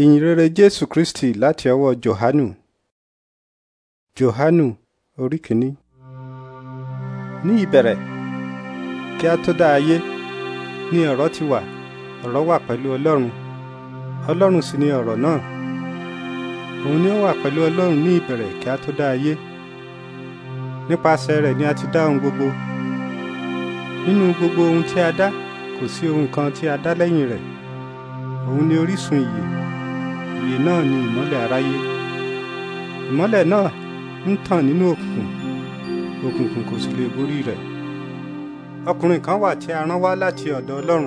ìyìnrere jésù kristi láti ọwọ́ johanu johanu orí kìíní. ní ìbẹ̀rẹ̀ kí a tó dá ayé ni ọ̀rọ̀ ti wà ọ̀rọ̀ wà pẹ̀lú ọlọ́run ọlọ́run sì ni ọ̀rọ̀ náà òun ni ó wà pẹ̀lú ọlọ́run ní ìbẹ̀rẹ̀ kí a tó dá ayé nípasẹ̀ rẹ̀ ni a ti dá ohun gbogbo nínú gbogbo ohun tí a dá kò sí ohun kan tí a dá lẹ́yìn rẹ̀ òun ni orísun ìyè ìyè náà ni ìmọ́lẹ̀ aráyé ìmọ́lẹ̀ náà ń tàn nínú òkùnkùn òkùnkùn kò sì lè borí rẹ̀ ọkùnrin kan wà tí a rán wá láti ọ̀dọ̀ Ọlọ́run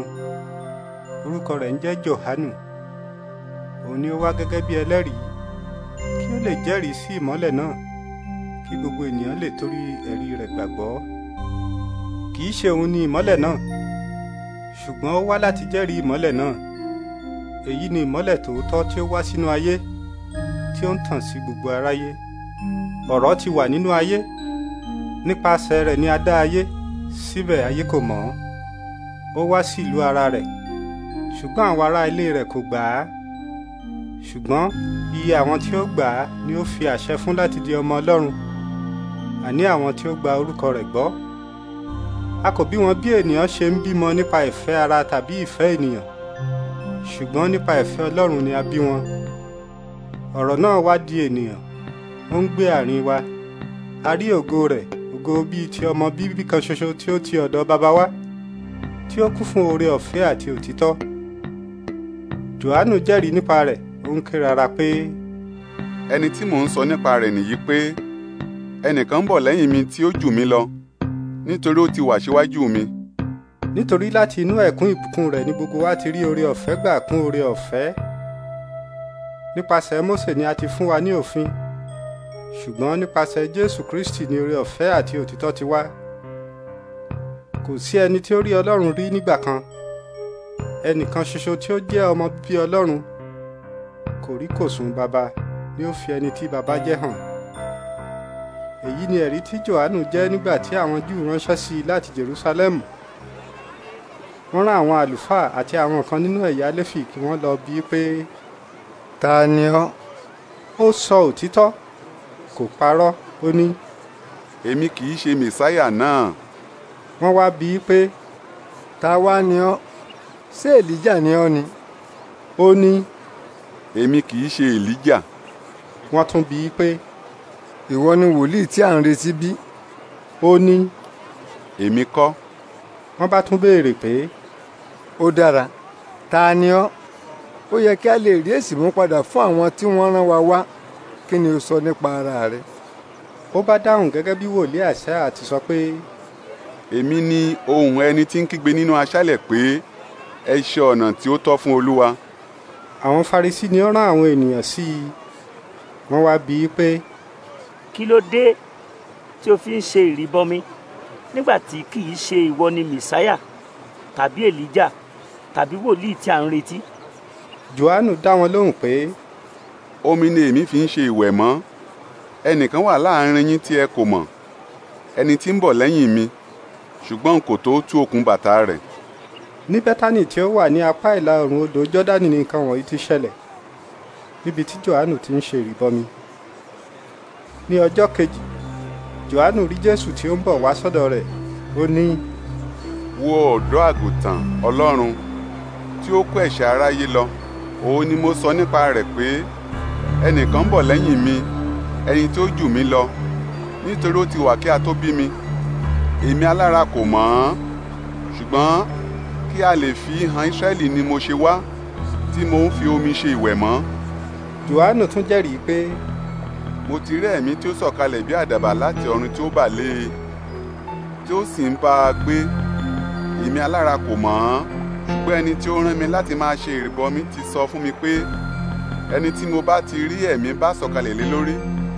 orúkọ rẹ̀ ń jẹ́ Jòhánù òun ni ó wá gẹ́gẹ́ bí ẹlẹ́rìí kí ó lè jẹ́rìí sí ìmọ́lẹ̀ náà kí gbogbo ènìyàn lè torí ẹ̀rí rẹ̀ gbàgbọ́ kì í ṣe òun ni ìmọ́lẹ̀ náà ṣùgbọ́n ó wá láti jẹ́rìí ìmọ́lẹ̀ náà èyí ni ìmọ́lẹ̀ tòótọ́ tí ó wá sínú ayé tí ó ń tàn sí gbogbo aráyé ọ̀rọ̀ ti wà nínú ayé nípasẹ̀ rẹ̀ ni a dá ayé síbẹ̀ ayé kò mọ̀ ọ́ ó wá sí ìlú ara rẹ̀ ṣùgbọ́n àwọn ará ilé rẹ̀ kò gbà á ṣùgbọ́n iye àwọn tí ó gbà á ni ó fi àṣẹ fún láti di ọmọ ọlọ́run àní àwọn tí ó gba orúkọ rẹ̀ gbọ́ a kò bí wọn bí ènìyàn ṣe ń bímọ nípa ìfẹ́ ara tàbí ìfẹ́ ènìyàn ṣùgbọ́n nípa ìfẹ́ Ọlọ́run ni a bí wọn ọ̀rọ̀ náà wá di ènìyàn ó ń gbé àárín wa a rí ògo rẹ̀ ògo bíi ti ọmọ bíbí kan ṣoṣo tí ó ti ọ̀dọ̀ baba wá tí ó kún fún oore ọ̀fẹ́ àti òtítọ́ Jòhánù jẹ́rìí nípa rẹ̀ ó ń ké rara pé. ẹni tí mò ń sọ nípa rẹ̀ nìyí pé ẹnìkan ń bọ̀ lẹ́yìn mi tí ó jù mí lọ nítorí ó ti wà síwájú mi nítorí láti inú ẹ̀kún ìbùkún rẹ̀ ni gbogbo wa ti rí oore ọ̀fẹ́ gbà kún oore ọ̀fẹ́ nípasẹ̀ Mósè ni a ti fún wa ní òfin ṣùgbọ́n nípasẹ̀ Jésù Kristi ni oore ọ̀fẹ́ àti òtítọ́ ti wá kò sí ẹni tí ó rí Ọlọ́run rí nígbà kan ẹnìkan ṣoṣo tí ó jẹ́ ọmọ bíbí Ọlọ́run kò rí kòsùn bàbá ni ó fi ẹni tí bàbá jẹ́ hàn èyí ni ẹ̀rí tí Jòhánù jẹ́ nígbà tí àwọn Júù ránṣẹ́ sí i láti Jerusalem wọ́n rán àwọn àlùfáà àti àwọn kan nínú ẹ̀yà léfì kí wọ́n lọ bí pé ta ni ọ́ ó sọ òtítọ́ kò parọ́ ó ní. èmi kì í ṣe mẹsáyà náà. wọ́n wá bí pé ta wá ni ọ́ ṣé èlíjà ni ọ́ ni ó ní. èmi kì í ṣe èlíjà. wọ́n tún bí pé ìwọ ni wòlíì tí à ń retí bí ó ní. èmi kọ́. wọ́n bá tún béèrè pé ó dára ta ni ọ́ ó yẹ kí a lè rí èsì mú padà fún àwọn tí wọ́n rán wa wá kí ni o sọ nípa ara rẹ. ó bá dáhùn gẹ́gẹ́ bí wòlíì àṣà ti sọ pé. èmi ni ohùn ẹni tí ń kígbe nínú aṣálẹ̀ pé ẹ ṣe ọ̀nà tí ó tọ́ fún olúwa. àwọn Farisí ni ó rán àwọn ènìyàn sí i wọ́n wá bi í pé. kí ló dé tí o fi ń ṣe ìrìbọmi nígbà tí kì í ṣe ìwọ ni mìsáyà tàbí èlíjà tàbí wòlíì tí à ń retí. johannu dá wọn lóhùn pé. omi ni èmi fi ń ṣe ìwẹ̀ mọ́ ẹnìkan wà láàrin yín tí ẹ kò mọ̀ ẹni tí ń bọ̀ lẹ́yìn mi ṣùgbọ́n kò tó tú okùn bàtà rẹ̀. ní bẹ́tánì tí ó wà ní apá ìlà oòrùn odò jọ́dánì ni nǹkan wọ̀nyí ti ṣẹlẹ̀ níbi tí johannu ti ń ṣe ìrìbọmi ní ọjọ́ kejì johannu rí jésù tí ó ń bọ̀ wá sọ́dọ̀ rẹ̀ ó ní. wo ọ̀dọ́ àgùntàn ọlọ́run tí ó kó ẹ̀ṣẹ̀ aráyé lọ òun ni mo sọ nípa rẹ̀ pé ẹnìkan ń bọ̀ lẹ́yìn mi ẹni tí ó jù mí lọ nítorí ó ti wà kí a tó bí mi èmi alára kò mọ̀ ọ́n ṣùgbọ́n kí a lè fi hàn Ísírẹ́lì ni mo ṣe wá tí mo ń fi omi ṣe ìwẹ̀ mọ́. Jòhánù tún jẹ́rìí pé. mo ti rí ẹ̀mí tí ó sọ̀kalẹ̀ bí àdàbà láti ọ̀run tí ó bà lé e tí ó sì ń bá gbé èmi alára kò mọ̀ ọ́n ṣùgbọ́n ẹni tí ó rán mi láti máa ṣe ìrìbọmi ti sọ fún mi pé ẹni tí mo bá ti rí ẹ̀mí bá sọ̀kalẹ̀ lé lórí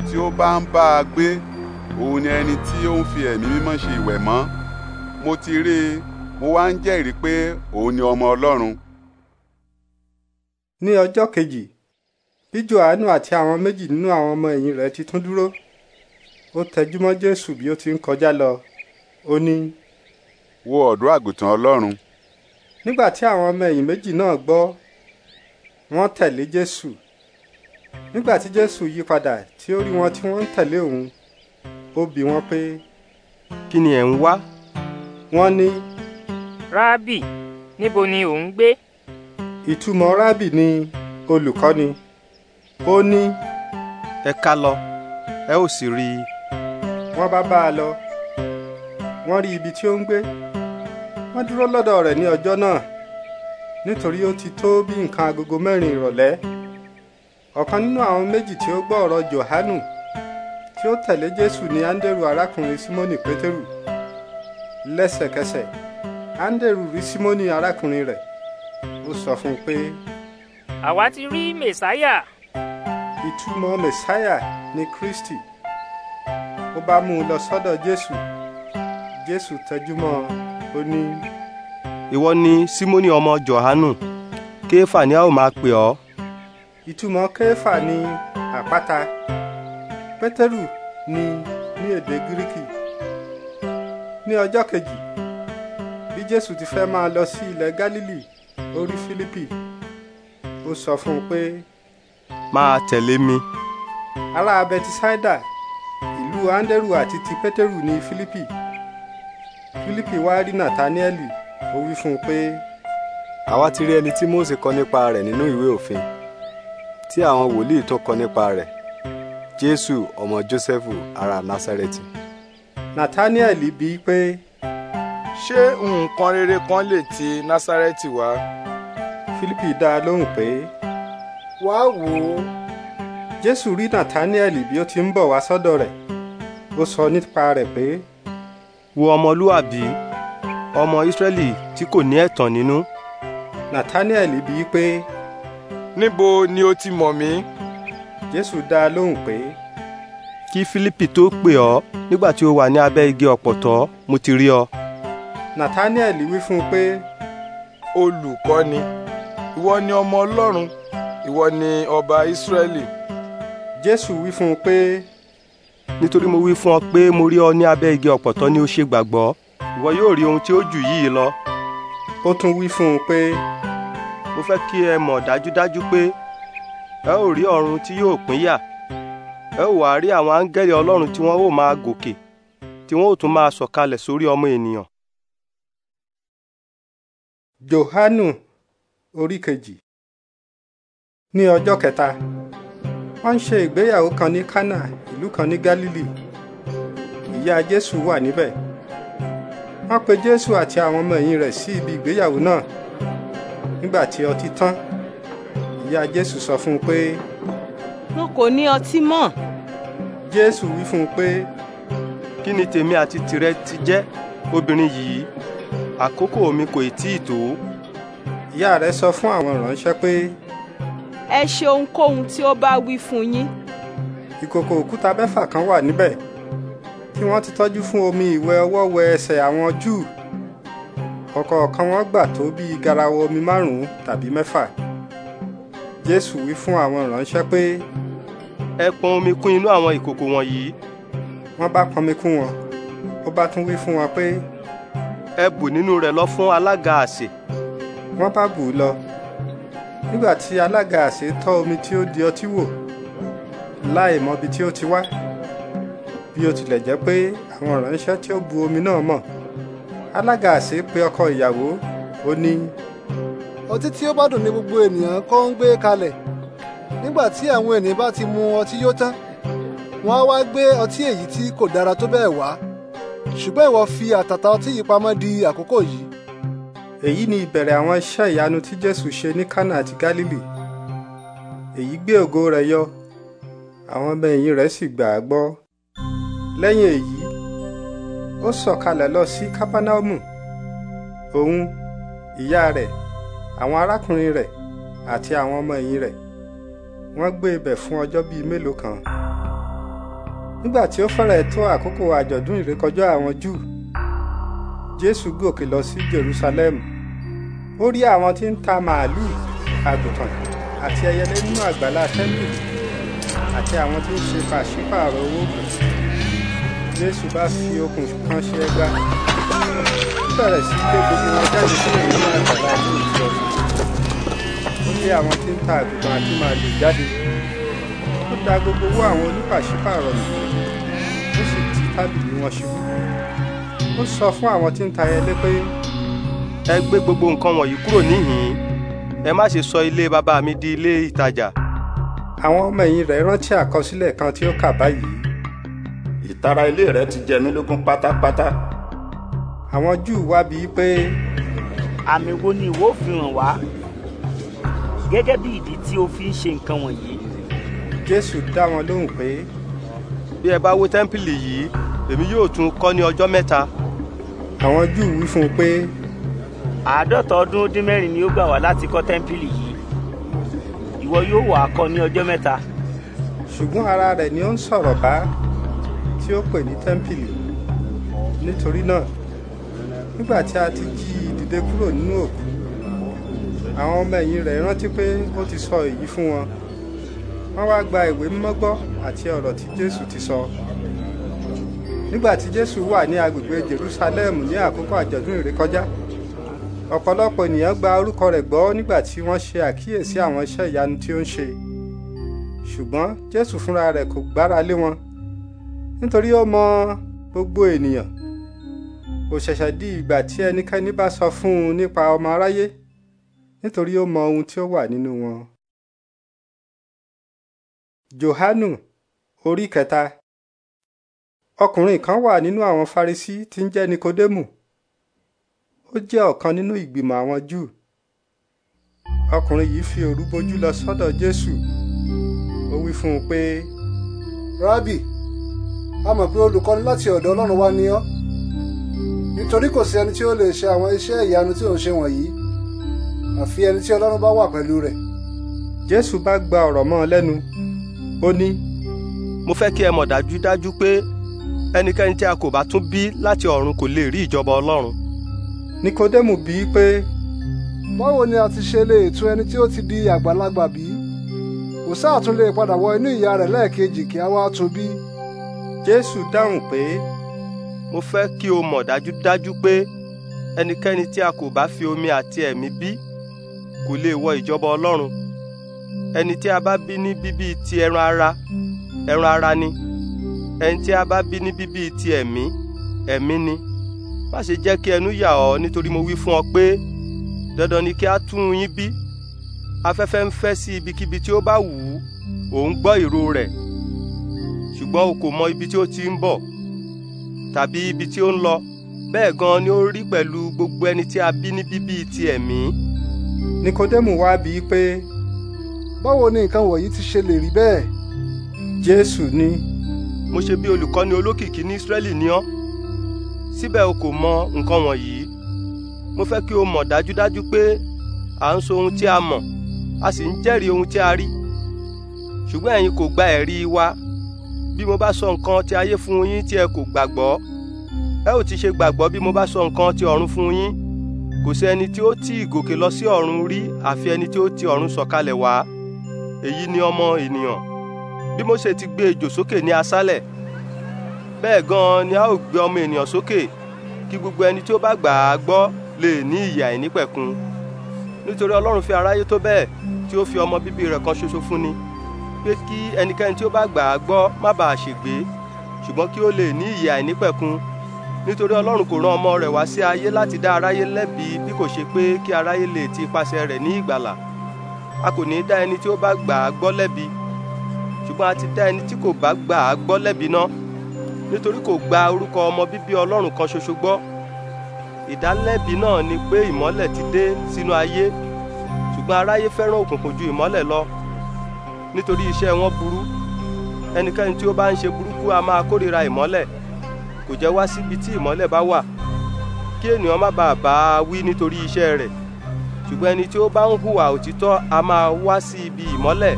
tí ó bá ń bá a gbé òun ni ẹni tí ó ń fi ẹ̀mí mímọ́ ṣe ìwẹ̀ mọ́ mo ti rí i mo wá ń jẹ́rìí pé òun ni ọmọ ọlọ́run. ní ọjọ́ kejì bí Jòhánù àti àwọn méjì nínú àwọn ọmọ ẹ̀yìn rẹ̀ ti tún dúró ó tẹjúmọ́ Jésù bí ó ti ń kọjá lọ ó ní. wo ọ̀dọ́ àgùntàn ọlọ́run nígbà tí àwọn ọmọ ẹ̀yìn méjì náà gbọ́ wọ́n tẹ̀lé jésù nígbà tí jésù yí padà tí ó rí wọn tí wọ́n ń tẹ̀lé òun ó bi wọ́n pé. kí ni ẹ̀ ń wá. wọ́n ní. rábì níbo ni ò ń gbé. ìtumọ̀ rábì ni olùkọ́ni ó ní. ẹ ká lọ ẹ ó sì rí i. wọ́n bá bá a lọ wọ́n rí ibi tí ó ń gbé wọ́n dúró lọ́dọ̀ rẹ̀ ní ọjọ́ náà nítorí ó ti tó bí nǹkan agogo mẹ́rin ìrọ̀lẹ́ ọ̀kan nínú àwọn méjì tí ó gbọ́ ọ̀rọ̀ Jòhánù tí ó tẹ̀lé Jésù ní Áńdérù arákùnrin Símónì Pétérù lẹ́sẹ̀kẹsẹ̀ Áńdérù rí Símónì arákùnrin rẹ̀ ó sọ fún un pé. àwa ti rí Mèsáyà. ìtumọ̀ Mèsáyà ni Kristi ó bá mú un lọ sọ́dọ̀ Jésù Jésù tẹjú mọ́ ọ ó ní ìwọ ni simoni ọmọ johanu kéfà ni a ó máa pè ọ́. ìtumọ̀ kéfà ni àpáta pétérù ni ní èdè gíríkì ní ọjọ́ kejì bí jésù ti fẹ́ máa lọ sí ilẹ̀ gálílì ó rí fílípì ó sọ fún un pé. máa tẹ̀lé mi. ará bẹtisáídà ìlú anderu àti ti pétérù ní fílípì fílípì wá rí nàtàníẹ́lì ó wí fún un pé. àwa ti rí ẹni tí mósè kọ nípa rẹ̀ nínú ìwé òfin tí àwọn wòlíì tó kọ nípa rẹ̀ jésù ọmọ jósẹ́fù ará násárẹ́tì. nàtàníẹ́lì bíi pé. ṣé nǹkan rere kan lè ti Nasareti wá. fílípì dá a lóhùn pé. wá wò ó. jésù rí nàtàníẹ́lì bí ó ti ń bọ̀ wá sọ́dọ̀ rẹ̀ ó sọ nípa rẹ̀ pé wo ọmọlúàbí ọmọ Ísírẹ́lì tí kò ní ẹ̀tàn nínú. Nathanael bi í pé. níbo ni o ti mọ̀ mí. Jésù dá a lóhùn pé. kí Fílípì tó pè ọ́ nígbà tí o wà ní abẹ́ igi ọ̀pọ̀tọ́ mo ti rí ọ. Nathanael wí fún un pé. olùkọ́ni ìwọ ni ọmọ Ọlọ́run ìwọ ni ọba Ísírẹ́lì. Jésù wí fún un pé. Pe nítorí mo wí fún ọ pé mo rí ọ ní abẹ́ igi ọ̀pọ̀tọ́ ní ó ṣe gbàgbọ́ ìwọ yóò rí ohun tí ó jù yìí lọ. ó tún wí fún un pé. mo fẹ́ kí ẹ mọ̀ dájúdájú pé ẹ ó rí ọ̀run tí yóò pín yà ẹ ó wàá rí àwọn áńgẹ́lì ọlọ́run tí wọ́n ó máa gòkè tí wọ́n ó tún máa sọ̀kalẹ̀ sórí ọmọ ènìyàn. johanu orí kejì ní ọjọ́ kẹta wọ́n ń ṣe ìgbéyàwó kan ní kánà ìlú kan ní gálílì ìyá jésù wà níbẹ̀ wọ́n pe jésù àti àwọn ọmọ ẹ̀yìn rẹ̀ sí ibi ìgbéyàwó náà nígbà tí ọtí tán ìyá jésù sọ fún un pé. wọn kò ní ọtí mọ́. jésù wí fún un pé. kí ni tèmi àti tìrẹ ti jẹ́ obìnrin yìí àkókò mi kò tí ì tó. ìyá rẹ̀ sọ fún àwọn ìránṣẹ́ pé ẹ ṣe ohunkóhun tí ó bá wí fún yín. ìkòkò òkúta mẹ́fà kan wà níbẹ̀ tí wọ́n ti tọ́jú fún omi ìwẹ̀ ọwọ́ wẹ ẹsẹ̀ àwọn júù ọ̀kọ̀ọ̀kan wọn gbà tó bíi garawa omi márùn-ún tàbí mẹ́fà jésù wí fún àwọn ìránṣẹ́ pé. ẹ pọn omi kún inú àwọn ìkòkò wọ̀nyí. wọ́n bá pọnmi kún wọn ó bá tún wí fún wọn pé. ẹ bù nínú rẹ̀ lọ fún alága àsè. wọ́n bá bù ú lọ nígbà tí alága àsè tọ́ omi tí ó di ọtí wò láì mọbi tí ó ti wá bí ó tilẹ̀ jẹ́ pé àwọn ìránṣẹ́ tí ó bu omi náà mọ̀ alága àsè pe ọkọ ìyàwó ó ní. ọtí tí ó bá dùn ní gbogbo ènìyàn kọ́ ń gbé kalẹ̀ nígbà àwọn ènìyàn bá ti mu ọtí yó tán wọ́n á wá gbé ọtí èyí tí kò dára tó bẹ́ẹ̀ wá ṣùgbọ́n ìwọ fi àtàtà ọtí yìí pamọ́ di àkókò yìí èyí ni ìbẹ̀rẹ̀ àwọn iṣẹ́ ìyanu tí jésù ṣe ní kánà àti gálílì èyí gbé ògo rẹ̀ yọ àwọn ọmọ ẹ̀yìn rẹ̀ sì gbà á gbọ́ lẹ́yìn èyí ó sọ̀kalẹ̀ lọ sí kápánámù òun ìyá rẹ̀ àwọn arákùnrin rẹ̀ àti àwọn ọmọ ẹ̀yìn rẹ̀ wọ́n gbé ibẹ̀ fún ọjọ́ bíi mélòó kan nígbà tí ó fẹ́rẹ̀ẹ́ tó àkókò àjọ̀dún ìrékọjá àwọn júù jésù gòkè lọ sí jerusalem ó rí àwọn tí ń ta màálùú àgùntàn àti ẹyẹlé nínú àgbàlá tẹ́ḿpìlì àti àwọn tí ń ṣe pàṣípààrọ̀ owó ògùn jésù bá fi okùn kan ṣe ẹgbà ó bẹ̀rẹ̀ sí pé gbogbo wọn jáde kúrò nínú àgbàlá ilé ìjọba ó lé àwọn tí ń ta àgùntàn àti màálùú jáde ó da gbogbo owó àwọn onípàṣípààrọ̀ nù ó sì ti tábìlì wọn ṣubú ó sọ fún àwọn tí ń ta ẹyẹlé pé ẹ gbé gbogbo nǹkan wọ̀nyí kúrò níhìn-ín ẹ má ṣe sọ ilé bàbá mi di ilé ìtajà. àwọn ọmọ ẹ̀yìn rẹ̀ rántí àkọsílẹ̀ kan tí ó kà báyìí. ìtara ilé rẹ̀ ti jẹ mí lógún pátápátá. àwọn júù wá bíi pé. àmì wo ni ìwọ fi hàn wá gẹ́gẹ́ bí ìdí tí o fi ń ṣe nǹkan wọ̀nyí. jésù dá wọn lóhùn pé. bí ẹ bá wó tẹ́ḿpìlì yìí èmi yóò tún kọ́ ní ọjọ́ mẹ́ta. àwọn júù wí fún un pé àádọ́ta ọdún dín mẹ́rin ni ó gbà wá láti kọ́ tẹ́ḿpìlì yìí ìwọ yóò wà á kọ́ ní ọjọ́ mẹ́ta. ṣùgbọ́n ara rẹ̀ ni ó ń sọ̀rọ̀ bá tí ó pè ní tẹ́ḿpìlì nítorí náà nígbà tí a ti jí i dìde kúrò nínú òkú àwọn ọmọ ẹ̀yìn rẹ̀ rántí pé ó ti sọ èyí fún wọn wọ́n wá gba ìwé mímọ́ àti ọ̀rọ̀ tí jésù ti sọ nígbà tí jésù wà ní agbègbè jerusalem ní àkókò àjọ̀dún ìrékọjá. So ọ̀pọ̀lọpọ̀ ènìyàn gba orúkọ rẹ̀ gbọ́ nígbà tí wọ́n ṣe àkíyèsí àwọn iṣẹ́ ìyanu tí ó ń ṣe ṣùgbọ́n jésù fúnra rẹ̀ kò gbára lé wọn nítorí ó mọ gbogbo ènìyàn kò ṣẹ̀ṣẹ̀ di ìgbà tí ẹnikẹ́ni bá sọ fún un nípa ọmọ aráyé nítorí ó mọ ohun tí ó wà nínú wọn. johanu orí kẹta ọkùnrin kan wà nínú àwọn farisí tí ń jẹ́ nikodemu ó jẹ́ ọ̀kan nínú ìgbìmọ̀ àwọn Júù ọkùnrin yìí fi òru bojú lọ sọ́dọ̀ Jésù ó wí fún un pé. Rábì a mọ̀ pé olùkọ́ni láti ọ̀dọ̀ Ọlọ́run wá ni ọ́ nítorí kò sí ẹni tí ó lè ṣe àwọn iṣẹ́ ìyanu tí ò ń ṣe wọ̀nyí àfi ẹni tí Ọlọ́run bá wà pẹ̀lú rẹ̀. Jésù bá gba ọ̀rọ̀ mọ́ ọ lẹ́nu ó ní. mo fẹ́ kí ẹ mọ̀ dájúdájú pé ẹnikẹ́ni tí a kò bá tún bí láti ọ̀run kò lè rí ìjọba Ọlọ́run nikodemu bí i pé báwo ni a ti ṣe lè tún ẹni tí ó ti di àgbàlagbà bí kò sáà tún lè padà wọ inú ìyá rẹ̀ lẹ́ẹ̀kejì kí a wá tó bí. jésù dáhùn pé mo fẹ́ kí o mọ̀ dájúdájú pé ẹnikẹ́ni tí a kò bá fi omi àti ẹ̀mí bí kò lè wọ ìjọba ọlọ́run ẹni tí a bá bí ní bíbí ti ẹran ara ẹran ara ni ẹni tí a bá bí ní bíbí ti ẹ̀mí ẹ̀mí ni má ṣe jẹ́ kí ẹnu yà ọ́ nítorí mo wí fún ọ pé dandan ni kí a tún yín bí afẹ́fẹ́ ń fẹ́ sí ibikíbi tí ó bá wù ú ò ń ìró rẹ̀ ṣùgbọ́n o kò mọ ibi tí ó ti ń bọ̀ tàbí ibi tí ó ń lọ bẹ́ẹ̀ gan ni ó rí pẹ̀lú gbogbo ẹni tí a bí ní bíbí ti ẹ̀mí. nikodemu wá bi í pé báwo ni nǹkan wọ̀nyí ti ṣe lè rí bẹ́ẹ̀. jésù ni. mo ṣe bí olùkọ́ni olókìkí ní ísírẹ́lì ni ọ́ síbẹ̀ o kò mọ nǹkan wọ̀nyí mo fẹ́ kí o mọ̀ dájúdájú pé à ń sọ ohun tí a mọ̀ a sì ń jẹ́rìí ohun tí a rí ṣùgbọ́n ẹ̀yin kò gba ẹ̀rí wa bí mo bá sọ nǹkan tí ayé fún yín tí ẹ kò gbàgbọ́ ẹ ò ti ṣe gbàgbọ́ bí mo bá sọ nǹkan tí ọ̀run fún yín kò sí ẹni tí ó tí ì gòkè lọ sí ọ̀run rí àfi ẹni tí ó ti ọ̀run sọ̀kalẹ̀ wá èyí ni ọmọ ènìyàn bí Mósè ti gbé ejò sókè ní asálẹ̀ bẹ́ẹ̀ gan-an ni a ó gbé ọmọ ènìyàn sókè kí gbogbo ẹni tí ó bá gbà á gbọ́ lè ní ìyè àìnípẹ̀kun nítorí ọlọ́run fi aráyé tó bẹ́ẹ̀ tí ó fi ọmọ bíbí rẹ̀ kan ṣoṣo fún ni pé kí ẹnikẹ́ni tí ó bá gbà á gbọ́ má bàa ṣègbé ṣùgbọ́n kí ó lè ní ìyè àìnípẹ̀kun nítorí ọlọ́run kò rán ọmọ rẹ̀ wá sí ayé láti dá aráyé lẹ́bi bí kò ṣe pé kí aráyé lè ti ipasẹ̀ rẹ̀ ní ìgbàlà a kò ní dá ẹni tí ó bá gbà á gbọ́ lẹ́bi ṣùgbọ́n a ti dá ẹni tí kò bá gbà á gbọ́ lẹ́bi náà nítorí kò gba orúkọ ọmọ bíbí ọlọ́run kan ṣoṣo gbọ́ ìdálẹ́bi náà ni pé ìmọ́lẹ̀ ti dé sínú ayé ṣùgbọ́n aráyé fẹ́ràn òkùnkùn ju ìmọ́lẹ̀ lọ nítorí iṣẹ́ wọn burú ẹnikẹ́ni tí ó bá ń ṣe burúkú a máa kórìíra ìmọ́lẹ̀ kò jẹ́ wá síbi tí ìmọ́lẹ̀ bá wà kí ènìyàn má bàa bá a wí nítorí iṣẹ́ rẹ̀ ṣùgbọ́n ẹni tí ó bá ń hùwà òtítọ́ a máa wá sí ibi ìmọ́lẹ̀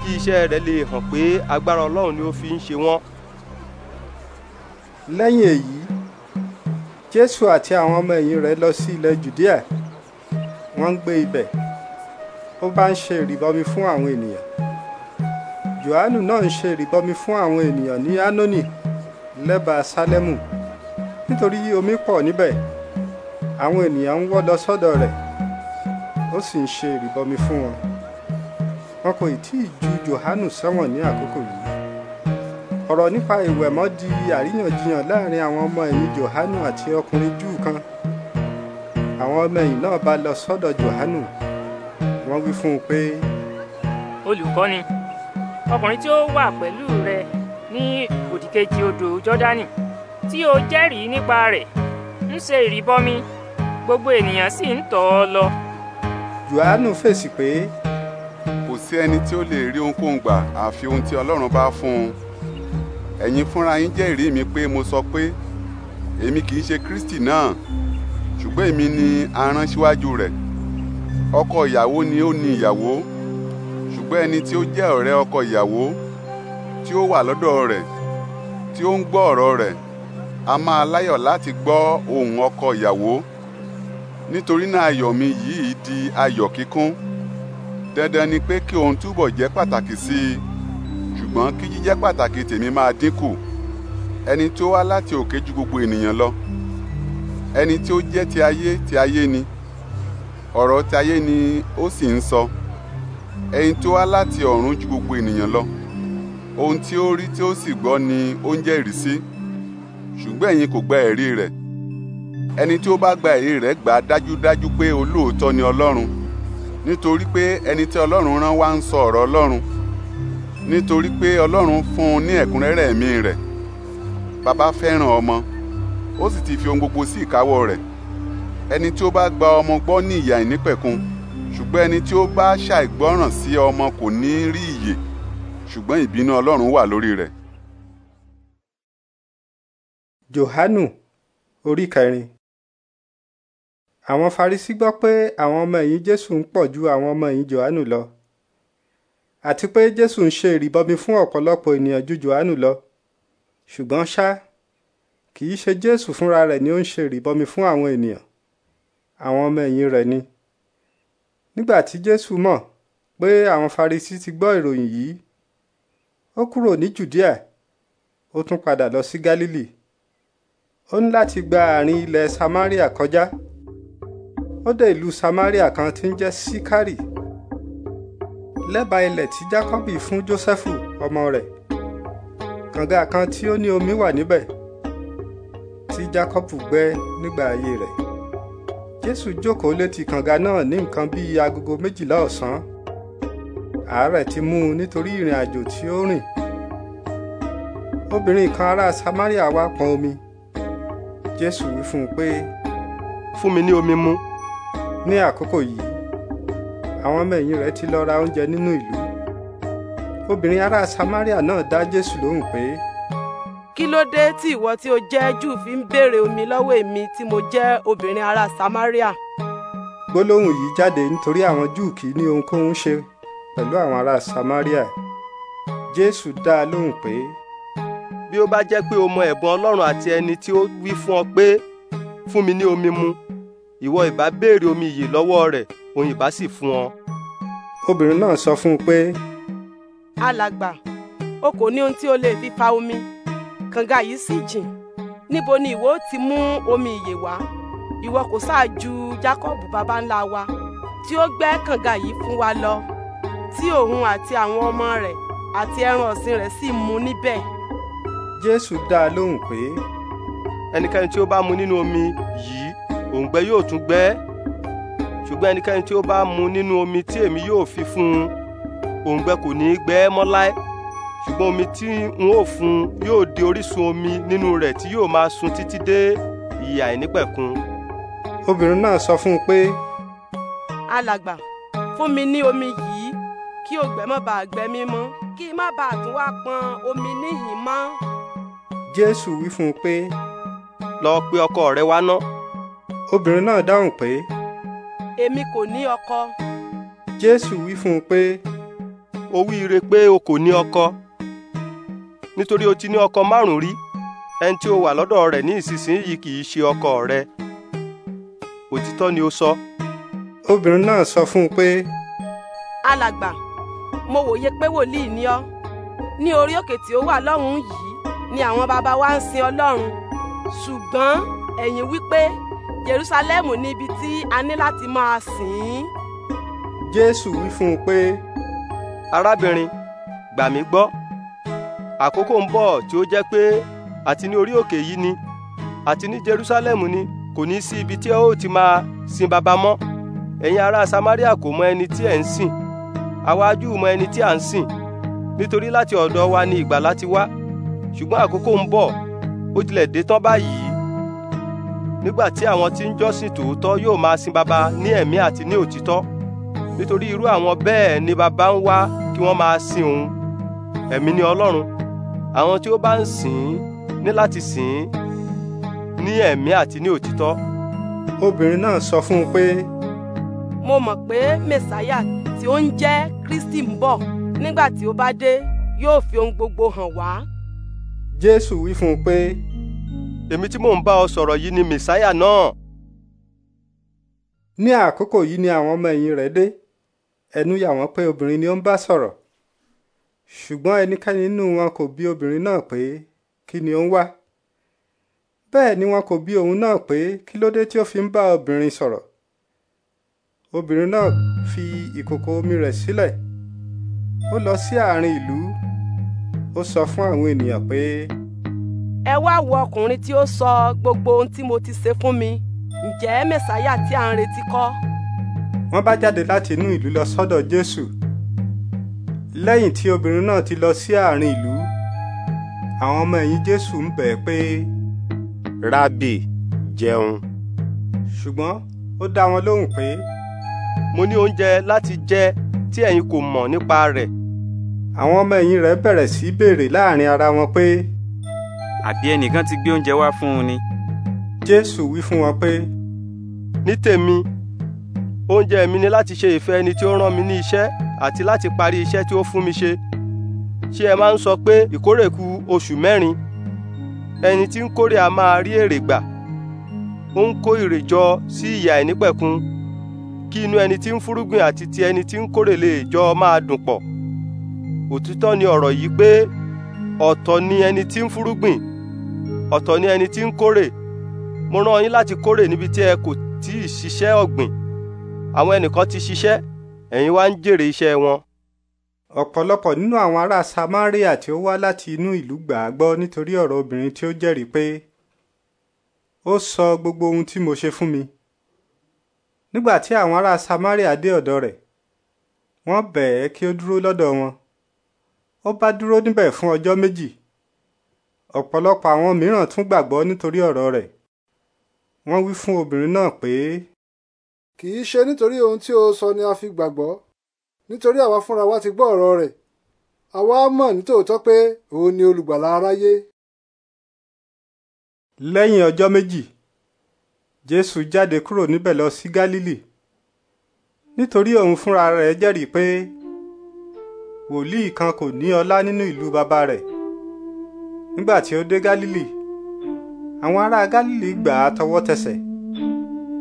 kí iṣẹ́ rẹ̀ lè hàn pé agbára Ọlọ́run ni ó fi ń ṣe wọ́n lẹ́yìn èyí jésù àti àwọn ọmọ ẹ̀yìn rẹ̀ lọ sí ilẹ̀ jùdíà wọ́n ń gbé ibẹ̀ ó bá ń ṣe ìrìbọmi fún àwọn ènìyàn johannu náà ń ṣe ìrìbọmi fún àwọn ènìyàn ní anoni lẹ́bàá sálẹ́mù nítorí omi pọ̀ níbẹ̀ àwọn ènìyàn ń wọ́ lọ sọ́dọ̀ rẹ̀ ó sì ń ṣe ìrìbọmi fún wọn wọn kò tí ì ju johannu sẹ́wọ̀n ní àkókò yìí ọ̀rọ̀ nípa ìwẹ̀mọ́ di àríyànjiyàn láàrin àwọn ọmọ ẹ̀yìn Jòhánù àti ọkùnrin Júù kan àwọn ọmọ ẹ̀yìn náà bá lọ sọ́dọ̀ Jòhánù wọ́n wí fún un pé. olùkọ́ni ọkùnrin tí ó wà pẹ̀lú rẹ ní òdìkejì odò Jọ́dánì tí o jẹ́rìí nípa rẹ̀ ń ṣe ìrìbọmi gbogbo ènìyàn sì ń tọ̀ ọ́ lọ. Jòhánù fèsì pé. kò sí ẹni tí ó lè rí ohunkóhun gbà àfi ohun tí Ọlọ́run bá fún un ẹ̀yin fúnra yín jẹ́rìí mi pé mo sọ pé èmi kì í ṣe Kristi náà ṣùgbọ́n èmi ni arán síwájú rẹ̀ ọkọ ìyàwó ni ó ní ìyàwó ṣùgbọ́n ẹni tí ó jẹ́ ọ̀rẹ́ ọkọ ìyàwó tí ó wà lọ́dọ̀ rẹ̀ tí ó ń gbọ́ ọ̀rọ̀ rẹ̀ a máa láyọ̀ láti gbọ́ ohùn ọkọ ìyàwó nítorí náà ayọ̀ mi yìí di ayọ̀ kíkún dandan ni pé kí òun túbọ̀ jẹ́ pàtàkì sí i ṣùgbọ́n kí jíjẹ́ pàtàkì tèmi máa dínkù ẹni tí wá láti òkè ju gbogbo ènìyàn lọ ẹni tí jẹ́ ti ayé ti ayé ni ọ̀rọ̀ ti ayé ni ó sì ń sọ ẹni tí wá láti ọ̀run ju gbogbo ènìyàn lọ ohun tí ó rí tí ó sì gbọ́ ni ó ń ṣùgbọ́n ẹ̀yin kò gba ẹ̀rí rẹ̀ ẹni tí ó bá gba ẹ̀rí rẹ̀ gbà dájúdájú pé olóòótọ́ ni ọlọ́run nítorí pé ẹni tí ọlọ́run rán wá ń sọ ọ̀rọ̀ ọlọ́run nítorí pé ọlọ́run fún un ní ẹ̀kúnrẹ́rẹ́ ẹ̀mí rẹ̀ bàbá fẹ́ràn ọmọ ó sì ti fi ohun gbogbo sí ìkáwọ́ rẹ̀ ẹni tí ó bá gba ọmọ gbọ́ ní ìyà ìnípẹ̀kun ṣùgbọ́n ẹni tí ó bá ṣàìgbọ́ràn sí ọmọ kò ní rí ìyè ṣùgbọ́n ìbínú ọlọ́run wà lórí rẹ̀. johanu orí kẹrin àwọn farisí gbọ́ pé àwọn ọmọ ẹ̀yìn jésù ń pọ̀ ju àwọn ọmọ ẹ̀yìn johanu lọ àti pé jésù ń ṣe ìrìbọmi fún ọ̀pọ̀lọpọ̀ ènìyàn ju johannu lọ ṣùgbọ́n ṣá kì í ṣe jésù fúnra rẹ̀ ni ó ń ṣe ìrìbọmi fún àwọn ènìyàn àwọn ọmọ ẹ̀yìn rẹ̀ ni nígbà tí jésù mọ̀ pé àwọn farisí ti gbọ́ ìròyìn yìí ó kúrò ní jùdíà ó tún padà lọ sí gálílì ó ní láti gba àárín ilẹ̀ samaria kọjá ó dé ìlú samaria kan tí ń jẹ́ síkárì lẹ́bàá ilẹ̀ tí Jákọ́bì fún Jósẹ́fù ọmọ rẹ̀ kànga kan tí ó ní omi wà níbẹ̀ tí Jákọ́bù gbẹ́ nígbà ayé rẹ̀ Jésù jókòó létí kànga náà ní nǹkan bíi agogo méjìlá ọ̀sán àárẹ̀ ti mú un nítorí ìrìn àjò tí ó rìn obìnrin kan ará Samaria wá pọn omi Jésù wí fún un pé fún mi ní omi mu ní àkókò yìí àwọn ọmọ ẹ̀yìn rẹ̀ ti lọ ra oúnjẹ nínú ìlú obìnrin ará samaria náà dá jésù lóhùn pé. kí ló dé tí ìwọ tí o jẹ́ júù fi ń béèrè omi lọ́wọ́ èmi tí mo jẹ́ obìnrin ará samaria. gbólóhùn yìí jáde nítorí àwọn júù kì í ní ohunkóhun ṣe pẹ̀lú àwọn ará samaria jésù dá a lóhùn pé. bí ó bá jẹ́ pé o mọ ẹ̀bùn ọlọ́run àti ẹni tí ó wí fún ọ pé fún mi ní omi mu ìwọ ìbá béèrè omi yìí lọ́wọ́ rẹ̀ òun ìbá sì fún ọ. obìnrin náà sọ fún un pé. alàgbà o kò ní ohun tí o lè fi fa omi kànga yìí sì jìn níbo ni ìwọ ti mú omi ìyè wá ìwọ kò sáà ju Jákọ́bù baba ńlá wa tí ó gbẹ́ kànga yìí fún wa lọ tí òun àti àwọn ọmọ rẹ̀ àti ẹran ọ̀sìn rẹ̀ sì mu níbẹ̀. Jésù dá a lóhùn pé ẹnikẹ́ni tí ó bá mu nínú omi yìí òǹgbẹ yóò tún gbẹ́ ṣùgbọ́n ẹnikẹ́ni tí ó bá mu nínú omi tí èmi yóò fi fún un òǹgbẹ kò ní í gbẹ mọ́ láé ṣùgbọ́n omi tí n ó fún un yóò di orísun omi nínú rẹ̀ tí yóò máa sun títí dé ìyè àìnípẹ̀kun. obìnrin náà sọ fún un pé. alàgbà fún mi ní omi yìí kí òǹgbẹ má bàa gbẹ mí mọ́ kí má bàa tún wá pọn omi níhìn mọ́. jésù wí fún un pé. lọ pe ọkọ rẹ wá ná. obìnrin náà dáhùn pé èmi kò ní ọkọ. jésù wí fún un pé o wíire pé o kò ní ọkọ nítorí o ti ní ọkọ márùn-ún rí ẹni tí o wà lọ́dọ̀ rẹ̀ ní ìsinsìnyí kì í ṣe ọkọ rẹ òtítọ́ ni o sọ. obìnrin náà sọ fún un pé. alàgbà mo wòye pé wòlíì ni ọ́ ní orí òkè tí ó wà lọ́hùn-ún yìí ni àwọn baba wa ń sin ọlọ́run ṣùgbọ́n ẹ̀yin wí pé jerusalem níbi tí a ní láti máa sìn ín. jésù wí fún un pé arábìnrin gbà mí gbọ́ àkókò ń bọ̀ tí ó jẹ́ pé àti ní orí òkè yìí ni àti ní jerusalem ni kò ní sí ibi tí ó ti máa sin baba mọ́ ẹ̀yin ará samaria kò mọ ẹni tí ẹ̀ ń sìn àwa Júù mọ ẹni tí à ń sìn nítorí láti ọ̀dọ̀ wa ni ìgbàlà ti wá ṣùgbọ́n àkókò ń bọ̀ ó tilẹ̀ dé tán báyìí nígbà tí àwọn tí ń jọ́sìn tòótọ́ yóò máa sin baba ní ẹ̀mí àti ní òtítọ́ nítorí irú àwọn bẹ́ẹ̀ ni baba ń wá kí wọ́n máa sin òun ẹ̀mí ni ọlọ́run àwọn tí ó bá ń sìn ín ní láti sìn ín ní ẹ̀mí àti ní òtítọ́. obìnrin náà sọ fún un pé. mo mọ̀ pé mẹ̀sáyà tí ó ń jẹ́ kristi ń bọ̀ nígbà tí ó bá dé yóò fi ohun gbogbo hàn wá. jésù wí fún un pé èmi tí mò ń bá ọ sọ̀rọ̀ yìí ni mẹ̀sáyà náà. ní àkókò yìí ni àwọn ọmọ ẹ̀yìn rẹ̀ dé ẹnu yà wọ́n pé obìnrin ni ó ń bá sọ̀rọ̀ ṣùgbọ́n ẹnikẹ́ni nínú wọn kò bi obìnrin náà pé kí ni ó ń wá bẹ́ẹ̀ ni wọn kò bi òun náà pé kí ló dé tí ó fi ń bá obìnrin sọ̀rọ̀ obìnrin náà fi ìkòkò omi rẹ̀ sílẹ̀ ó lọ sí àárín ìlú ó sọ fún àwọn ènìyàn pé ẹ wá wo ọkùnrin tí ó sọ gbogbo ohun tí mo ti ṣe fún mi ǹjẹ́ mẹ̀sáyà tí à ń retí kọ́. wọ́n bá jáde láti inú ìlú lọ sọ́dọ̀ jésù lẹ́yìn tí obìnrin náà ti lọ sí àárín ìlú àwọn ọmọ ẹ̀yìn jésù ń bẹ̀ pé. rábì jẹun. ṣùgbọ́n ó dá wọn lóhùn pé. mo ní oúnjẹ láti jẹ tí ẹ̀yin kò mọ̀ nípa rẹ̀. àwọn ọmọ ẹ̀yìn rẹ̀ bẹ̀rẹ̀ sí í béèrè láàrin ara wọn pé àbí ẹnìkan ti gbé oúnjẹ wá fún un ni. jésù wí fún wọn pé ní tèmi oúnjẹ mi ni láti ṣe ìfẹ́ ẹni tí ó rán mi ní iṣẹ́ àti láti parí iṣẹ́ tí ó fún mi ṣe ṣé ẹ máa ń sọ pé ìkórè kù oṣù mẹ́rin ẹni tí ń kórè a máa rí èrè gbà ó ń kó ìrè jọ sí ìyà àìnípẹ̀kun kí inú ẹni tí ń fúrúgbìn àti ti ẹni tí ń kórè lè jọ máa dùn pọ̀ òtítọ́ ni ọ̀rọ̀ yìí pé ọ̀tọ̀ ni ẹni tí ń fúrúgbìn ọ̀tọ̀ ni ẹni tí ń kórè mo rán yín láti kórè níbi tí ẹ kò tí ì ṣiṣẹ́ ọ̀gbìn àwọn ẹnìkan ti ṣiṣẹ́ ẹ̀yin wá ń jèrè iṣẹ́ wọn. ọ̀pọ̀lọpọ̀ nínú àwọn ará Samaria tí ó wá láti inú ìlú gbà á gbọ́ nítorí ọ̀rọ̀ obìnrin tí ó jẹ́rìí pé ó sọ gbogbo ohun tí mo ṣe fún mi nígbà tí àwọn ará Samaria dé ọ̀dọ̀ rẹ̀ wọ́n bẹ̀ kí ó dúró lọ́dọ̀ wọn ó bá dúró níbẹ̀ fún ọjọ́ méjì ọ̀pọ̀lọpọ̀ àwọn mìíràn tún gbàgbọ́ nítorí ọ̀rọ̀ rẹ̀ wọ́n wí fún obìnrin náà pé. kì í ṣe nítorí ohun tí o sọ ni a fi gbàgbọ́ nítorí àwa fúnra wa ti gbọ́ ọ̀rọ̀ rẹ̀ àwa mọ̀ nítòótọ́ pé òun ni olùgbàlà aráyé. lẹ́yìn ọjọ́ méjì jésù jáde kúrò níbẹ̀ lọ sí gálílì nítorí òun fúnra rẹ̀ jẹ́rìí pé wòlíì kan kò ní ọlá nínú ìlú bàbá rẹ̀ nígbà tí ó dé Gálílì àwọn ará Gálílì gbà á tọwọ́tẹsẹ̀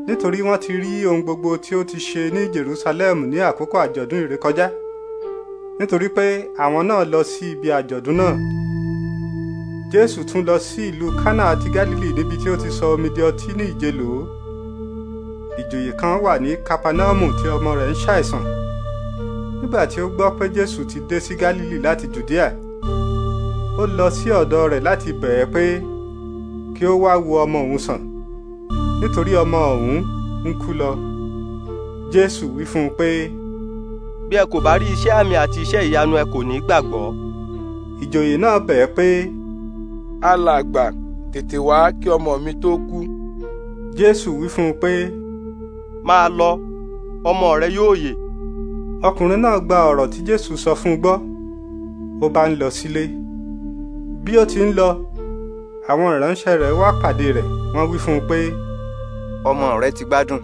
nítorí wọ́n ti rí ohun gbogbo tí ó ti ṣe ní Jerusalem ní àkókò àjọ̀dún ìrékọjá nítorí pé àwọn náà lọ sí ibi àjọ̀dún náà Jésù tún lọ sí ìlú Kánà àti Gálílì níbi tí ó ti sọ omi di ọtí ní ìjẹlò ìjòyè kan wà ní Kapanaumu tí ọmọ rẹ̀ ń ṣàìsàn nígbà tí ó gbọ́ pé Jésù ti dé sí Gálílì láti Jùdíà ó lọ sí ọ̀dọ̀ rẹ̀ láti bẹ̀ ẹ́ pé kí ó wá wo ọmọ òun sàn nítorí ọmọ òun ń kú lọ jésù wí fún un pé. bí ẹ kò bá rí iṣẹ́ àmì àti iṣẹ́ ìyanu ẹ kò ní gbàgbọ́. ìjòyè náà bẹ̀ ẹ́ pé. alàgbà tètè wá kí ọmọ mi tó kú. jésù wí fún un pé. máa lọ ọmọ rẹ yóò yè. ọkùnrin náà gba ọ̀rọ̀ tí jésù sọ fún un gbọ́ ó bá ń lọ sílé. Si bí ó ti ń lọ àwọn ìránṣẹ́ rẹ̀ wá pàdé rẹ̀ wọ́n wí fún un pé. ọmọ rẹ ti gbádùn.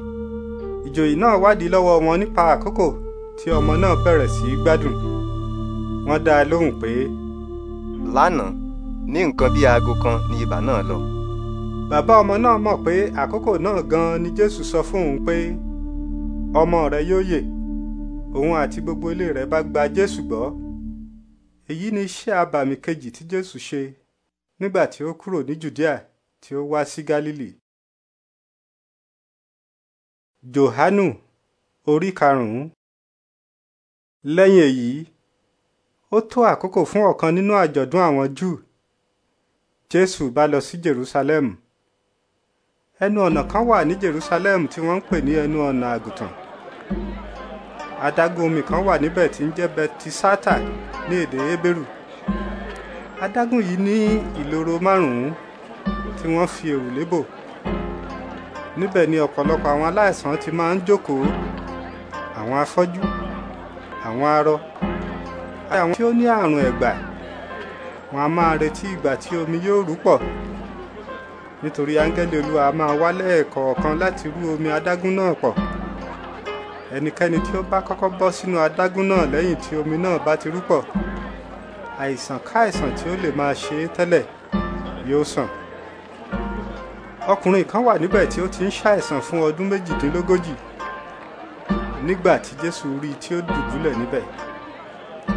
ìjòyè náà wádìí lọ́wọ́ wọn nípa àkókò tí ọmọ náà bẹ̀rẹ̀ sí í gbádùn. wọ́n dá a lóhùn pé. lánàá ní nǹkan bíi aago kan ni ibà náà lọ. bàbá ọmọ náà mọ̀ pé àkókò náà gan-an ni jésù sọ fún òun pé ọmọ rẹ yóò yè òun àti gbogbo ilé rẹ̀ bá gba jésù gbọ́ èyí ni iṣẹ́ abàmì kejì tí jésù ṣe nígbà tí ó kúrò ní judea tí ó wá sí galili. johanu orí karùnún lẹ́yìn èyí ó tó àkókò fún ọ̀kan nínú àjọ̀dún àwọn júù jésù bá lọ sí jerusalem ẹnu ọ̀nà kan wà ní jerusalem tí wọ́n ń pè ní ẹnu ọ̀nà àgùntàn adágún omi kan wà níbẹ̀ tí ń jẹ́ betisata ní èdè hébérù adágún yìí ní ìloro márùn-ún tí wọ́n fi èrù lébò níbẹ̀ ni ọ̀pọ̀lọpọ̀ àwọn aláìsàn ti máa ń jókòó àwọn afọ́jú àwọn arọ àti àwọn tí ó ní àrùn ẹ̀gbà wọn a máa retí ìgbà tí omi yóò rú pọ̀ nítorí áńgẹ́lì olúwa máa wá lẹ́ẹ̀kọ̀ọ̀kan láti rú omi adágún náà pọ̀ ẹnikẹ́ni tí ó bá kọ́kọ́ bọ́ sínú adágún náà lẹ́yìn tí omi náà bá ti rúpọ̀ àìsàn káàìsàn tí ó lè máa ṣe é tẹ́lẹ̀ yóò sàn ọkùnrin kan wà níbẹ̀ tí ó ti ń ṣàìsàn fún ọdún méjìdínlógójì nígbà tí jésù rí tí ó dùbúlẹ̀ níbẹ̀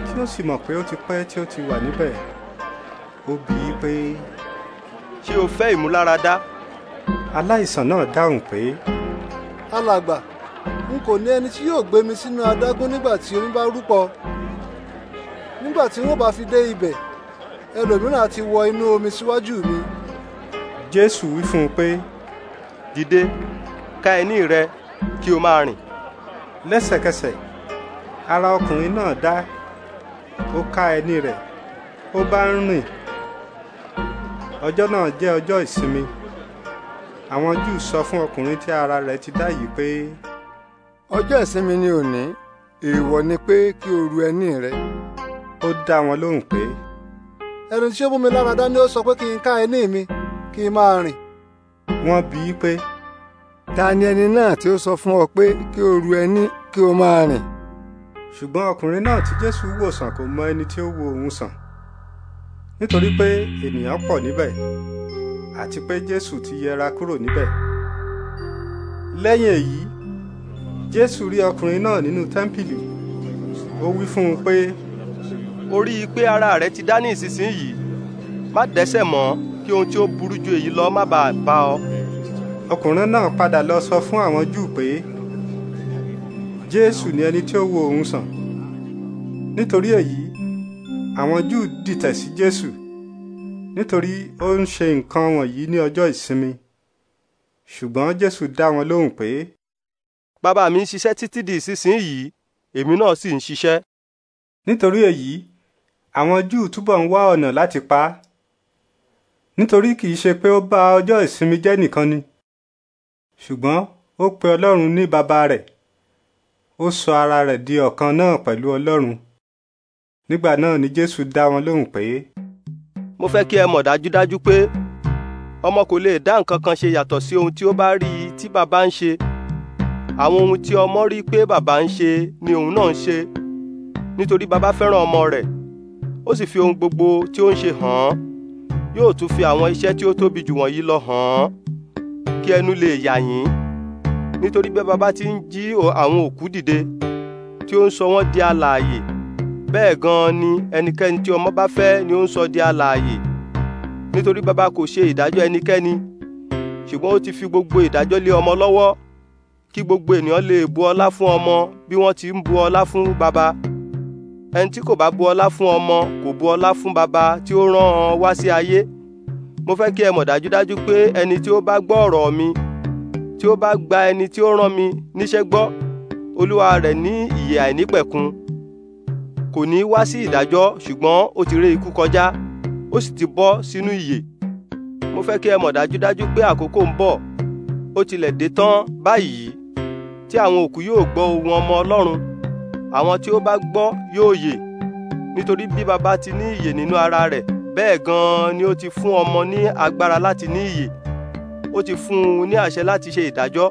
tí ó sì mọ̀ pé ó ti pẹ́ tí ó ti wà níbẹ̀ ó bi í pé. ṣé o fẹ́ ìmúláradá. aláìsàn náà dáhùn pé. alàgbà n kò ní ẹni tí yóò gbé mi sínú adágún nígbà tí omi bá rúpọ nígbà tí wọ́n bá fi dé ibẹ̀ ẹlòmíràn ti wọ inú omi síwájú mi. jésù wí fún un pé dìde ká ẹní rẹ kí o máa rìn. lẹ́sẹ̀kẹsẹ̀ ara ọkùnrin náà dá ó ká ẹní rẹ̀ ó bá ń rìn ọjọ́ náà jẹ́ ọjọ́ ìsinmi àwọn júù sọ fún ọkùnrin tí ara rẹ̀ ti dá yìí pé ọjọ́ ìsinmi ni òní èèwọ̀ ni pé kí o ru ẹní rẹ. ó dá wọn lóhùn pé. ẹni tí ó mú mi lára dání ó sọ pé kí n ká ẹní mi kí n máa rìn. wọ́n bi í pé. ta ni ẹni náà tí ó sọ fún ọ pé kí o ru ẹní kí o máa rìn. ṣùgbọ́n ọkùnrin náà tí jésù wò sàn kò mọ ẹni tí ó wo òun sàn nítorí pé ènìyàn pọ̀ níbẹ̀ àti pé jésù ti yẹra kúrò níbẹ̀ lẹ́yìn èyí jésù rí ọkùnrin náà nínú tẹ́ḿpìlì ó wí fún un pé. ó rí i pé ara rẹ ti dá ní ìsinsìnyí má dẹ́ṣẹ̀ mọ́ kí ohun tí ó burú ju èyí lọ má bàa bá ọ. ọkùnrin náà padà lọ sọ fún àwọn júù pé jésù ni ẹni tí ó wo òun sàn nítorí èyí àwọn júù dìtẹ̀ sí jésù nítorí ó ń ṣe nǹkan wọ̀nyí ní ọjọ́ ìsinmi ṣùgbọ́n jésù dá wọn lóhùn pé bàbá mi ń ṣiṣẹ́ títí di ìsinsìnyí èmi náà sì ń ṣiṣẹ́. nítorí èyí àwọn júù túbọ̀ ń wá ọ̀nà láti pa á nítorí kì í ṣe pé ó bá ọjọ́ ìsinmi jẹ́ nìkan ni ṣùgbọ́n ó pe ọlọ́run ní bàbá rẹ̀ ó sọ ara rẹ̀ di ọ̀kan náà pẹ̀lú ọlọ́run nígbà náà ni jésù dá wọn lóhùn pé. mo fẹ́ kí ẹ mọ̀ dájúdájú pé ọmọ kò lè dá nǹkan kan ṣe yàtọ̀ sí ohun tí ó bá rí i tí bàbá ń ṣe àwọn ohun tí ọmọ rí pé bàbá ń ṣe ni òun náà ń ṣe nítorí bàbá fẹ́ràn ọmọ rẹ̀ ó sì fi ohun gbogbo tí ó ń ṣe hàn án yóò tún fi àwọn iṣẹ́ tí ó tóbi jù wọ̀nyí lọ hàn án kí ẹnu lè yà yín nítorí bí bàbá ti ń jí àwọn òkú dìde tí ó ń sọ wọ́n di alààyè bẹ́ẹ̀ gan-an ni ẹnikẹ́ni tí ọmọ bá fẹ́ ni ó ń sọ di alààyè nítorí bàbá kò ṣe ìdájọ́ ẹnikẹ́ni ṣùgbọ́n ó ti fi gbogbo ìdájọ́ lé ọmọ lọ́wọ́ kí gbogbo ènìyàn lè bu ọlá fún ọmọ bí wọ́n ti ń bu ọlá fún baba ẹni tí kò bá bu ọlá fún ọmọ kò bu ọlá fún baba tí ó rán an wá sí ayé mo fẹ́ kí ẹ mọ̀ dájúdájú pé ẹni tí ó bá gbọ́ ọ̀rọ̀ mi tí ó bá gba ẹni tí ó rán mi níṣẹ́ gbọ́ olúwa rẹ̀ ní ìyè àìnípẹ̀kun kò ní wá sí ìdájọ́ ṣùgbọ́n ó ti ré ikú kọjá ó sì ti bọ́ sínú ìyè mo fẹ́ kí ẹ mọ̀ dájúdájú pé àkókò ń bọ̀ ó tilẹ̀ dé tán báyìí tí àwọn òkú yóò gbọ́ ohùn ọmọ Ọlọ́run àwọn tí ó bá gbọ́ yóò yè nítorí bí baba ti ní ìyè nínú ara rẹ̀ bẹ́ẹ̀ gan-an ni ó ti fún ọmọ ní agbára láti ní ìyè ó ti fún un ní àṣẹ láti ṣe ìdájọ́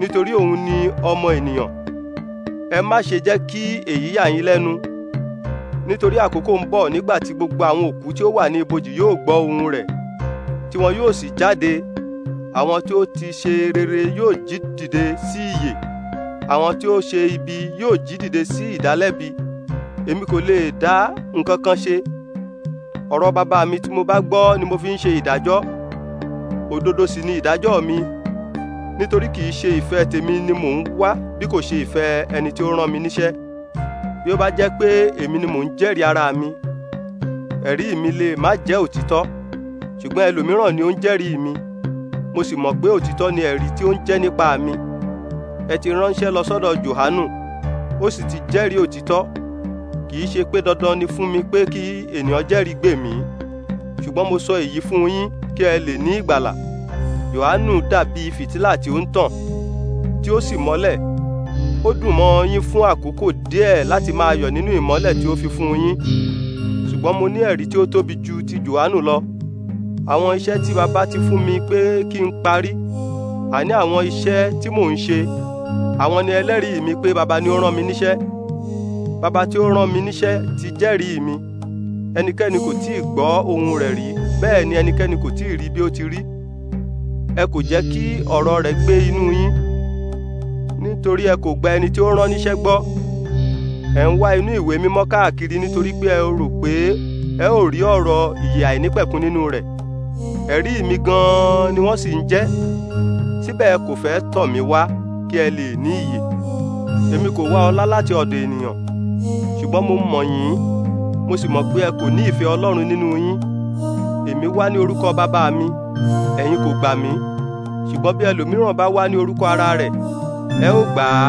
nítorí òun ni ọmọ ènìyàn ẹ má ṣe jẹ́ kí èyí yà yín lẹ́nu nítorí àkókò ń bọ̀ nígbà tí gbogbo àwọn òkú tí ó wà ní ibojì yóò gbọ́ ohùn rẹ̀ tí wọn yóò sì jáde àwọn tí ó ti ṣe rere yóò jí dìde sí ìyè àwọn tí ó ṣe ibi yóò jí dìde sí ìdálẹ́bi èmi kò lè dá nǹkan kan ṣe ọ̀rọ̀ bàbá mi tí mo bá gbọ́ ni mo fi ń ṣe ìdájọ́ òdodo sì ni ìdájọ́ mi nítorí kì í ṣe ìfẹ́ tèmi ni mò ń wá bí kò ṣe ìfẹ́ ẹni tí ó rán mi níṣẹ́ bí ó bá jẹ́ pé èmi ni mò ń jẹ́rìí ara mi ẹ̀rí mi lè má jẹ́ òtítọ́ ṣùgbọ́n ẹlòmíràn ni ó ń jẹ́rìí mi mo sì mọ̀ pé òtítọ́ ni ẹ̀rí tí ó ń jẹ́ nípa mi ẹ ti ránṣẹ́ lọ sọ́dọ̀ Jòhánù ó sì ti jẹ́rìí òtítọ́ kì í ṣe pé dandan ni fún mi pé kí ènìyàn jẹ́rìí gbè mí ṣùgbọ́n mo sọ èyí fún yín kí ẹ lè ní ìgbàlà Jòhánù dàbí fìtílà tí ó ń tàn tí ó sì mọ́lẹ̀ ó dùn mọ́ yín fún àkókò díẹ̀ láti máa yọ̀ nínú ìmọ́lẹ̀ tí ó fi fún yín ṣùgbọ́n mo ní ẹ̀rí tí ó tóbi ju ti Jòhánù lọ àwọn iṣẹ́ tí bàbá ti fún mi pé kí n parí àní àwọn iṣẹ́ tí mò ń ṣe àwọn ni ẹlẹ́rìí mi pé bàbá ni ó rán mi níṣẹ́ bàbá tí ó rán mi níṣẹ́ ti jẹ́rìí mi ẹnikẹ́ni kò tí ì gbọ́ ohun rẹ̀ rí bẹ́ẹ̀ ni ẹnikẹ́ni kò tí ì rí bí ó ti rí ẹ kò jẹ́ kí ọ̀rọ̀ rẹ̀ gbé inú yín nítorí ẹ kò gba ẹni tí ó rán níṣẹ́ gbọ́ ẹ ń wá inú ìwé mímọ́ káàkiri nítorí pé ẹ rò pé ẹ ò rí ọ̀rọ̀ ìyè àìnípẹ̀kun nínú rẹ̀ ẹ̀rí mi gan-an ni wọ́n sì ń jẹ́ síbẹ̀ kò fẹ́ tọ̀ mí wá kí ẹ lè ní iyè èmi kò wá ọlá láti ọ̀dọ̀ ènìyàn ṣùgbọ́n mo mọ̀ yín mo sì mọ̀ pé ẹ kò ní ìfẹ́ Ọlọ́run nínú yín èmi wá ní orúkọ bàbá mi ẹ̀yin kò gbà mí ṣùgbọ́n bí ẹlòmíràn bá wá ní orúkọ ara rẹ̀ ẹ ó gbà á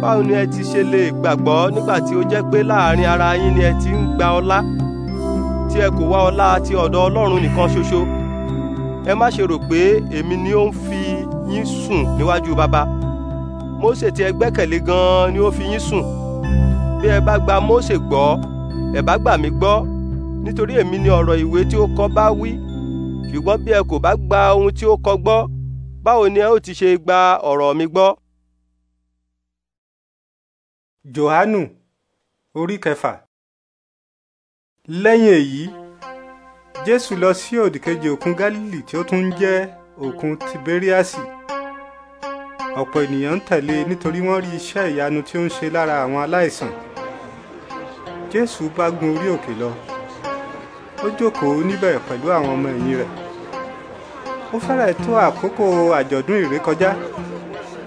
báwo ni ẹ ti ṣe lè gbàgbọ́ nígbà tí ó jẹ́ pé láàrin ara yín ni ẹ ti ń gba ọlá tí ẹ kò wá ọlá ti ọ̀dọ̀ Ọlọ́run nìkan ṣoṣo ẹ má ṣe rò pé èmi ni ó ń fi yín sùn níwájú bàbá Mósè tí ẹ gbẹ́kẹ̀lé gan-an ni ó fi yín sùn bí ẹ bá gba Mósè gbọ́ ẹ bá gbà mí gbọ́ nítorí èmi ni ọ̀rọ̀ ìwé tí ó kọ bá wí ṣùgbọ́n bí ẹ kò bá gba ohun tí ó kọ gbọ́ báwo ni ẹ ó ti ṣe gba ọ̀rọ̀ mi gbọ́. Jòhánù orí kẹfà lẹ́yìn èyí jésù lọ sí òdìkejì òkun galili tí ó tún ń jẹ́ òkun tiberiasi ọ̀pọ̀ ènìyàn ń tẹ̀lé e nítorí wọ́n rí iṣẹ́ ìyanu tí ó ń ṣe lára àwọn aláìsàn jésù bá gun orí òkè lọ ó jókòó níbẹ̀ pẹ̀lú àwọn ọmọ ẹ̀yìn rẹ̀ ó fẹ́rẹ̀ tó àkókò àjọ̀dún ìrékọjá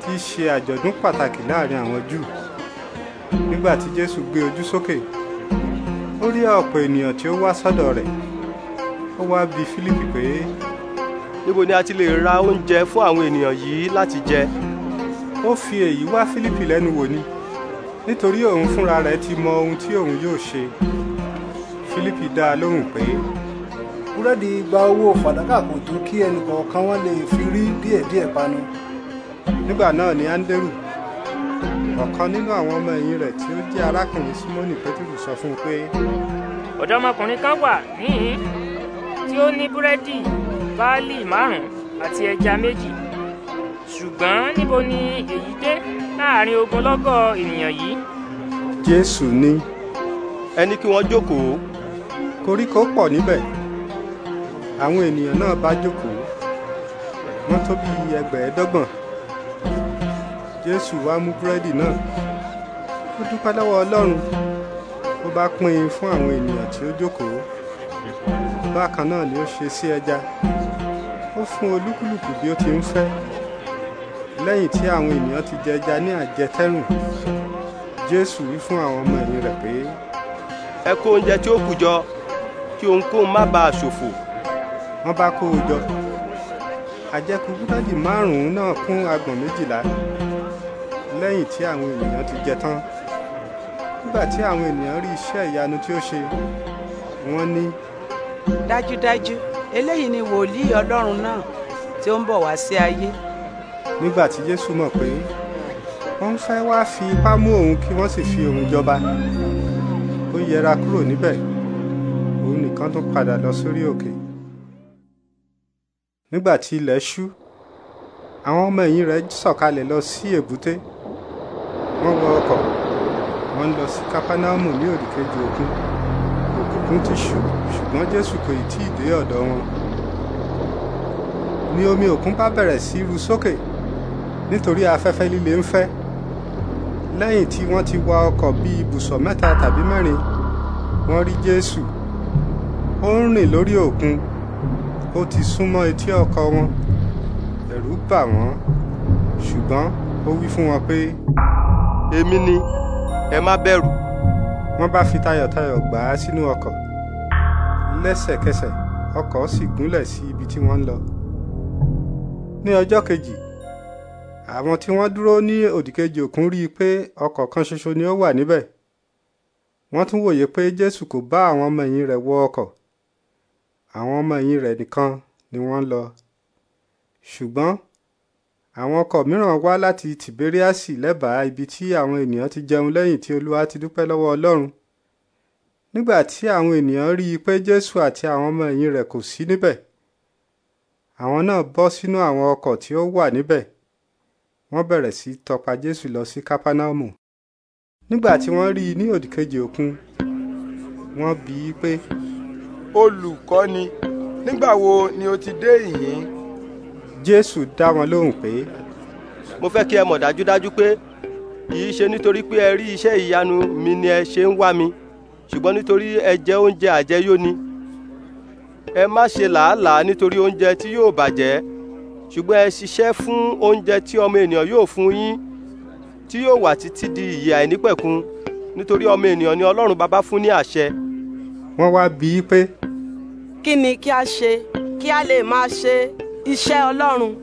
tí í ṣe àjọ̀dún pàtàkì láàrin àwọn júù nígbà tí jésù gbé ojú sókè ó rí ọ̀pọ̀ ènìyàn tí ó wá sọ́dọ̀ rẹ̀ ó wá bi Fílípì pé. níbo ni a ti lè ra oúnjẹ fún àwọn ènìyàn yìí láti jẹ. ó fi èyí wá Fílípì lẹ́nu wò ni nítorí òun fúnra rẹ̀ ti mọ ohun tí òun yóò ṣe. Fílípì dá a lóhùn pé. búrẹ́dì igba owó fàdákà kò tó kí ẹnì kọ̀ọ̀kan wọn lè fi rí díẹ̀díẹ̀ panu. nígbà náà ni Áńdérù ọ̀kan nínú àwọn ọmọ ẹ̀yìn rẹ̀ tí ó jẹ́ arákùnrin Símónì Pétérù sọ fún un pé. ọ̀dọ́mọkùnrin kan wà níhìn-ín tí ó ní búrẹ́dì báálì márùn-ún àti ẹja méjì ṣùgbọ́n níbo ni èyí dé láàrin ogunlọ́gọ̀ ènìyàn yìí. jésù ní. ẹ kí wọ́n jókòó. koríko pọ̀ níbẹ̀ àwọn ènìyàn náà bá jókòó wọ́n tó bí ẹgbẹ̀ẹ́dọ́gbọ̀n jésù wá mú búrẹ́dì náà ó dúpẹ́ lọ́wọ́ ọlọ́run ó bá pín in fún àwọn ènìyàn tí ó jókòó bákan náà ni ó ṣe sí ẹja ó fún olúkúlùkù bí ó ti ń fẹ́ lẹ́yìn tí àwọn ènìyàn ti jẹ ẹja ní àjẹtẹ́rùn jésù wí fún àwọn ọmọ ẹ̀yìn rẹ̀ pé. ẹ kó oúnjẹ tí ó kù jọ kí ohunkóhun má bàa ṣòfò. wọ́n bá kó o jọ àjẹkù búrẹ́dì márùn-ún náà kún agbọ̀n méjìlá lẹ́yìn tí àwọn ènìyàn ti jẹ tán nígbà tí àwọn ènìyàn rí iṣẹ́ ìyanu tí ó ṣe wọ́n ní. Ni dájúdájú eléyìí ni wòlíì ọlọ́run náà tí ó ń bọ̀ wá sí ayé. nígbà tí jésù mọ̀ pé wọ́n ń fẹ́ wáá fi ipá mú òun kí wọ́n sì fi òun jọba ó yẹra kúrò níbẹ̀ òun nìkan tún padà lọ sórí òkè. nígbà tí ilẹ̀ ṣú àwọn ọmọ ẹ̀yìn rẹ̀ sọ̀kalẹ̀ lọ sí èbúté wọ́n wọ ọkọ̀ wọ́n lọ sí kápánámù ní òdìkejì òkun. Òkùnkùn ti ṣú ṣùgbọ́n Jésù kò ì tí ì dé ọ̀dọ̀ wọn. Ni omi òkun bá bẹ̀rẹ̀ sí ru sókè nítorí afẹ́fẹ́ líle ń fẹ́. Lẹ́yìn tí wọ́n ti wa ọkọ̀ bí ibùsọ̀ mẹ́ta tàbí mẹ́rin wọ́n rí Jésù. Ó ń rìn lórí òkun ó ti súnmọ́ etí ọkọ̀ wọn ẹ̀rù bà wọ́n ṣùgbọ́n ó wí fún wọn pé. èmi ni ẹ má bẹ̀rù wọ́n bá fi tayọ̀tayọ̀ gbà á sínú ọkọ̀ lẹ́sẹ̀kẹsẹ̀ ọkọ̀ sì gúnlẹ̀ sí ibi tí wọ́n ń lọ. ní ọjọ́ kejì àwọn tí wọ́n dúró ní òdìkejì òkun rí i pé ọkọ̀ kan ṣoṣo ni ó wà níbẹ̀ wọ́n tún wòye pé jésù kò bá àwọn ọmọ ẹ̀yìn rẹ̀ wọ ọkọ̀ àwọn ọmọ ẹ̀yìn rẹ̀ nìkan ni wọ́n lọ ṣùgbọ́n àwọn ọkọ̀ mìíràn wá láti tìbéríàsì lẹ́bàá ibi tí àwọn ènìyàn ti jẹun lẹ́yìn tí olúwa ti dúpẹ́ lọ́wọ́ ọlọ́run nígbà tí àwọn ènìyàn rí i pé jésù àti àwọn ọmọ ẹ̀yìn rẹ̀ kò sí níbẹ̀ àwọn náà bọ́ sínú àwọn ọkọ̀ tí ó wà níbẹ̀ wọ́n bẹ̀rẹ̀ sí tọpa jésù lọ sí kápánámù nígbà tí wọ́n rí i ní òdìkejì òkun wọ́n bi í pé. olùkọ́ni nígbà wo ni o ti dé ìhín jésù dá wọn lóhùn pé. mo fẹ́ kí ẹ mọ̀ dájúdájú pé kì í ṣe nítorí pé ẹ rí iṣẹ́ ìyanu mi ni ẹ ṣe ń wá mi ṣùgbọ́n nítorí ẹ jẹ oúnjẹ àjẹyó ni ẹ má ṣe làálàá nítorí oúnjẹ tí yóò bàjẹ́ ṣùgbọ́n ẹ ṣiṣẹ́ fún oúnjẹ tí ọmọ ènìyàn yóò fún yín tí yóò wà títí di ìyè àìnípẹ̀kun nítorí ọmọ ènìyàn ni ọlọ́run bàbá fún ní àṣẹ. wọ́n wá bí i pé. kí ni kí a ṣe kí a lè máa ṣe iṣẹ́ Ọlọ́run.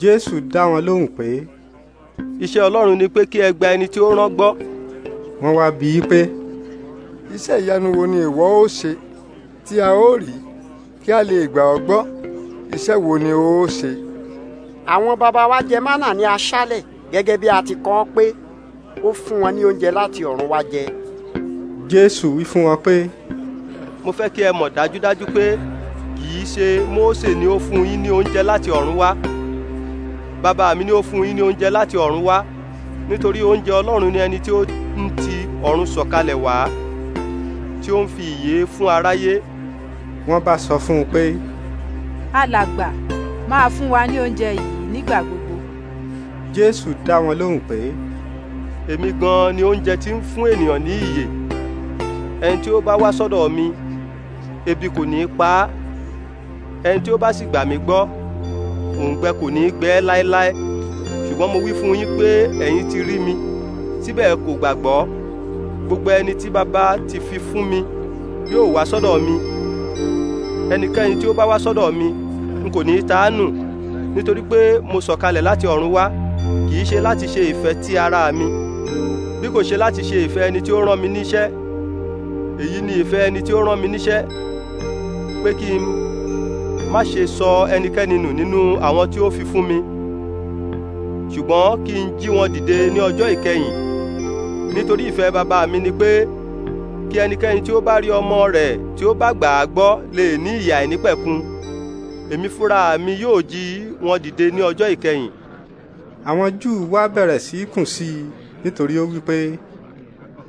Jésù dá wọn lóhùn pé. Iṣẹ́ Ọlọ́run ni pé kí ẹ gba ẹni tí ó rán gbọ́. Wọ́n wá bi í pé. Iṣẹ́ ìyanu wo ni ìwọ ó ṣe tí a ó rí kí a lè gbà ọ́ gbọ́? Iṣẹ́ wo ni ó ṣe? Àwọn baba wa jẹ mánà ní aṣálẹ̀ gẹ́gẹ́ bí a ti kọ pé ó fún wọn ní oúnjẹ láti ọ̀run wá jẹ. Jésù wí fún wọn pé. Mo fẹ́ kí ẹ mọ̀ dájúdájú pé kì í ṣe Mósè ni ó fún yín ní oúnjẹ láti ọ̀run wá bàbá mi ni ó fún yín ní oúnjẹ láti ọ̀run wá nítorí oúnjẹ Ọlọ́run ni ẹni tí ó ń ti ọ̀run sọ̀kalẹ̀ wá tí ó ń fi ìyè fún aráyé. wọ́n bá sọ fún un pé. alàgbà máa fún wa ní oúnjẹ yìí nígbà gbogbo. Jésù dá wọn lóhùn pé. èmi gan-an ni oúnjẹ tí ń fún ènìyàn ní ìyè ẹni tí ó bá wá sọ́dọ̀ mi ebi kò ní í pa á ẹni tí ó bá sì gbà mí gbọ́ òǹgbẹ kò ní í gbẹ láéláé ṣùgbọ́n mo wí fún yín pé ẹ̀yin ti rí mi síbẹ̀ kò gbàgbọ́ gbogbo ẹni tí bàbá ti fi fún mi yóò wá sọ́dọ̀ mi ẹnikẹ́ni tí ó bá wá sọ́dọ̀ mi n kò ní í ta nítorí pé mo sọ̀kalẹ̀ láti ọ̀run wá kì í ṣe láti ṣe ìfẹ́ ti ara mi bí kò ṣe láti ṣe ìfẹ́ ẹni tí ó rán mi níṣẹ́ èyí ni ìfẹ́ ẹni tí ó rán mi níṣẹ́ pé kí n má ṣe sọ ẹnikẹ́ni nù nínú àwọn tí ó fi fún mi ṣùgbọ́n kí n jí wọn dìde ní ọjọ́ ìkẹyìn nítorí ìfẹ́ bàbá mi ni pé kí ẹnikẹ́ni tí ó bá rí ọmọ rẹ̀ tí ó bá gbà á gbọ́ lè ní ìyà àìnípẹ̀kun èmi fúnra mi yóò jí wọn dìde ní ọjọ́ ìkẹyìn. àwọn júù wá bẹ̀rẹ̀ sí í kùn sí i nítorí ó wí pé.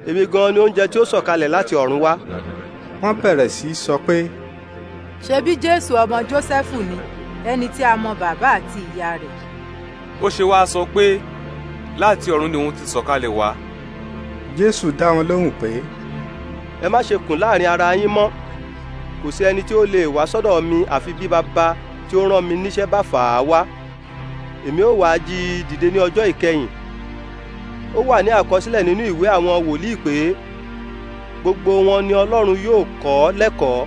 èmi gan ni oúnjẹ tí ó sọ̀kalẹ̀ láti ọ̀run wá. wọ́n bẹ̀rẹ̀ sí í sọ pé ṣebí jésù ọmọ jósẹ́fù ni ẹni tí a mọ bàbá àti ìyá rẹ̀. ó ṣe wáá sọ pé láti ọ̀run ni òun ti sọ̀kalẹ̀ wá. jésù dá wọn lóhùn pé. ẹ má ṣe kùn láàrin ara yín mọ́ kò sí ẹni tí ó lè wá sọ́dọ̀ mi àfi bí bàbá tí ó rán mi níṣẹ́ bá fà á wá èmi ó wàá jí dìde ní ọjọ́ ìkẹyìn ó wà ní àkọsílẹ̀ nínú ìwé àwọn wòlíì pé gbogbo wọn ni ọlọ́run yóò kọ́ lẹ́kọ̀ọ́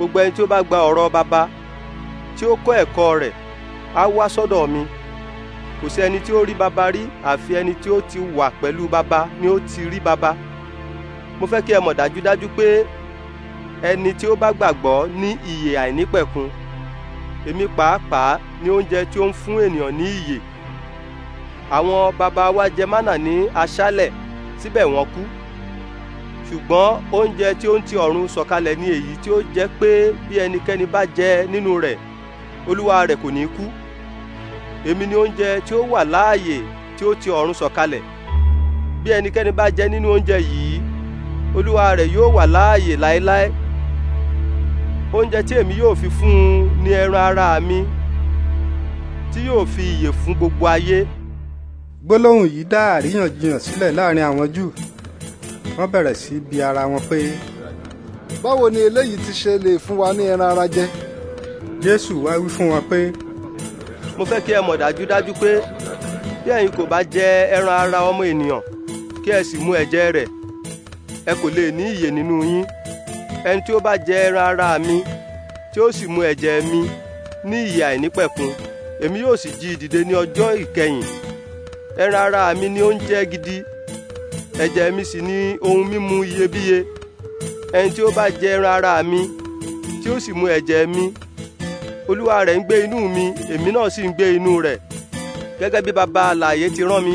gbogbo ẹni tí ó bá gba ọ̀rọ̀ baba tí ó kọ́ ẹ̀kọ́ rẹ̀ á wá sọ́dọ̀ mi kò sí ẹni tí ó rí baba rí àfi ẹni tí ó ti wà pẹ̀lú baba ni ó ti rí baba mo fẹ́ kí ẹ mọ̀ dájúdájú pé ẹni tí ó bá gbàgbọ́ ní ìyè àìnípẹ̀kun èmi pàápàá ní oúnjẹ tí ó ń fún ènìyàn ní ìyè àwọn baba wa jẹ mánà ní aṣálẹ̀ síbẹ̀ wọ́n kú ṣùgbọ́n oúnjẹ tí ó ń ti ọ̀run sọ̀kalẹ̀ ni èyí tí ó jẹ́ pé bí ẹnikẹ́ni bá jẹ nínú rẹ̀ olúwa rẹ̀ kò ní kú èmi ni oúnjẹ tí ó wà láàyè tí ó ti ọ̀run sọ̀kalẹ̀ bí ẹnikẹ́ni bá jẹ nínú oúnjẹ yìí olúwa rẹ̀ yóò wà láàyè láéláé oúnjẹ tí èmi yóò fi fún un ní ẹran ara mi tí yóò fi ìyè fún gbogbo ayé. gbólóhùn yìí dá àríyànjiyàn sílẹ̀ láàrin àwọn júù wọ́n bẹ̀rẹ̀ sí bi ara wọn pé. báwo ni eléyìí ti ṣe lè fún wa ní ẹran ara jẹ. jésù wá wí fún wọn pé. mo fẹ́ kí ẹ mọ̀ dájúdájú pé bí ẹ̀yin kò bá jẹ ẹran ara ọmọ ènìyàn kí ẹ sì mu ẹ̀jẹ̀ rẹ̀ ẹ kò lè ní ìyè nínú yín ẹni tí ó bá jẹ ẹran ara mi tí ó sì mu ẹ̀jẹ̀ mi ní ìyè àìnípẹ̀kun èmi yóò sì jí i dìde ní ọjọ́ ìkẹyìn ẹran ara mi ni oúnjẹ gidi ẹ̀jẹ̀ mi sì ni ohun mímu iyebíye ẹni tí ó bá jẹ ẹran ara mi tí ó sì mu ẹ̀jẹ̀ mi olúwa rẹ̀ ń gbé inú mi èmi náà sì ń gbé inú rẹ̀ gẹ́gẹ́ bí baba alààyè ti rán mi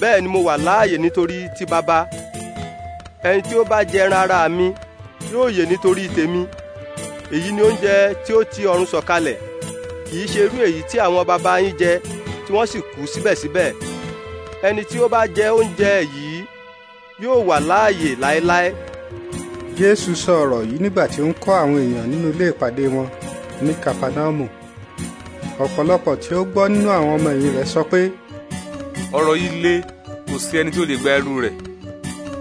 bẹ́ẹ̀ ni mo wà láàyè nítorí ti baba ẹni tí ó bá jẹ ẹran ara mi yóò yè nítorí tèmi èyí ni oúnjẹ tí ó ti ọ̀run sọ̀kalẹ̀ kì í ṣe èyí tí àwọn baba yín jẹ tí wọ́n sì kú síbẹ̀síbẹ̀ ẹni tí ó bá jẹ oúnjẹ yìí yóò wà láàyè láéláé. jésù sọ ọ̀rọ̀ yìí nígbà tí ó ń kọ́ àwọn èèyàn nínú ilé ìpàdé wọn ní kapanaumu ọ̀pọ̀lọpọ̀ tí ó gbọ́ nínú àwọn ọmọ ẹ̀yìn rẹ̀ sọ pé. ọ̀rọ̀ yìí le kò sí ẹni tí ó lè gba ẹrú rẹ̀.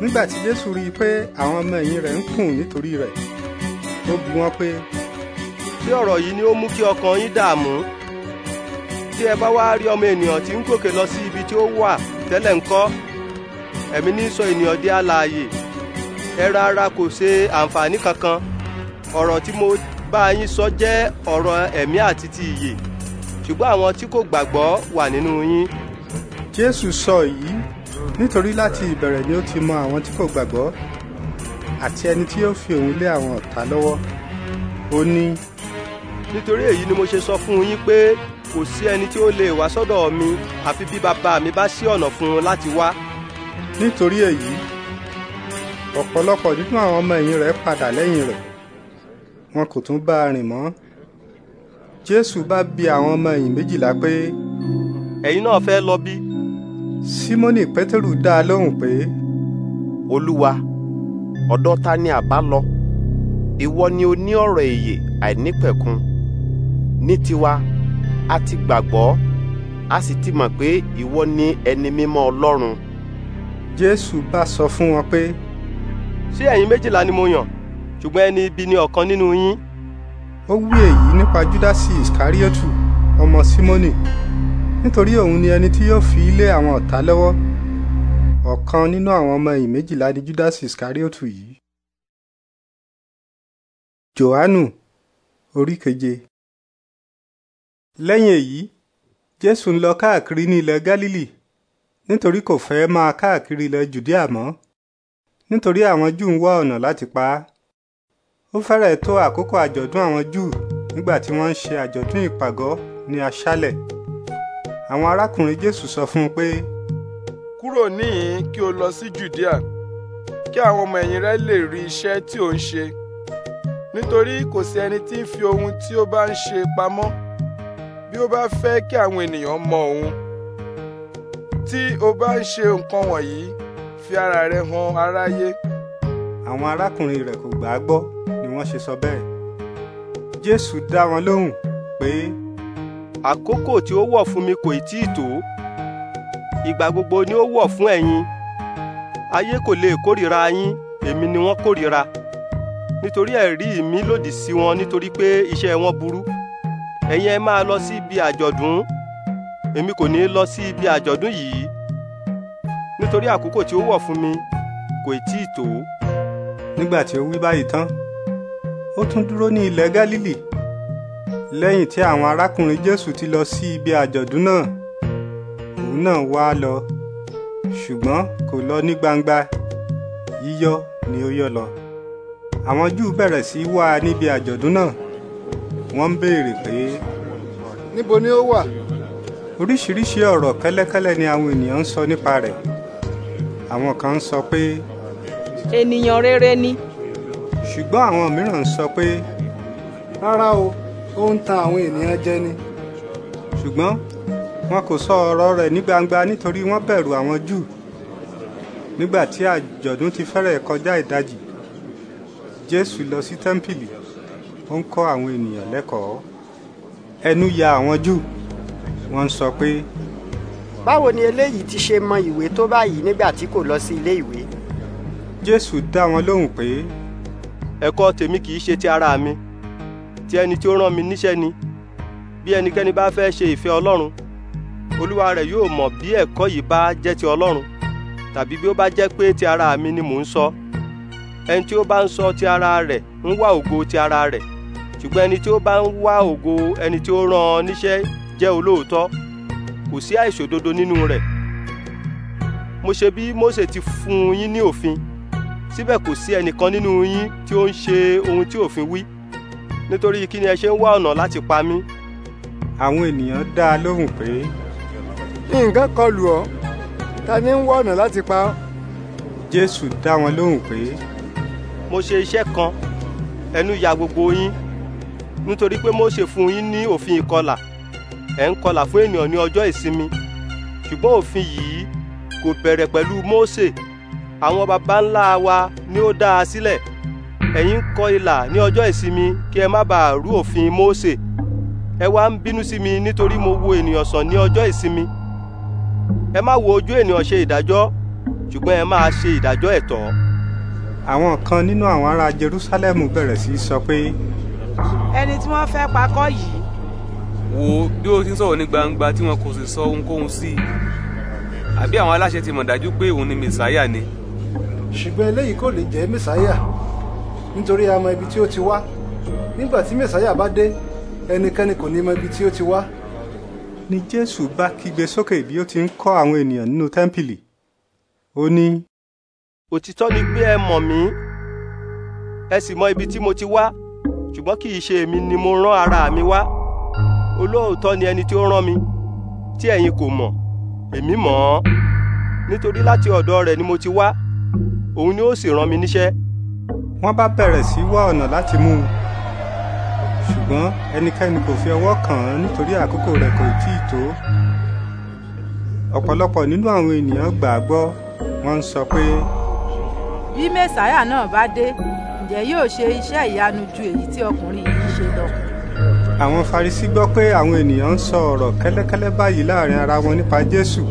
nígbà tí jésù rí i pé àwọn ọmọ ẹ̀yìn rẹ̀ ń kùn nítorí rẹ̀ ó bi wọ́n pé. ṣé ọ̀rọ̀ yìí ni ó mú kí ọkàn yín dààmú tí ẹ bá wá rí ọmọ ènìyàn tí ń gòkè lọ sí ibi tí ó wà tẹ́lẹ̀ ńkọ́ ẹ̀mí ní sọ ènìyàn di alààyè ẹran ara kò ṣe àǹfààní kankan ọ̀rọ̀ tí mo bá yín sọ jẹ́ ọ̀rọ̀ ẹ̀mí àti ti ìyè ṣùgbọ́n àwọn tí kò gbàgbọ́ wà nínú yín. Jésù sọ yìí nítorí láti ìbẹ̀rẹ̀ ni ó ti mọ àwọn tí kò gbàgbọ́ àti ẹni tí ó fi òun lé àwọn ọ̀tá lọ́wọ́ ó ní. nítorí èyí ni mo ṣe sọ fún yín pé kò sí ẹni tí ó lè wá sọ́dọ̀ mi àfi bí bàbá mi bá ṣí ọ̀nà fún un láti wá nítorí èyí ọ̀pọ̀lọpọ̀ nínú àwọn ọmọ ẹ̀yìn rẹ̀ padà lẹ́yìn rẹ̀ wọn kò tún bá a rìn mọ́ jésù bá bi àwọn ọmọ ẹ̀yìn méjìlá pé. ẹ̀yin náà fẹ́ lọ bí. símónì pétérù dá a lóhùn pé. olúwa ọ̀dọ̀ ta ni àbá lọ ìwọ ni o ní ọ̀rọ̀ èyè àìnípẹ̀kun ní tiwa a ti gbàgbọ́ a sì ti mọ̀ pé ìwọ ni ẹni mímọ́ ọlọ́run jésù bá sọ fún wọn pé. ṣé ẹ̀yin méjìlá ni mo yàn ṣùgbọ́n ẹni ibi ni ọ̀kan nínú yín. ó wí èyí nípa júdásì ìsíkáríọ́tù ọmọ símónì nítorí òun ni ẹni tí yóò fi lé àwọn ọ̀tá lọ́wọ́ ọ̀kan nínú àwọn ọmọ ẹ̀yìn méjìlá ni júdásì ìsíkáríọ́tù yìí. jòhánù orí keje lẹ́yìn èyí jésù ń lọ káàkiri ní ilẹ̀ gálílì nítorí kò fẹ́ máa káàkiri ilẹ̀ Jùdíà mọ́ nítorí àwọn Júù ń wá ọ̀nà láti pa á ó fẹ́rẹ̀ tó àkókò àjọ̀dún àwọn Júù nígbà tí wọ́n ń ṣe àjọ̀dún ìpàgọ́ ní aṣálẹ̀ àwọn arákùnrin Jésù sọ fún un pé. kúrò níhìn kí o lọ sí Jùdíà kí àwọn ọmọ ẹ̀yìn rẹ lè rí iṣẹ́ tí ò ń ṣe nítorí kò sí ẹni tí ń fi ohun tí ó bá ń ṣe pamọ́ bí ó bá fẹ́ kí àwọn ènìyàn mọ òun tí o bá ń ṣe nǹkan wọ̀nyí fi ara rẹ hàn aráyé. àwọn arákùnrin rẹ̀ kò gbà á gbọ́ ni wọ́n ṣe sọ bẹ́ẹ̀. jésù dá wọn lóhùn pé. àkókò tí ó wọ̀ fún mi kò tí ì tó ìgbà gbogbo ni ó wọ̀ fún ẹ̀yin ayé kò lè kórìíra yín èmi ni wọ́n kórìíra nítorí ẹ̀rí mi lòdì sí wọn nítorí pé iṣẹ́ wọn burú ẹ̀yin ẹ máa lọ sí ibi àjọ̀dún èmi kò ní lọ sí ibi àjọ̀dún yìí nítorí àkókò tí ó wọ̀ fún mi kò tí ì tó. nígbà tí ó wí báyìí tán ó tún dúró ní ilẹ̀ Gálílì lẹ́yìn tí àwọn arákùnrin Jésù ti lọ sí ibi àjọ̀dún náà òun náà wá lọ ṣùgbọ́n kò lọ ní gbangba yíyọ ni ó yọ lọ àwọn Júù bẹ̀rẹ̀ sí í wá níbi àjọ̀dún náà wọ́n ń béèrè pé. níbo ni ó wà oríṣiríṣi ọ̀rọ̀ kẹ́lẹ́kẹ́lẹ́ ni àwọn ènìyàn ń sọ nípa rẹ̀ àwọn kan ń sọ pé. ènìyàn rere ni. ṣùgbọ́n àwọn mìíràn ń sọ pé. rárá o ó ń tan àwọn ènìyàn jẹ ni. ṣùgbọ́n wọn kò sọ ọ̀rọ̀ rẹ̀ ní gbangba nítorí wọ́n bẹ̀rù àwọn júù nígbà tí àjọ̀dún ti fẹ́rẹ̀ kọjá ìdajì jésù lọ sí tẹ́ḿpìlì ó ń kọ́ àwọn ènìyàn lẹ́kọ̀ọ́ ẹnu ya àwọn júù wọ́n ń sọ pé. báwo ni eléyìí ti ṣe mọ ìwé tó báyìí nígbà tí kò lọ sí ilé ìwé. jésù dá wọn lóhùn pé. ẹ̀kọ́ tèmi kì í ṣe ti ara mi ti ẹni tí ó rán mi níṣẹ́ ni bí ẹnikẹ́ni bá fẹ́ ṣe ìfẹ́ ọlọ́run olúwa rẹ̀ yóò mọ̀ bí ẹ̀kọ́ yìí bá jẹ́ ti ọlọ́run tàbí bí ó bá jẹ́ pé ti ara mi ni mò ń sọ ẹni tí ó bá ń sọ ti ara rẹ̀ ń wá ògo ti ara rẹ̀ ṣùgbọ́n ẹni tí ó bá ń wá ògo ẹni tí ó rán ọ níṣẹ́ jẹ́ olóòótọ́ kò sí àìṣòdodo nínú rẹ̀ mo ṣe bí Mósè ti fún yín ní òfin síbẹ̀ kò sí ẹnìkan nínú yín tí ó ń ṣe ohun tí òfin wí nítorí kí ni ẹ ṣe ń wá ọ̀nà láti pa mí. àwọn ènìyàn dá a lóhùn pé. nǹkan kan lù ọ́ ta ni ń wá ọ̀nà láti pa ọ́. jésù dá wọn lóhùn pé. mo ṣe iṣẹ́ kan ẹnu ya gbogbo yín nítorí pé Mósè fún yín ní òfin ìkọlà ẹ̀ ń kọlà fún ènìyàn ní ọjọ́ ìsinmi ṣùgbọ́n òfin yìí kò bẹ̀rẹ̀ pẹ̀lú Mósè àwọn baba ńlá wa ni ó dá a sílẹ̀ ẹ̀yin ń kọ ilà ní ọjọ́ ìsinmi kí ẹ má bàa rú òfin Mósè ẹ wá ń bínú sí mi nítorí mo wo ènìyàn sàn ní ọjọ́ ìsinmi ẹ má wo ojú ènìyàn ṣe ìdájọ́ ṣùgbọ́n ẹ máa ṣe ìdájọ́ ẹ̀tọ́. àwọn kan nínú àwọn ará Jerúsálẹ́mù bẹ̀rẹ̀ sí í sọ pé. ẹni tí wọ́n fẹ́ pa yìí wo bí ó ti ń sọ̀rọ̀ ní gbangba tí wọn kò sì sọ ohunkóhun sí i àbí àwọn aláṣẹ ti mọ̀ dájú pé òun ni mẹ̀sáyà ni. ṣùgbọ́n eléyìí kò lè jẹ́ mẹ̀sáyà nítorí a mọ ibi tí ó ti wá nígbà tí mẹ̀sáyà bá dé ẹnikẹ́ni kò ní mọ ibi tí ó ti wá. ni jésù bá kígbe sókè bí ó ti ń kọ́ àwọn ènìyàn nínú tẹ́ḿpìlì ó ní. òtítọ́ ni pé ẹ mọ̀ mí ẹ sì mọ ibi tí mo ti wá ṣùgbọ́n kì í ṣe èmi ni mo rán ara mi wá olóòótọ́ ni ẹni tí ó rán mi tí ẹ̀yin kò mọ̀ èmi mọ̀ ọ́ nítorí láti ọ̀dọ̀ rẹ̀ ni mo ti wá òun ni ó sì rán mi níṣẹ́. wọ́n bá bẹ̀rẹ̀ sí wá ọ̀nà láti mú un ṣùgbọ́n ẹnikẹ́ni kò fi ọwọ́ kàn án nítorí àkókò rẹ̀ kò tí ì tó. ọ̀pọ̀lọpọ̀ nínú àwọn ènìyàn gbà á gbọ́ wọ́n ń sọ pé. bí mẹ́sàáyà náà bá dé ǹjẹ́ yóò ṣe iṣẹ́ ìyanu ju èyí tí ọkùnrin yìí ṣe lọ àwọn Farisí gbọ́ pé àwọn ènìyàn ń sọ ọ̀rọ̀ kẹ́lẹ́kẹ́lẹ́ báyìí láàrin ara wọn nípa Jésù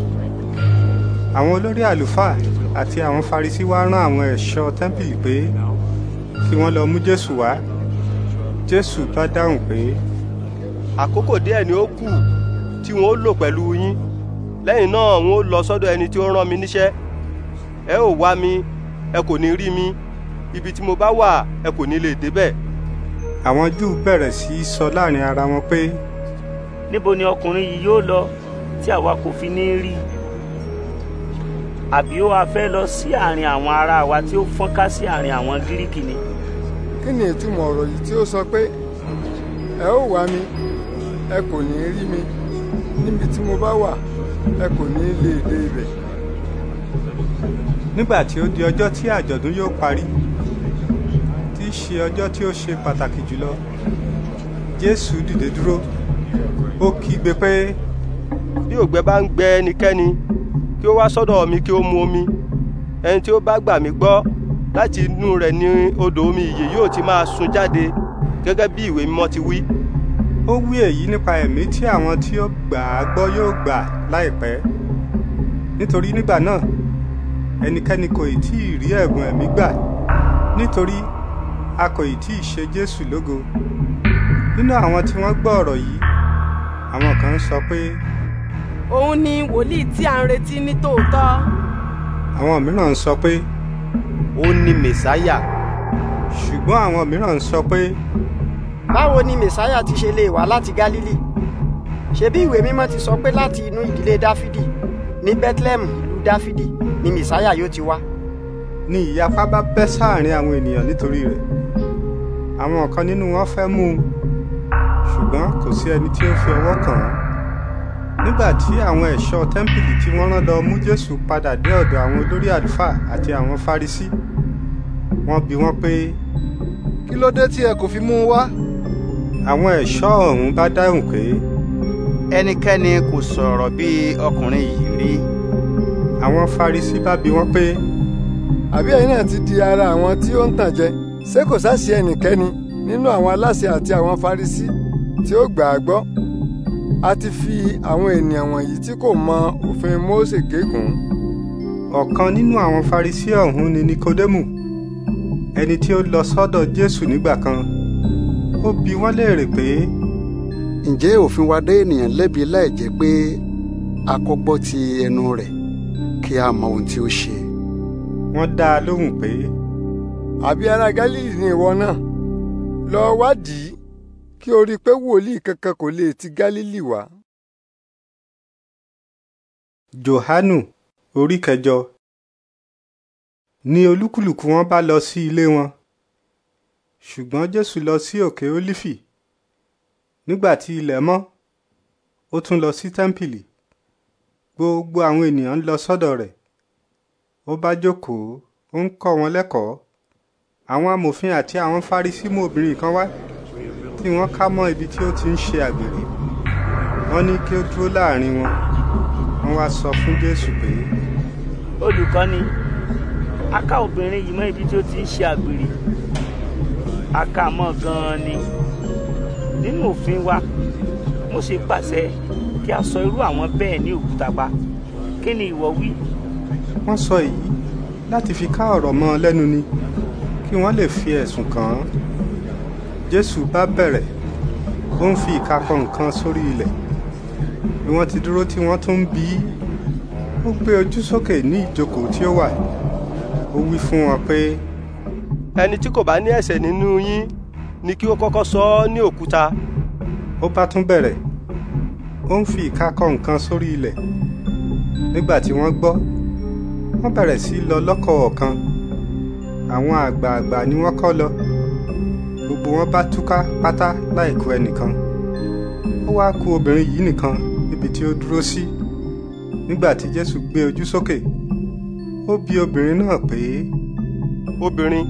àwọn olórí àlùfáà àti àwọn Farisí wá rán àwọn ẹ̀ṣọ́ tẹ́ḿpìlì pé kí wọ́n lọ mú Jésù wá Jésù bá dáhùn pé. àkókò díẹ̀ ni ó kù tí wọ́n ó lò pẹ̀lú yín lẹ́yìn náà wọ́n ó lọ sọ́dọ̀ ẹni tí ó rán mi níṣẹ́ ẹ ò wá mi ẹ kò ní rí mi ibi tí mo bá wà ẹ kò ní lè débẹ̀ àwọn júù bẹ̀rẹ̀ sí í sọ láàrin ara wọn pé. níbo ni ọkùnrin yìí yóò lọ tí àwa kò fi ní rí i àbí ó wáá fẹ́ lọ sí àárín àwọn ará wa tí ó fọ́nká sí àárín àwọn gíríkì ni. kí ni ìtumọ̀ ọ̀rọ̀ yìí tí ó sọ pé ẹ ó wá mi ẹ kò ní rí mi níbi tí mo bá wà ẹ kò ní lè dé ibẹ̀. nígbà tí ó di ọjọ́ tí àjọ̀dún yóò parí í ṣe ọjọ́ tí ó ṣe pàtàkì jùlọ jésù dìde dúró ó kígbe pé. bí òǹgbẹ bá ń gbẹ ẹnikẹ́ni kí ó wá sọ́dọ̀ mi kí ó mu omi ẹni tí ó bá gbà mí gbọ́ láti inú rẹ̀ ni odò omi ìyè yóò ti máa sun jáde gẹ́gẹ́ bí ìwé mímọ́ ti wí. ó wí èyí nípa ẹ̀mí tí àwọn tí ó gbà á gbọ́ yóò gbà láìpẹ́ nítorí nígbà náà ẹnikẹ́ni kò ì tí ì rí ẹ̀bùn ẹ̀mí gbà nítorí a kò ì tí ì ṣe Jésù lógo nínú àwọn tí wọ́n gbọ́ ọ̀rọ̀ yìí àwọn kan sọ pé. òun ni wòlíì tí a ń retí ní tòótọ́. àwọn mìíràn ń sọ pé. ó ní mẹ̀sáyà. ṣùgbọ́n àwọn mìíràn ń sọ pé. báwo ni mẹ̀sáyà ti ṣe lè wá láti Gálílì ṣebí ìwé mímọ́ ti sọ pé láti inú ìdílé Dáfídì ní Bethlehem ìlú Dáfídì ni mẹ̀sáyà yóò ti wá ni ìyapa bá bẹ́ sáàrin àwọn ènìyàn nítorí rẹ̀ àwọn kan nínú wọn fẹ́ mú un ṣùgbọ́n kò sí ẹni tí ó fi ọwọ́ kàn án nígbà tí àwọn ẹ̀ṣọ́ tẹ́ḿpìlì tí wọ́n rán lọ mú jésù padà dé ọ̀dọ̀ àwọn olórí àlùfáà àti àwọn fárisí wọ́n bi wọ́n pé. kí ló dé tí ẹ kò fi mú un wá. àwọn ẹ̀ṣọ́ ọ̀hún bá dáhùn pé. ẹnikẹ́ni kò sọ̀rọ̀ bí ọkùnrin yìí rí. àwọn fárisí bá bi wọ́n pé àbí ẹ̀yin náà ti di ara àwọn tí ó ń tàn jẹ ṣé kò sá sí ẹnikẹ́ni nínú àwọn aláṣẹ àti àwọn Farisí tí ó gbà á gbọ́ a ti fi àwọn ènìyàn wọ̀nyí tí kò mọ òfin Mósè gégùn. ọ̀kan nínú àwọn Farisí ọ̀hún ni Nikodemu ẹni tí ó lọ sọ́dọ̀ Jésù nígbà kan ó bi wọ́n léèrè pé. ǹjẹ́ òfin wa dé ènìyàn lẹ́bi láì jẹ́ pé a kọ́gbọ́ ti ẹnu rẹ̀ kí a mọ ohun tí ó ṣe wọ́n dá a lóhùn pé. àbí ará galilei ni ìwọ náà lọ wádìí kí o rí i pé wòlíì kankan kò lè ti galilei wá. johanu orí kẹjọ ni olúkúlùkù wọn bá lọ sí ilé wọn ṣùgbọ́n jésù lọ sí òkè ólífì nígbà tí ilẹ̀ mọ́ ó tún lọ sí tẹ́ḿpìlì gbogbo àwọn ènìyàn ń lọ sọ́dọ̀ rẹ̀ ó bá jókòó ó ń kọ́ wọn lẹ́kọ̀ọ́ àwọn amòfin àti àwọn fárisí mú obìnrin kan wá tí wọ́n ká mọ́ ibi tí ó ti ń ṣe àgbèrè wọ́n ní kí ó dúró láàrin wọn wọ́n wá sọ fún jésù pé. olùkọ́ni a ká obìnrin yìí mọ́ ibi tí ó ti ń ṣe àgbèrè a ká mọ́ gan-an ni nínú òfin wa mo ṣe pàṣẹ kí a sọ irú àwọn bẹ́ẹ̀ ní òkúta pa kí ni ìwọ wí wọ́n sọ èyí láti fi ká ọ̀rọ̀ mọ́ lẹ́nu ni kí wọ́n lè fi ẹ̀sùn kàn án jésù bá bẹ̀rẹ̀ ó ń fi ìka nǹkan sórí ilẹ̀ bí wọ́n ti dúró tí wọ́n tún ń bí ó gbé ojú sókè ní ìjókòó tí ó wà ó wí fún wọn pé. ẹni tí kò bá ní ẹ̀ṣẹ̀ nínú yín ni kí ó kọ́kọ́ sọ ọ́ ní òkúta. ó bá tún bẹ̀rẹ̀ ó ń fi ìka nǹkan sórí ilẹ̀ nígbà tí wọ́n gbọ́ wọ́n bẹ̀rẹ̀ sí lọ lọ́kọ̀ọ̀kan àwọn àgbààgbà ni wọ́n kọ́ lọ gbogbo wọn bá túká pátá láìkú ẹnìkan ó wá kù obìnrin yìí nìkan níbi tí ó dúró sí nígbà tí Jésù gbé ojú sókè ó bi obìnrin náà pé. obìnrin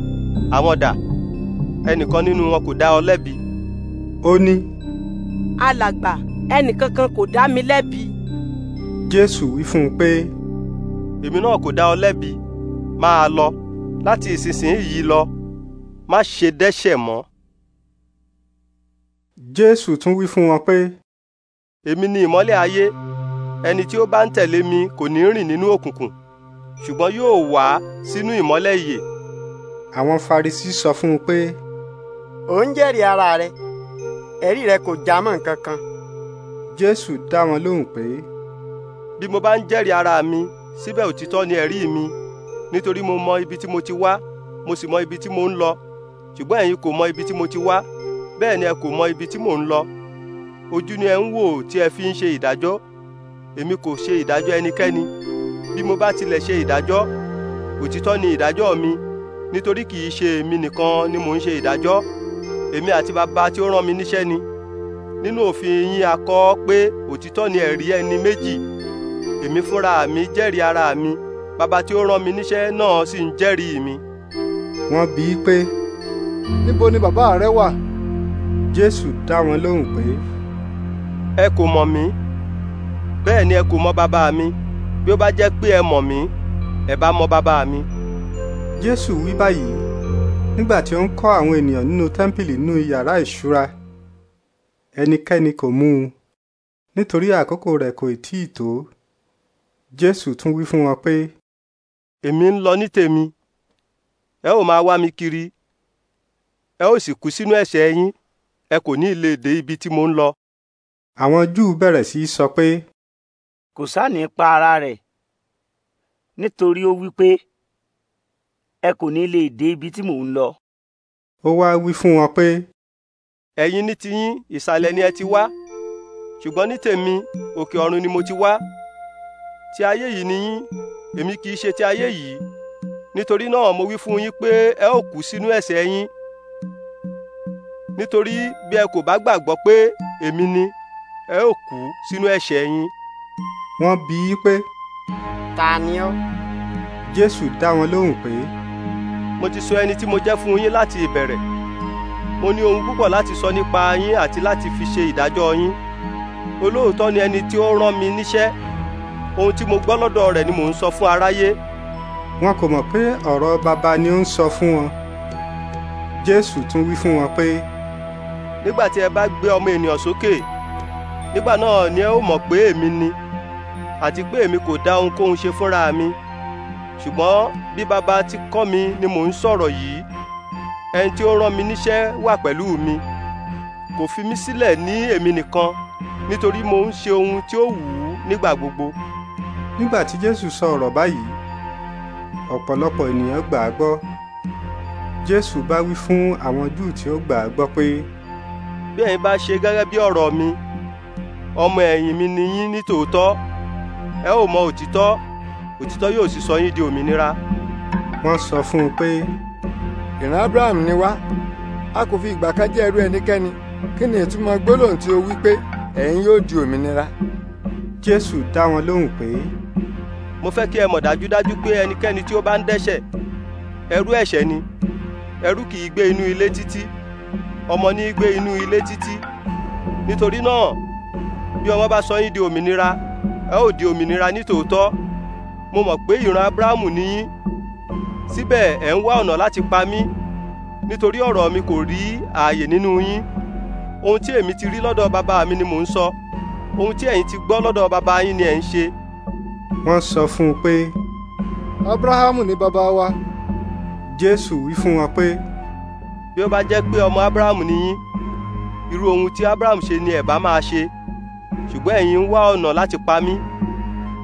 àwọn dà ẹnìkan nínú wọn kò dá ọ lẹ́bi. ó ní. alàgbà ẹnìkankan kò dá mi lẹ́bi. Jésù wí fún un pé èmi náà kò dá ọ lẹ́bi máa lọ láti ìsinsìnyí lọ má ṣe dẹ́ṣẹ̀ mọ́. jésù tún wí fún wọn pé. èmi ni ìmọ́lẹ̀ ayé ẹni tí ó bá ń tẹ̀lé mi kò ní rìn nínú òkùnkùn ṣùgbọ́n yóò wá sínú ìmọ́lẹ̀ ìyè. àwọn farisi sọ fún un pé. ò ń jẹ́rìí ara rẹ ẹ̀rí rẹ kò já mọ́ nǹkan kan. jésù dá wọn lóhùn pé. bí mo bá ń jẹ́rìí ara mi síbẹ̀ òtítọ́ ni ẹ̀rí mi nítorí mo mọ ibi tí mo ti wá mo sì mọ ibi tí mo ń lọ ṣùgbọ́n ẹ̀yin kò mọ ibi tí mo ti wá bẹ́ẹ̀ ni ẹ kò mọ ibi tí mò ń lọ ojú ni ẹ ń wò tí ẹ fi ń ṣe ìdájọ́ èmi kò ṣe ìdájọ́ ẹnikẹ́ni bí mo bá tilẹ̀ ṣe ìdájọ́ òtítọ́ ni ìdájọ́ mi nítorí kì í ṣe èmi nìkan ni mò ń ṣe ìdájọ́ èmi àti bàbá tí ó rán mi níṣẹ́ ni nínú òfin yín a pé òtítọ́ ni ẹ̀rí ẹni méjì èmi fúnra mi jẹ́rìí ara mi bàbá tí ó rán mi níṣẹ́ náà sì ń jẹ́rìí mi. wọ́n bi í pé. níbo ni bàbá rẹ wà. jésù dá wọn lóhùn pé. ẹ kò mọ̀ mí bẹ́ẹ̀ ni ẹ kò mọ̀ bàbá mi bí ó bá jẹ́ pé ẹ mọ̀ mí ẹ bá mọ̀ bàbá mi. jésù wí báyìí nígbà tí ó ń kọ́ àwọn ènìyàn nínú tẹ́ḿpìlì nínú yàrá ìṣúra ẹnikẹ́ni kò mú un nítorí àkókò rẹ̀ kò tíì tó jésù tún wí fún wọn pé. èmi ń lọ ní tèmi ẹ ó máa wá mi kiri ẹ ó sì kú sínú ẹ̀ṣẹ̀ yín ẹ kò ní lè dé ibi tí mo ń lọ. àwọn júù bẹ̀rẹ̀ sí í sọ pé. kò sáàní pa ara rẹ̀ nítorí ó wí pé ẹ kò ní lè dé ibi tí mò ń lọ. ó wá wí fún wọn pé. ẹ̀yin ní tiyín ìsàlẹ̀ ni ẹ ti wá ṣùgbọ́n ní tèmi òkè ọ̀run ni mo ti wá ti ayé yìí ni yín èmi kì í ṣe ti ayé yìí nítorí náà mo wí fún yín pé ẹ ó kú sínú ẹ̀ṣẹ̀ yín nítorí bí ẹ kò bá gbàgbọ́ pé èmi ni ẹ ó kú sínú ẹ̀ṣẹ̀ yín. wọ́n bi í pé. ta ni ọ́. jésù dá wọn lóhùn pé. mo ti sọ ẹni tí mo jẹ́ fún yín láti ìbẹ̀rẹ̀ mo ní ohun púpọ̀ láti sọ nípa yín àti láti fi ṣe ìdájọ́ yín olóòótọ́ ni ẹni tí ó rán mi níṣẹ́ ohun tí mo gbọ́ lọ́dọ̀ rẹ̀ ni mò ń sọ fún aráyé. wọn kò mọ̀ pé ọ̀rọ̀ baba ni ó ń sọ fún wọn. jésù tún wí fún wọn pé. nígbà tí ẹ bá gbé ọmọ ènìyàn sókè nígbà náà ni ẹ ó mọ̀ pé èmi ni àti pé èmi kò dá ohunkóhun ṣe fúnra mi ṣùgbọ́n bí baba ti kọ́ mi ni mò ń sọ̀rọ̀ yìí ẹni tí ó rán mi níṣẹ́ wà pẹ̀lú mi kò fi mí sílẹ̀ ní èmi nìkan nítorí mo ń ṣe ohun tí ó wù ú nígbà gbogbo nígbà tí jésù sọ ọ̀rọ̀ báyìí ọ̀pọ̀lọpọ̀ ènìyàn gbà á gbọ́ jésù bá wí fún àwọn júù tí ó gbà á gbọ́ pé. bí ẹ̀yin bá ṣe gẹ́gẹ́ bí ọ̀rọ̀ mi ọmọ ẹ̀yìn mi ni yín ní tòótọ́ ẹ ó mọ òtítọ́ òtítọ́ yóò sì sọ yín di òmìnira. wọ́n sọ fún un pé. ìran abraham ni wá a kò fi ìgbà kan jẹ́ ẹrú ẹnikẹ́ni kí ni ìtumọ̀ gbólóhùn tí ó wí pé ẹ̀yin yóò di òmìnira. jésù dá wọn lóhùn pé mo fẹ́ kí ẹ mọ̀ dájúdájú pé ẹnikẹ́ni tí ó bá ń dẹ́ṣẹ̀ ẹrú ẹ̀ṣẹ̀ ni ẹrú kì í gbé inú ilé títí ọmọ ní í gbé inú ilé títí nítorí náà bí ọmọ bá sọ yín di òmìnira ẹ ó di òmìnira nítòótọ́ mo mọ̀ pé ìran abrahamu nìyín síbẹ̀ ẹ̀ ń wá ọ̀nà láti pa mí nítorí ọ̀rọ̀ mi kò rí ààyè nínú yín ohun tí èmi ti rí lọ́dọ̀ bàbá mi ni mò ń sọ ohun tí ẹ̀yin ti gbọ́ lọ́dọ̀ bàbá yín ni ẹ̀ ń ṣe wọ́n sọ fún un pé. abrahamu ni bàbá wa. jésù wí fún wọn pé. bí ó bá jẹ́ pé ọmọ abrahamu ni yín irú ohun tí abrahamu ṣe ni ẹ̀ bá máa ṣe ṣùgbọ́n ẹ̀yin ń wá ọ̀nà láti pa mí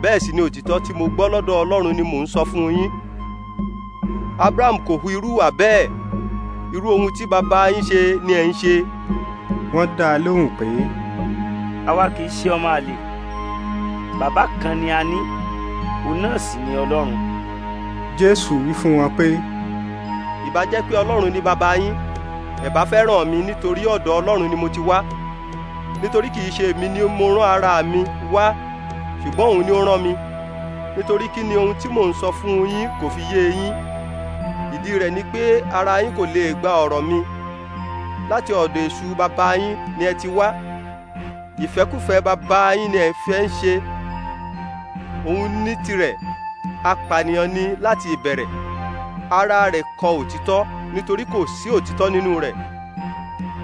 bẹ́ẹ̀ sì ni òtítọ́ tí mo gbọ́ lọ́dọ̀ ọlọ́run ni mò ń sọ fún yín abrahamu kò hu irú wà bẹ́ẹ̀ irú ohun tí bàbá yín ṣe ni ẹ̀ ń ṣe. wọ́n dá a lóhùn pé. àwa kì í ṣe ọmọ àlè bàbá kan ni a ní òun náà sì ni ọlọ́run. jésù wí fún wọn pé. ìbá jẹ́ pé ọlọ́run ni bàbá yín ẹ fẹ́ràn mi nítorí ọ̀dọ̀ ọlọ́run ni mo ti wá nítorí kì í ṣe èmi ni mo rán ara mi wá ṣùgbọ́n òun ni ó rán mi nítorí kí ni ohun tí mò ń sọ fún yín kò fi yé yín ìdí rẹ̀ ni pé ara yín kò lè gba ọ̀rọ̀ mi láti ọ̀dọ̀ èṣù bàbá yín ni ẹ ti wá ìfẹ́kùfẹ́ bàbá yín ni ẹ fẹ́ ń ṣe òun ní tirẹ̀ apànìyàn ni láti ìbẹ̀rẹ̀ ara rẹ̀ kọ òtítọ́ nítorí kò sí òtítọ́ nínú rẹ̀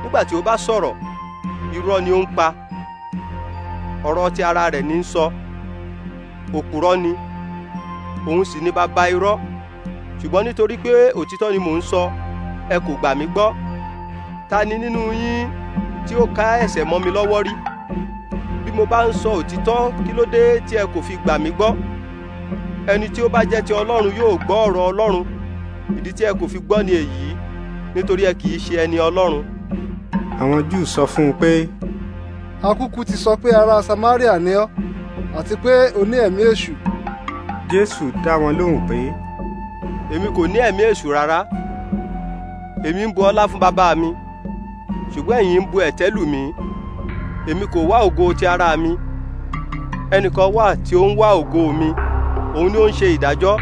nígbà tí ó bá sọ̀rọ̀ irọ́ ni ó ń pa ọ̀rọ̀ ti ara rẹ̀ ní sọ òpùrọ́ ni òun sì ni bàbá irọ́ ṣùgbọ́n nítorí pé òtítọ́ ni mò ń sọ ẹ kò gbà mí gbọ́ ta ni nínú yín tí ó ká ẹ̀ṣẹ̀ mọ́ mi lọ́wọ́ rí bí mo bá ń sọ òtítọ́ kí ló dé tí ẹ kò fi gbà mí gbọ́ ẹni tí ó bá jẹ́ ti ọlọ́run yóò gbọ́ ọ̀rọ̀ ọlọ́run ìdí tí ẹ kò fi gbọ́ ni èyí nítorí ẹ kì í ṣe ẹni ọlọ́run. àwọn júù sọ fún un pé. a ti sọ pé ará samaria ni ọ́ àti pé o ní ẹ̀mí èṣù. jésù dá wọn lóhùn pé. èmi kò ní ẹ̀mí èṣù rárá èmi ń bu ọlá fún bàbá mi ṣùgbọ́n ẹ̀yin ń bu ẹ̀tẹ́ lù èmi kò wá ògo ti ara mi ẹnìkan wà tí ó ń wá ògo mi òun ni ó ń ṣe ìdájọ́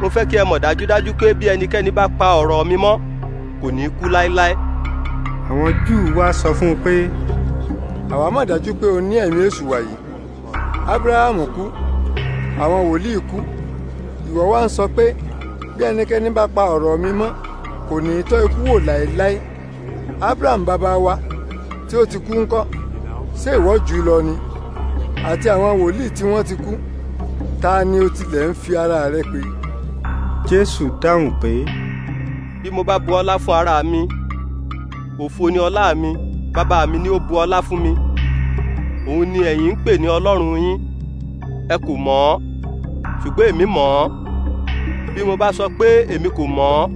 mo fẹ́ kí ẹ mọ̀ dájúdájú pé bí ẹnikẹ́ni bá pa ọ̀rọ̀ mi mọ́ kò ní kú láéláé. àwọn júù wá sọ fún un pé. àwa mọ̀ dájú pé o ní ẹ̀mí èṣù wàyí abrahamu kú àwọn wòlíì kú ìwọ wá ń sọ pé bí ẹnikẹ́ni bá pa ọ̀rọ̀ mi mọ́ kò ní tọ́ ikú wò láéláé abraham bàbá wa tí ó ti kú ńkọ́ ṣé ìwọ jù ú lọ ni àti àwọn wòlíì tí wọ́n ti kú ta ni o tilẹ̀ ń fi ara rẹ pè. jésù dáhùn pé. bí mo bá bu ọlá fún ara mi òfo ni ọlá mi bàbá mi ni ó bu ọlá fún mi òun ni ẹ̀yin ń pè ní ọlọ́run yín ẹ kò mọ̀ ọ́ ṣùgbọ́n èmi mọ̀ ọ́ bí mo bá sọ pé èmi kò mọ̀ ọ́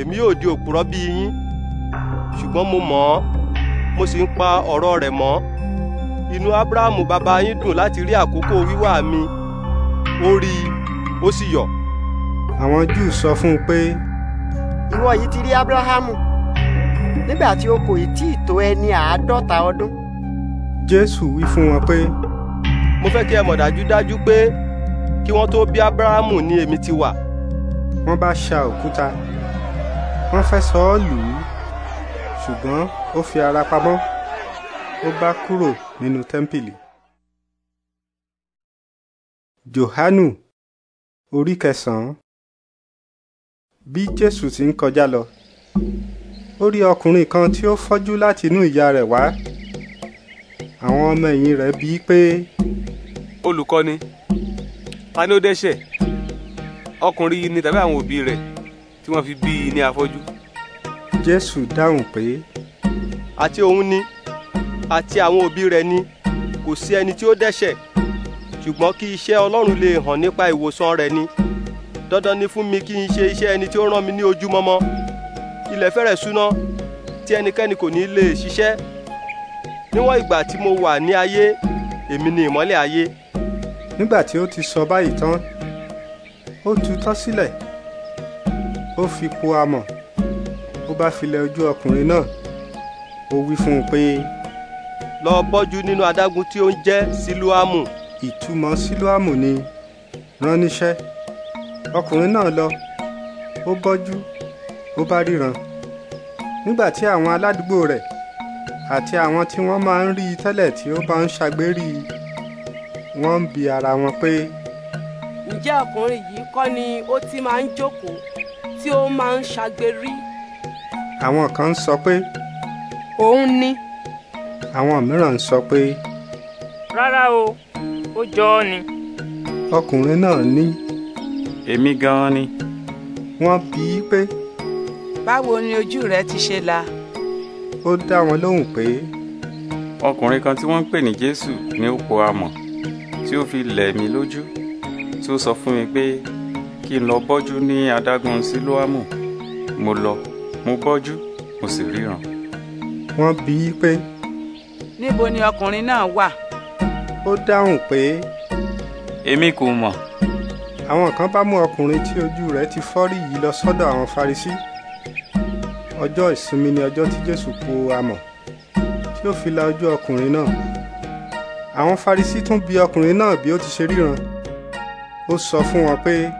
èmi yóò di òpùrọ́ bí yín ṣùgbọ́n mo mọ̀ ọ́ mo sì ń pa ọ̀rọ̀ rẹ̀ mọ́ inú abrahamu bàbá yín dùn láti rí àkókò wíwá mi ó rí i ó sì yọ̀. àwọn júù sọ fún un pé. ìwọ yìí ti rí abrahamu nígbà tí o kò tí ì tó ẹni àádọ́ta ọdún. jésù wí fún wọn pé. mo fẹ́ kí ẹ mọ̀ dájúdájú pé kí wọ́n tó bí abrahamu ni èmi ti wà. wọ́n bá ṣa òkúta wọ́n fẹ́ sọ ọ́ lù ú ṣùgbọ́n ó fi ara pamọ́ ó bá kúrò nínú tẹ́ḿpìlì. Jòhánù orí kẹsàn-án bí Jésù ti ń kọjá lọ ó rí ọkùnrin kan tí ó fọ́jú láti inú ìyá rẹ̀ wá àwọn ọmọ ẹ̀yìn rẹ̀ bíi pé. olùkọ́ni ta ni ó dẹ́ṣẹ̀ ọkùnrin yìí ni tàbí àwọn òbí rẹ̀ tí wọ́n fi bí i ní afọ́jú. Jésù dáhùn pé. àti òun ni àti àwọn òbí rẹ̀ ni kò sí ẹni tí ó dẹ́ṣẹ̀ ṣùgbọ́n kí iṣẹ́ Ọlọ́run lè hàn nípa ìwòsàn rẹ̀ ni dandan ni fún mi kí n ṣe iṣẹ́ ẹni tí ó rán mi ní ojúmọ́mọ́ ilẹ̀ fẹ́rẹ̀ súná tí ẹnikẹ́ni kò ní lè ṣiṣẹ́ níwọ̀n ìgbà tí mo wà ní ayé èmi ni ìmọ́lẹ̀ ayé. nígbà tí ó ti sọ báyìí tán ó tutọ́ sílẹ̀ ó fi po amọ̀ ó bá filẹ̀ ojú ọkùnrin náà ó wí fún un pé lọ bọ́jú nínú adágún tí ó ń jẹ́ sílùámù. ìtumọ̀ sílùámù ni rán níṣẹ́ ọkùnrin náà lọ ó bọ́jú ó bá ríran nígbà tí àwọn aládùúgbò rẹ̀ àti àwọn tí wọ́n máa ń rí i tẹ́lẹ̀ tí ó bá ń ṣàgbérí wọ́n ń bi ara wọn pé. ǹjẹ́ ọkùnrin yìí kọ́ ni ó ti máa ń jókòó tí ó máa ń ṣàgbérí. àwọn kan ń sọ pé. òun ni àwọn mìíràn ń sọ pé. rárá o ó jọ ọ́ ni. ọkùnrin náà ní. èmi gan-an ni. wọ́n bi í pé. báwo ni ojú rẹ ti ṣe là? ó dá wọn lóhùn pé. ọkùnrin kan tí wọ́n ń pè ní jésù ni ó po amọ̀ tí ó fi lẹ̀ mí lójú tí ó sọ fún mi pé kí n lọ bọ́jú ní adágún sílóámù mo lọ mo bọ́jú mo sì ríran. wọ́n bi í pé níbo ni ọkùnrin náà wà. ó dáhùn pé. èmi kò mọ̀. àwọn kan bá mú ọkùnrin tí ojú rẹ̀ ti fọ́ rí yìí lọ sọ́dọ̀ àwọn farisí. ọjọ́ ìsinmi ni ọjọ́ tí jésù po amọ̀ tí ó fi la ojú ọkùnrin náà. àwọn farisí tún bi ọkùnrin náà bí ó ti ṣe ríran. ó sọ fún wọn pé.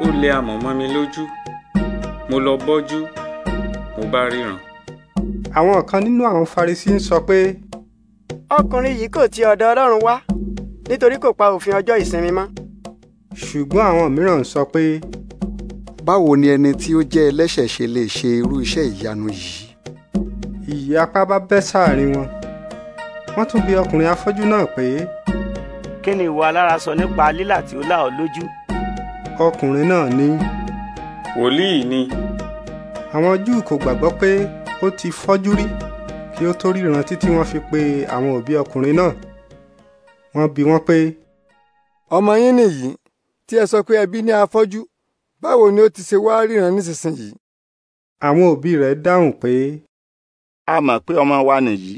ó lé amọ̀ mọ́ mi lójú mo lọ bọ́jú mo bá ríran. àwọn kan nínú àwọn farisí ń sọ pé ọkùnrin yìí kò ti ọ̀dọ̀ Ọlọ́run wá nítorí kò pa òfin ọjọ́ ìsinmi mọ́. ṣùgbọ́n àwọn mìíràn ń sọ pé. báwo ni ẹni tí ó jẹ́ ẹlẹ́ṣẹ̀ ṣe lè ṣe irú iṣẹ́ ìyanu yìí. ìyapa bá bẹ́ sáàrin wọn wọ́n tún bi ọkùnrin afọ́jú náà pé. kí ni ìwọ alára sọ nípa lílà tí ó là lójú. ọkùnrin náà ní. wòlíì ni. àwọn Júù kò gbàgbọ́ pé ó ti fọ́jú rí kí ó tó ríran títí wọ́n fi pe àwọn òbí ọkùnrin náà wọ́n bi wọ́n pé. ọmọ yín nìyí tí ẹ sọ pé ẹbí ní afọ́jú báwo ni ó ti ṣe wá ríran nísinsìnyí. àwọn òbí rẹ̀ dáhùn pé. a mọ̀ pé ọmọ wa nìyí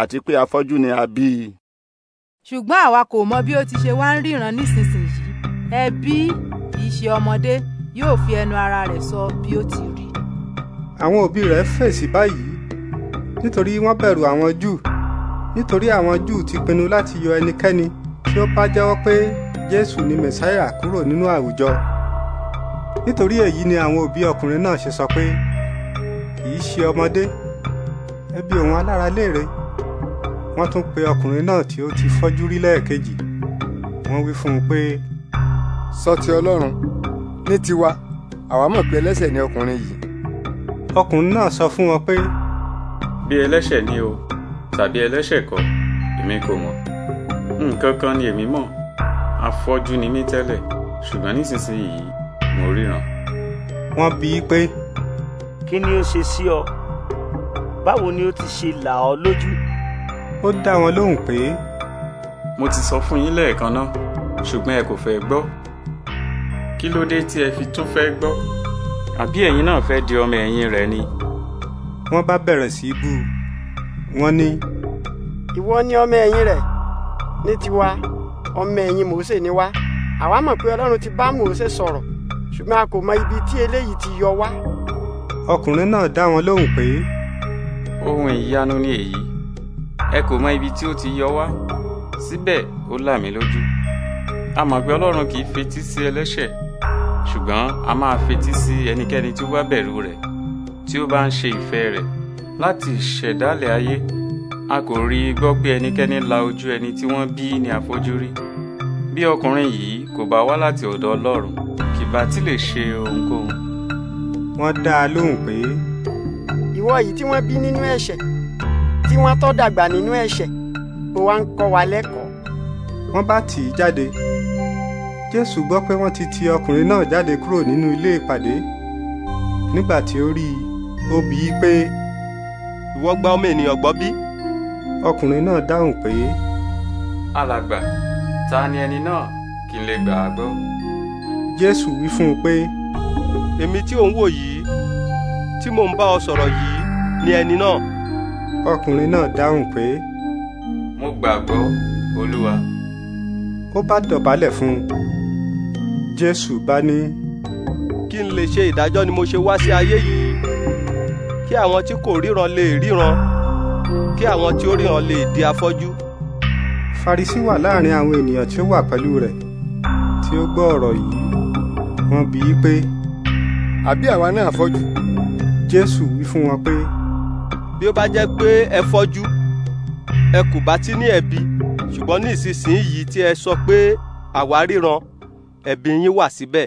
àti pé afọ́jú ni a bí i. ṣùgbọ́n àwa kò mọ bí ó ti ṣe wá ń ríran nísinsìnyí ẹbí kì í ṣe ọmọdé yóò fi ẹnu ara rẹ̀ sọ bí ó ti rí. àwọn òbí rẹ̀ fèsì báyìí nítorí wọ́n bẹ̀rù àwọn júù nítorí àwọn júù ti pinnu láti yọ ẹnikẹ́ni tí ó bá jẹ́wọ́ pé jésù ni mẹ̀sáyà kúrò nínú àwùjọ nítorí èyí ni àwọn òbí ọkùnrin náà ṣe sọ pé kì í ṣe ọmọdé ẹ bi òun alára léèrè wọ́n tún pe ọkùnrin náà tí ó ti fọ́jú rí lẹ́ẹ̀kejì wọ́n wí fún un pé. sọ ti ọlọ́run ní tiwa àwa mọ̀ pé ẹlẹ́ṣẹ̀ ni ọkùnrin yìí. ọkùnrin náà sọ fún wọn pé bí ẹlẹ́ṣẹ̀ ni o tàbí ẹlẹ́ṣẹ̀ kọ́ èmi kò mọ̀ nǹkan kan ni èmi mọ̀ afọ́jú ni mí tẹ́lẹ̀ ṣùgbọ́n nísinsìnyí mo ríran. wọ́n bi í pé. kí ni ó ṣe sí ọ báwo ni ó ti ṣe là ọ lójú. ó dá wọn lóhùn pé. mo ti sọ fún yín lẹ́ẹ̀kan náà ṣùgbọ́n ẹ kò fẹ́ gbọ́ kí ló dé tí ẹ fi tún fẹ́ gbọ́ àbí ẹ̀yin náà fẹ́ di ọmọ ẹ̀yìn rẹ̀ ni wọ́n bá bẹ̀rẹ̀ sí í bú u wọ́n ní. ìwọ ni ọmọ ẹ̀yìn rẹ̀ ní tiwa ọmọ ẹ̀yìn Mósè ni wá àwa mọ̀ pé Ọlọ́run ti bá Mósè sọ̀rọ̀ ṣùgbọ́n a kò mọ ibi tí eléyìí ti yọ wá. ọkùnrin náà dá wọn lóhùn pé. ohun ìyanu ni èyí ẹ kò mọ ibi tí ó ti yọ wá síbẹ̀ ó là mí lójú a mọ̀ pé Ọlọ́run kì í fetí sí ẹlẹ́ṣẹ̀ ṣùgbọ́n a máa fetí sí ẹnikẹ́ni tí ó bẹ̀rù rẹ̀ tí ó bá ń ṣe ìfẹ́ rẹ̀ láti ìṣẹ̀dálẹ̀ ayé a kò rí i gbọ́ pé ẹnikẹ́ni la ojú ẹni tí wọ́n bí ní àfojúrí bí ọkùnrin yìí kò bá wá láti ọ̀dọ̀ ọlọ́run kì bá ti lè ṣe ohunkóhun. wọ́n dá a lóhùn pé. ìwọ yìí tí wọ́n bí nínú ẹ̀ṣẹ̀ tí wọ́n tọ́ dàgbà nínú ẹ̀ṣẹ̀ ó wá ń kọ́ wa lẹ́kọ̀ọ́. wọ́n bá tì í jáde jésù gbọ́ pé wọ́n ti tì ọkùnrin náà jáde kúrò nínú ilé ìpàdé nígbà tí ó rí i ó bi í pé ìwọ gba ọmọ ènìyàn gbọ́ bí? ọkùnrin náà dáhùn pé. alàgbà ta ni ẹni náà kí n lè gbà á gbọ́. jésù wí fún un pé. èmi tí ò ń wò yìí tí mò ń bá ọ sọ̀rọ̀ yìí ni ẹni náà. ọkùnrin náà dáhùn pé. mo gbàgbọ́ olúwa. ó bá dọ̀bálẹ̀ fún un. jésù bá ní. kí n lè ṣe ìdájọ́ ni mo ṣe wá sí ayé yìí kí àwọn tí kò ríran lè ríran kí àwọn tí ó ríran lè di afọ́jú. Farisí wà láàrin àwọn ènìyàn tí ó wà pẹ̀lú rẹ̀ tí ó gbọ́ ọ̀rọ̀ yìí wọ́n bi í pé. àbí àwa náà fọ́jú. Jésù wí fún wọn pé. bí ó bá jẹ́ pé ẹ fọ́jú ẹ kò bá ti ní ẹ̀bi ṣùgbọ́n ní ìsinsìnyí tí ẹ sọ pé àwa ríran ẹ̀bi yín wà síbẹ̀.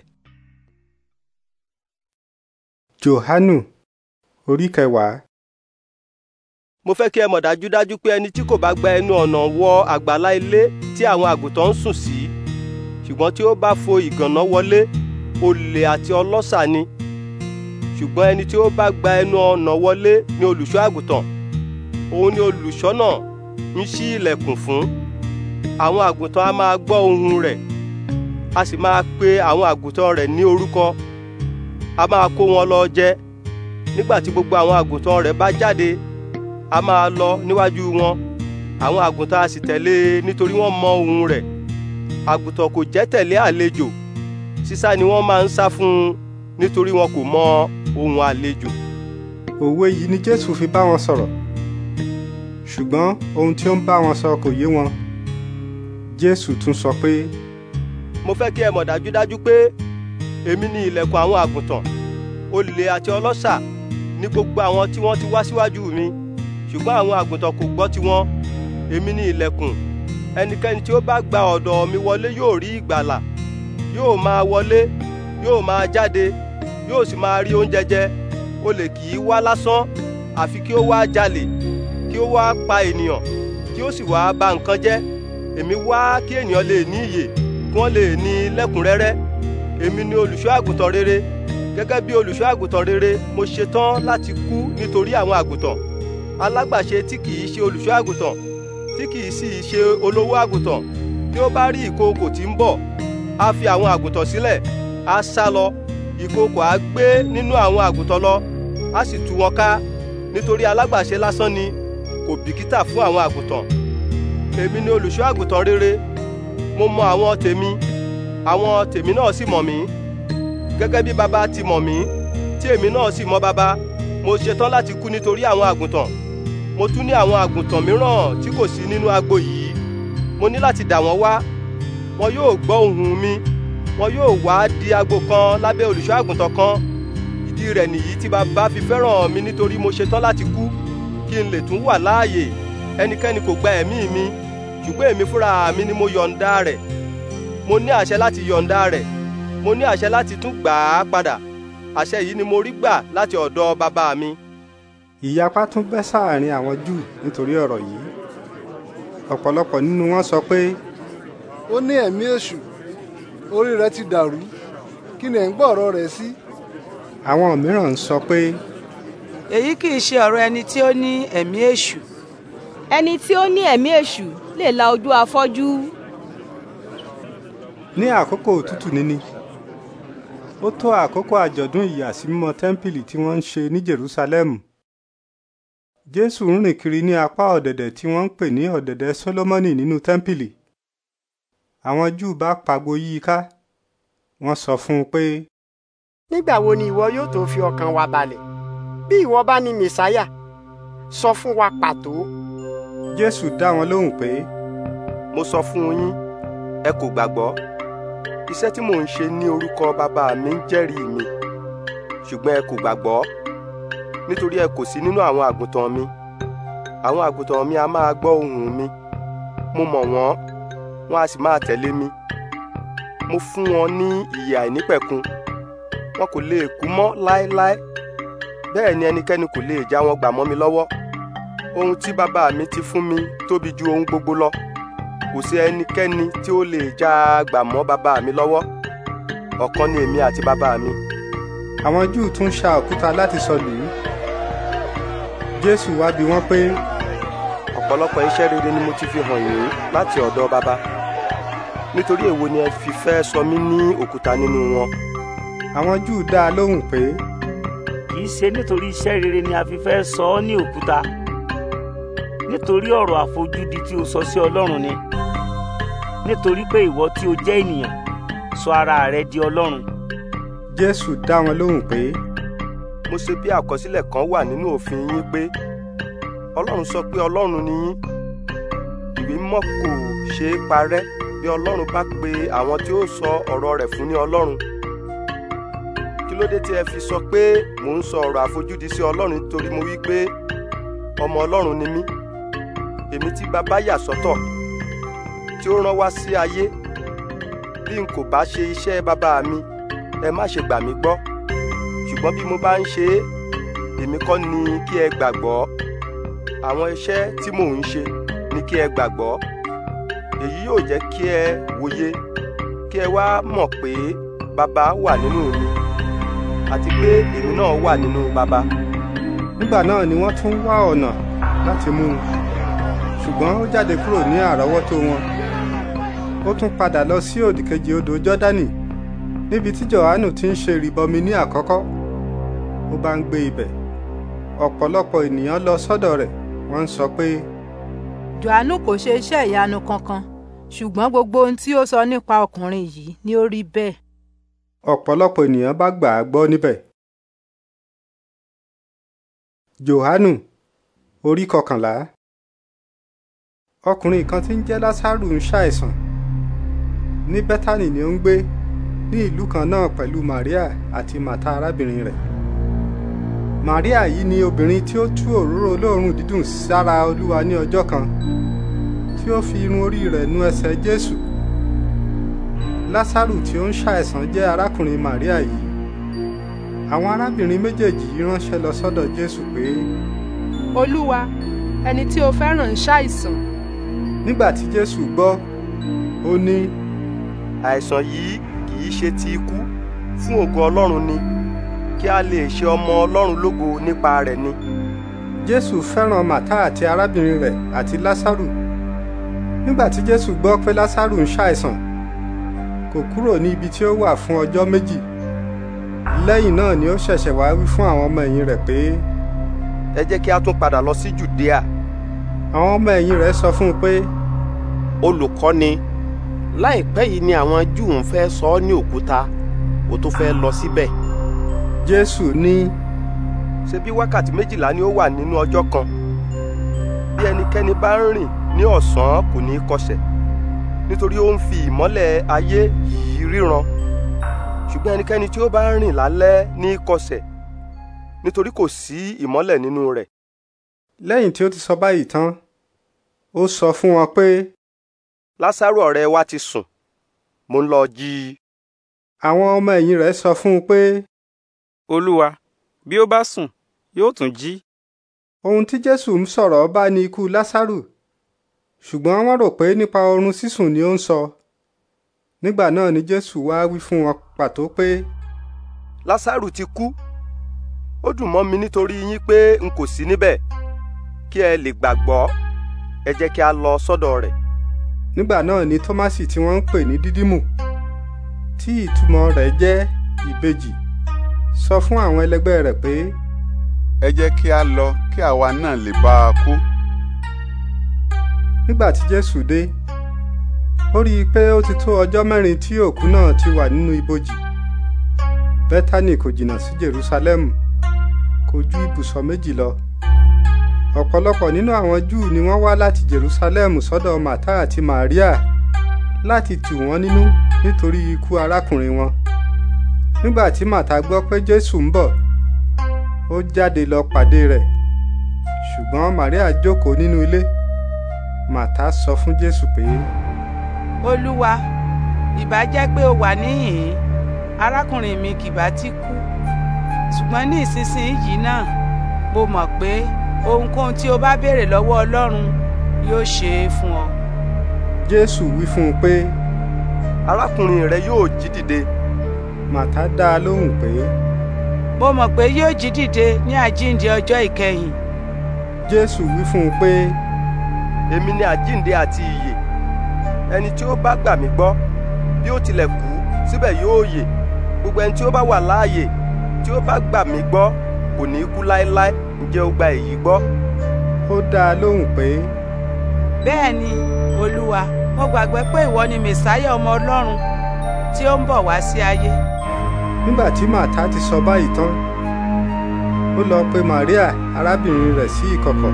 Jòhánù orí kẹwàá. mo fẹ́ kí ẹ mọ̀ dájúdájú pé ẹni tí kò bá gba ẹnu ọ̀nà wọ àgbàlá ilé tí àwọn àgùntàn ń sùn sí ṣùgbọ́n tí ó bá fo ìgànná wọlé olè àti ọlọ́ṣà ni ṣùgbọ́n ẹni tí ó bá gba ẹnu ọ̀nà wọlé ni olùṣọ́ àgùntàn òun ni olùṣọ́ náà ń ṣí ilẹ̀kùn fún àwọn àgùntàn á máa gbọ́ ohùn rẹ̀ a sì máa pe àwọn àgùntàn rẹ̀ ní orúkọ a máa kó wọn lọ jẹ nígbà tí gbogbo àwọn àgùntàn rẹ̀ bá jáde a máa lọ níwájú wọn àwọn àgùntàn a sì tẹ̀lé e nítorí wọ́n mọ ohùn rẹ̀ àgùntàn kò jẹ́ tẹ̀lé àlejò sísá ni wọ́n máa ń sá fún un nítorí wọn kò mọ ohùn àlejò. òwe yìí ni jésù fi bá wọn sọ̀rọ̀ ṣùgbọ́n ohun tí ó ń bá wọn sọ kò yé wọn jésù tún sọ pé. mo fẹ́ kí ẹ mọ̀ dájúdájú pé èmi ni ilẹ̀kùn àwọn àgùntàn olè àti ọlọ́ṣà ní gbogbo àwọn tí wọ́n ti wá síwájú mi ṣùgbọ́n àwọn àgùntàn kò gbọ́ tiwọn èmi ni ilẹ̀kùn ẹnikẹ́ni tí ó bá gba ọ̀dọ̀ mi wọlé yóò rí ìgbàlà yóò máa wọlé yóò máa jáde yóò sì máa rí oúnjẹ jẹ olè kì í wá lásán àfi kí ó wá jalè kí ó wá pa ènìyàn kí ó sì wá bà nǹkan jẹ́ èmi wá kí ènìyàn lè ní ìyè kí wọ́n lè ní lẹ́kùnrẹ́rẹ́ èmi ni olùṣọ́ àgùntàn rere gẹ́gẹ́ bí olùṣọ́ àgùntàn rere mo ṣetán láti kú nítorí àwọn àgùntàn alágbàṣe tí kìí ṣe olùṣọ́ àgùntàn tí kìí sì ṣe olówó àgùntàn bí ó bá rí ìkookò tí ń bọ̀ á fi àwọn àgùntàn sílẹ̀ á sá lọ ìkookò á gbé nínú àwọn àgùntàn lọ á sì tú wọn ká nítorí alágbàṣe lásán ni kò bìkítà fún àwọn àgùntàn èmi ni olùṣọ́ àgùntàn rere mo mọ àwọn tèmi àwọn tèmi náà sì mọ̀ mí gẹ́gẹ́ bí baba ti mọ̀ mí tí èmi náà sì mọ̀ baba mo ṣetán láti kú nítorí àwọn àgùntàn mo tún ní àwọn àgùntàn mìíràn tí kò sí nínú agbo yìí mo ní láti dà wọ́n wá wọn yóò gbọ́ ohùn mi wọn yóò wá di agbo kan lábẹ́ olùṣọ́ àgùntàn kan ìdí rẹ̀ nìyí tí baba fi fẹ́ràn mi nítorí mo ṣetán láti kú kí n lè tún wà láàyè ẹnikẹ́ni kò gba ẹ̀mí mi ṣùgbọ́n èmi fúnra mi ni mo yọ̀ǹda rẹ̀ mo ní àṣẹ láti yọ̀ǹda rẹ̀ mo ní àṣẹ láti tún gbà á padà àṣẹ yìí ni mo rí gbà láti ọ̀dọ̀ bàbá mi. ìyapa tún bẹ́ sáàrin àwọn júù nítorí ọ̀rọ̀ yìí ọ̀pọ̀lọpọ̀ nínú wọn sọ pé. ó ní ẹ̀mí èṣù orí rẹ̀ ti dàrú kí ni ẹ̀ ń gbọ́ ọ̀rọ̀ rẹ̀ sí. àwọn mìíràn ń sọ pé. èyí kì í ṣe ọ̀rọ̀ ẹni tí ó ní ẹ̀mí èṣù. ẹni tí ó ní ẹ̀mí èṣù lè la ojú afọ́jú. ní àkókò òtútù níní ó tó àkókò àjọ̀dún ìyàsímímọ́ tẹ́ḿpìlì tí wọ́n ń ṣe ní jerusalem jésù ń rìn kiri ní apá ọ̀dẹ̀dẹ̀ tí wọ́n ń pè ní ọ̀dẹ̀dẹ̀ sólómọ́nì nínú tẹ́ḿpìlì àwọn júù bá pagbo yí i ká wọ́n sọ fún un pé. nígbà wo ni ìwọ yóò tó fi ọkàn wa balẹ̀ bí ìwọ bá ní mẹsáyà sọ fún wa pàtó. jésù dá wọn lóhùn pé. mo sọ fún yín ẹ kò gbàgbọ́ iṣẹ́ tí mò ń ṣe ní orúkọ bàbá mi ń jẹ́rìí mi ṣùgbọ́n ẹ kò gbàgbọ́ nítorí ẹ kò sí nínú àwọn àgùntàn mi àwọn àgùntàn mi a máa gbọ́ ohùn mi mo mọ̀ wọ́n wọ́n a sì máa tẹ̀lé mi mo fún wọn ní ìyè àìnípẹ̀kun wọn kò lè kú mọ́ láéláé bẹ́ẹ̀ ni ẹnikẹ́ni kò lè já wọn gbà mọ́ mi lọ́wọ́ ohun tí bàbá mi ti fún mi tóbi ju ohun gbogbo lọ kò sí ẹnikẹ́ni tí ó lè já gbà mọ́ bàbá mi lọ́wọ́ ọ̀kan ni èmi àti bàbá mi. àwọn júù tún ṣa òkúta láti sọ lù ú jésù wá bi wọ́n pé. ọ̀pọ̀lọpọ̀ iṣẹ́ rere ni mo ti fi hàn yín láti ọ̀dọ̀ bàbá nítorí èwo ni ẹ fi fẹ́ sọ mí ní òkúta nínú wọn. àwọn júù dá a lóhùn pé. kì í ṣe nítorí iṣẹ́ rere ni a fi fẹ́ sọ ọ́ ní òkúta nítorí ọ̀rọ̀ àfojúdi tí o sọ sí ọlọ́run ni nítorí pé ìwọ tí o jẹ́ ènìyàn sọ ara rẹ di ọlọ́run. jésù dá wọn lóhùn pé. mo ṣe bí àkọsílẹ̀ kan wà nínú òfin yín pé ọlọ́run sọ pé ọlọ́run ni yín ìwé mímọ́ kò ṣe é parẹ́ bí ọlọ́run bá pe àwọn tí ó sọ ọ̀rọ̀ rẹ̀ fún ní ọlọ́run kí ló dé tí ẹ fi sọ pé mò ń sọ ọ̀rọ̀ àfojúdi sí ọlọ́run nítorí mo wí pé ọmọ ọlọ́run ni mí èmi tí bàbá yà sọ́tọ̀. So tí ó rán wá sí ayé bí n kò bá ṣe iṣẹ́ bàbá mi ẹ má ṣe gbà mí gbọ́ ṣùgbọ́n bí mo bá ń ṣe é èmi kọ́ ni kí ẹ gbàgbọ́ àwọn iṣẹ́ tí mò ń ṣe ni kí ẹ gbàgbọ́ èyí yóò jẹ́ kí ẹ wòye kí ẹ wá mọ̀ pé bàbá wà nínú mi àti pé èmi náà wà nínú bàbá. nígbà náà ni wọ́n tún wá ọ̀nà láti mú un ṣùgbọ́n ó jáde kúrò ní àrọ́wọ́tó wọn ó tún padà lọ sí òdìkejì odò jọ́dánì níbi tí jòhánù ti ń ṣe ìrìbọmi ní àkọ́kọ́ ó bá ń gbé ibẹ̀ ọ̀pọ̀lọpọ̀ ènìyàn lọ sọ́dọ̀ rẹ̀ wọ́n ń sọ pé. jòhánù kò ṣe iṣẹ́ ìyanu kankan ṣùgbọ́n gbogbo ohun tí ó sọ nípa ọkùnrin yìí ni ó rí bẹ́ẹ̀. ọ̀pọ̀lọpọ̀ ènìyàn bá gbà á gbọ́ níbẹ̀. jòhánù orí kọkànlá ọkùnrin kan tí ń jẹ́ lásàrù ń ṣàìsàn ní bẹ́tánì ni ó ń gbé ní ìlú kan náà pẹ̀lú Maria àti Màtá arábìnrin rẹ̀ Maria yìí ni obìnrin tí ó tú òróró olóòórùn dídùn sára Olúwa ní ọjọ́ kan tí ó fi irun orí rẹ̀ nu ẹsẹ̀ Jésù Lásárù tí ó ń ṣàìsàn jẹ́ arákùnrin Maria yìí àwọn arábìnrin méjèèjì yìí ránṣẹ́ lọ sọ́dọ̀ Jésù pé. Olúwa ẹni tí o fẹ́ràn ń ṣàìsàn. nígbà tí Jésù gbọ́ ó ní àìsàn yìí kì í ṣe ti ikú fún ògo Ọlọ́run ni kí a lè ṣe ọmọ Ọlọ́run lógo nípa rẹ̀ ni. Jésù fẹ́ràn Màtá àti arábìnrin rẹ̀ àti Lásárù nígbà tí Jésù gbọ́ pé Lásárù ń ṣàìsàn kò kúrò ní ibi tí ó wà fún ọjọ́ méjì lẹ́yìn náà ni ó ṣẹ̀ṣẹ̀ wá wí fún àwọn ọmọ ẹ̀yìn rẹ̀ pé. ẹ jẹ́ kí a tún padà lọ sí Jùdíà. àwọn ọmọ ẹ̀yìn rẹ̀ sọ fún un pé. olùkọ́ni láìpẹ́ yìí ni àwọn júù ń fẹ́ sọ ọ́ ní òkúta o tó fẹ́ lọ síbẹ̀. jésù ní. ṣe bí wákàtí méjìlá ni ó wà nínú ọjọ́ kan bí ẹnikẹ́ni bá ń rìn ní ọ̀sán kò ní í kọsẹ̀ nítorí ó ń fi ìmọ́lẹ̀ ayé yìí ríran ṣùgbọ́n ẹnikẹ́ni tí ó bá ń rìn lálẹ́ ní í kọsẹ̀ nítorí kò sí ìmọ́lẹ̀ nínú rẹ̀. lẹ́yìn tí ó ti sọ báyìí tán ó sọ fún wọn pé lásàrò ọ̀rẹ́ wa ti sùn mo ń lọ jí i. àwọn ọmọ ẹ̀yìn rẹ̀ sọ fún un pé. olúwa bí ó bá sùn yóò tún jí. ohun tí jésù ń sọ̀rọ̀ bá ní ikú lásàrò ṣùgbọ́n wọ́n rò pé nípa oorun sísùn ni ó ń sọ nígbà náà ni jésù wá wí fún wọn pàtó pé. lásàrò ti kú ó dùn mọ́ mi nítorí yín pé n kò sí níbẹ̀ kí ẹ lè gbàgbọ́ ẹ jẹ́ kí a lọ sọ́dọ̀ rẹ̀ nígbà náà ni tọ́másì tí wọ́n ń pè ní dídímù tí ìtumọ̀ rẹ̀ jẹ́ ìbejì sọ fún àwọn ẹlẹgbẹ́ rẹ̀ pé. ẹ jẹ́ kí a lọ kí àwa náà lè bá a kú. nígbà tí jésù dé ó rí i pé ó ti tó ọjọ́ mẹ́rin tí òkú náà ti wà nínú ibojì bẹ́tánì kò jìnnà sí jerusalem kò ju ibùsọ̀ méjì lọ ọ̀pọ̀lọpọ̀ nínú àwọn júù ni wọ́n wá láti jerusalem sọ́dọ̀ mata àti maria láti tù wọ́n nínú nítorí ikú arákùnrin wọn nígbà tí màtá gbọ́ pé jésù ń bọ̀ ó jáde lọ pàdé rẹ̀ ṣùgbọ́n maria jókòó nínú ilé mata sọ fún jésù pé. olúwa ìbá jẹ́ pé o wà níhìn-ín arákùnrin mi kì bá ti kú ṣùgbọ́n ní ìsinsìnyí náà mo mọ̀ pé ohunkóhun tí o bá béèrè lọ́wọ́ ọlọ́run yóò ṣe é fún ọ. jésù wí fún un pé. arákùnrin rẹ yóò jí dìde. màtá dá a lóhùn pé. mo mọ̀ pé yóò jí dìde ní àjíǹde ọjọ́ ìkẹyìn. jésù wí fún un pé. èmi ni àjíǹde àti ìyè ẹni tí ó bá gbà mí gbọ́ bí ó tilẹ̀ kú síbẹ̀ yóò yè gbogbo ẹni tí ó bá wà láàyè tí ó bá gbà mí gbọ́ kò ní í kú láéláé ǹjẹ́ o gba èyí gbọ́? ó dá lóhùn pé. bẹ́ẹ̀ ni olúwa mo gbàgbé pé ìwọ ni mẹ̀sáyà ọmọ ọlọ́run tí ó ń bọ̀ wá sí ayé. nígbà tí màtá ti sọ báyìí tán ó lọ pe maria arábìnrin rẹ̀ sí ìkọ̀kọ̀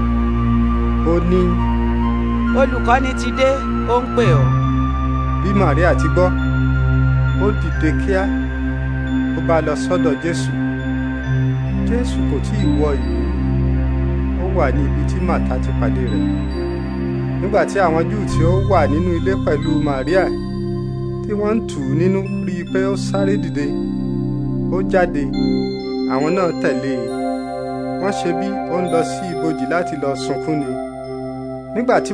ó ní. olùkọ́ni ti dé ó ń pè ọ́. bí maria ti gbọ́ ó dìde kíá ó bá lọ sọ́dọ̀ jésù jésù kò tí ì wọ ìlú wà ní ibi tí màtá ti pàdé rẹ̀ nígbà àwọn júù tí ó wà nínú ilé pẹ̀lú màríà tí wọ́n ń tù ú nínú rí i pé ó sáré dìde ó jáde àwọn náà tẹ̀lé e wọ́n ṣe bí ó ń lọ sí ibojì láti lọ sunkún ni nígbà tí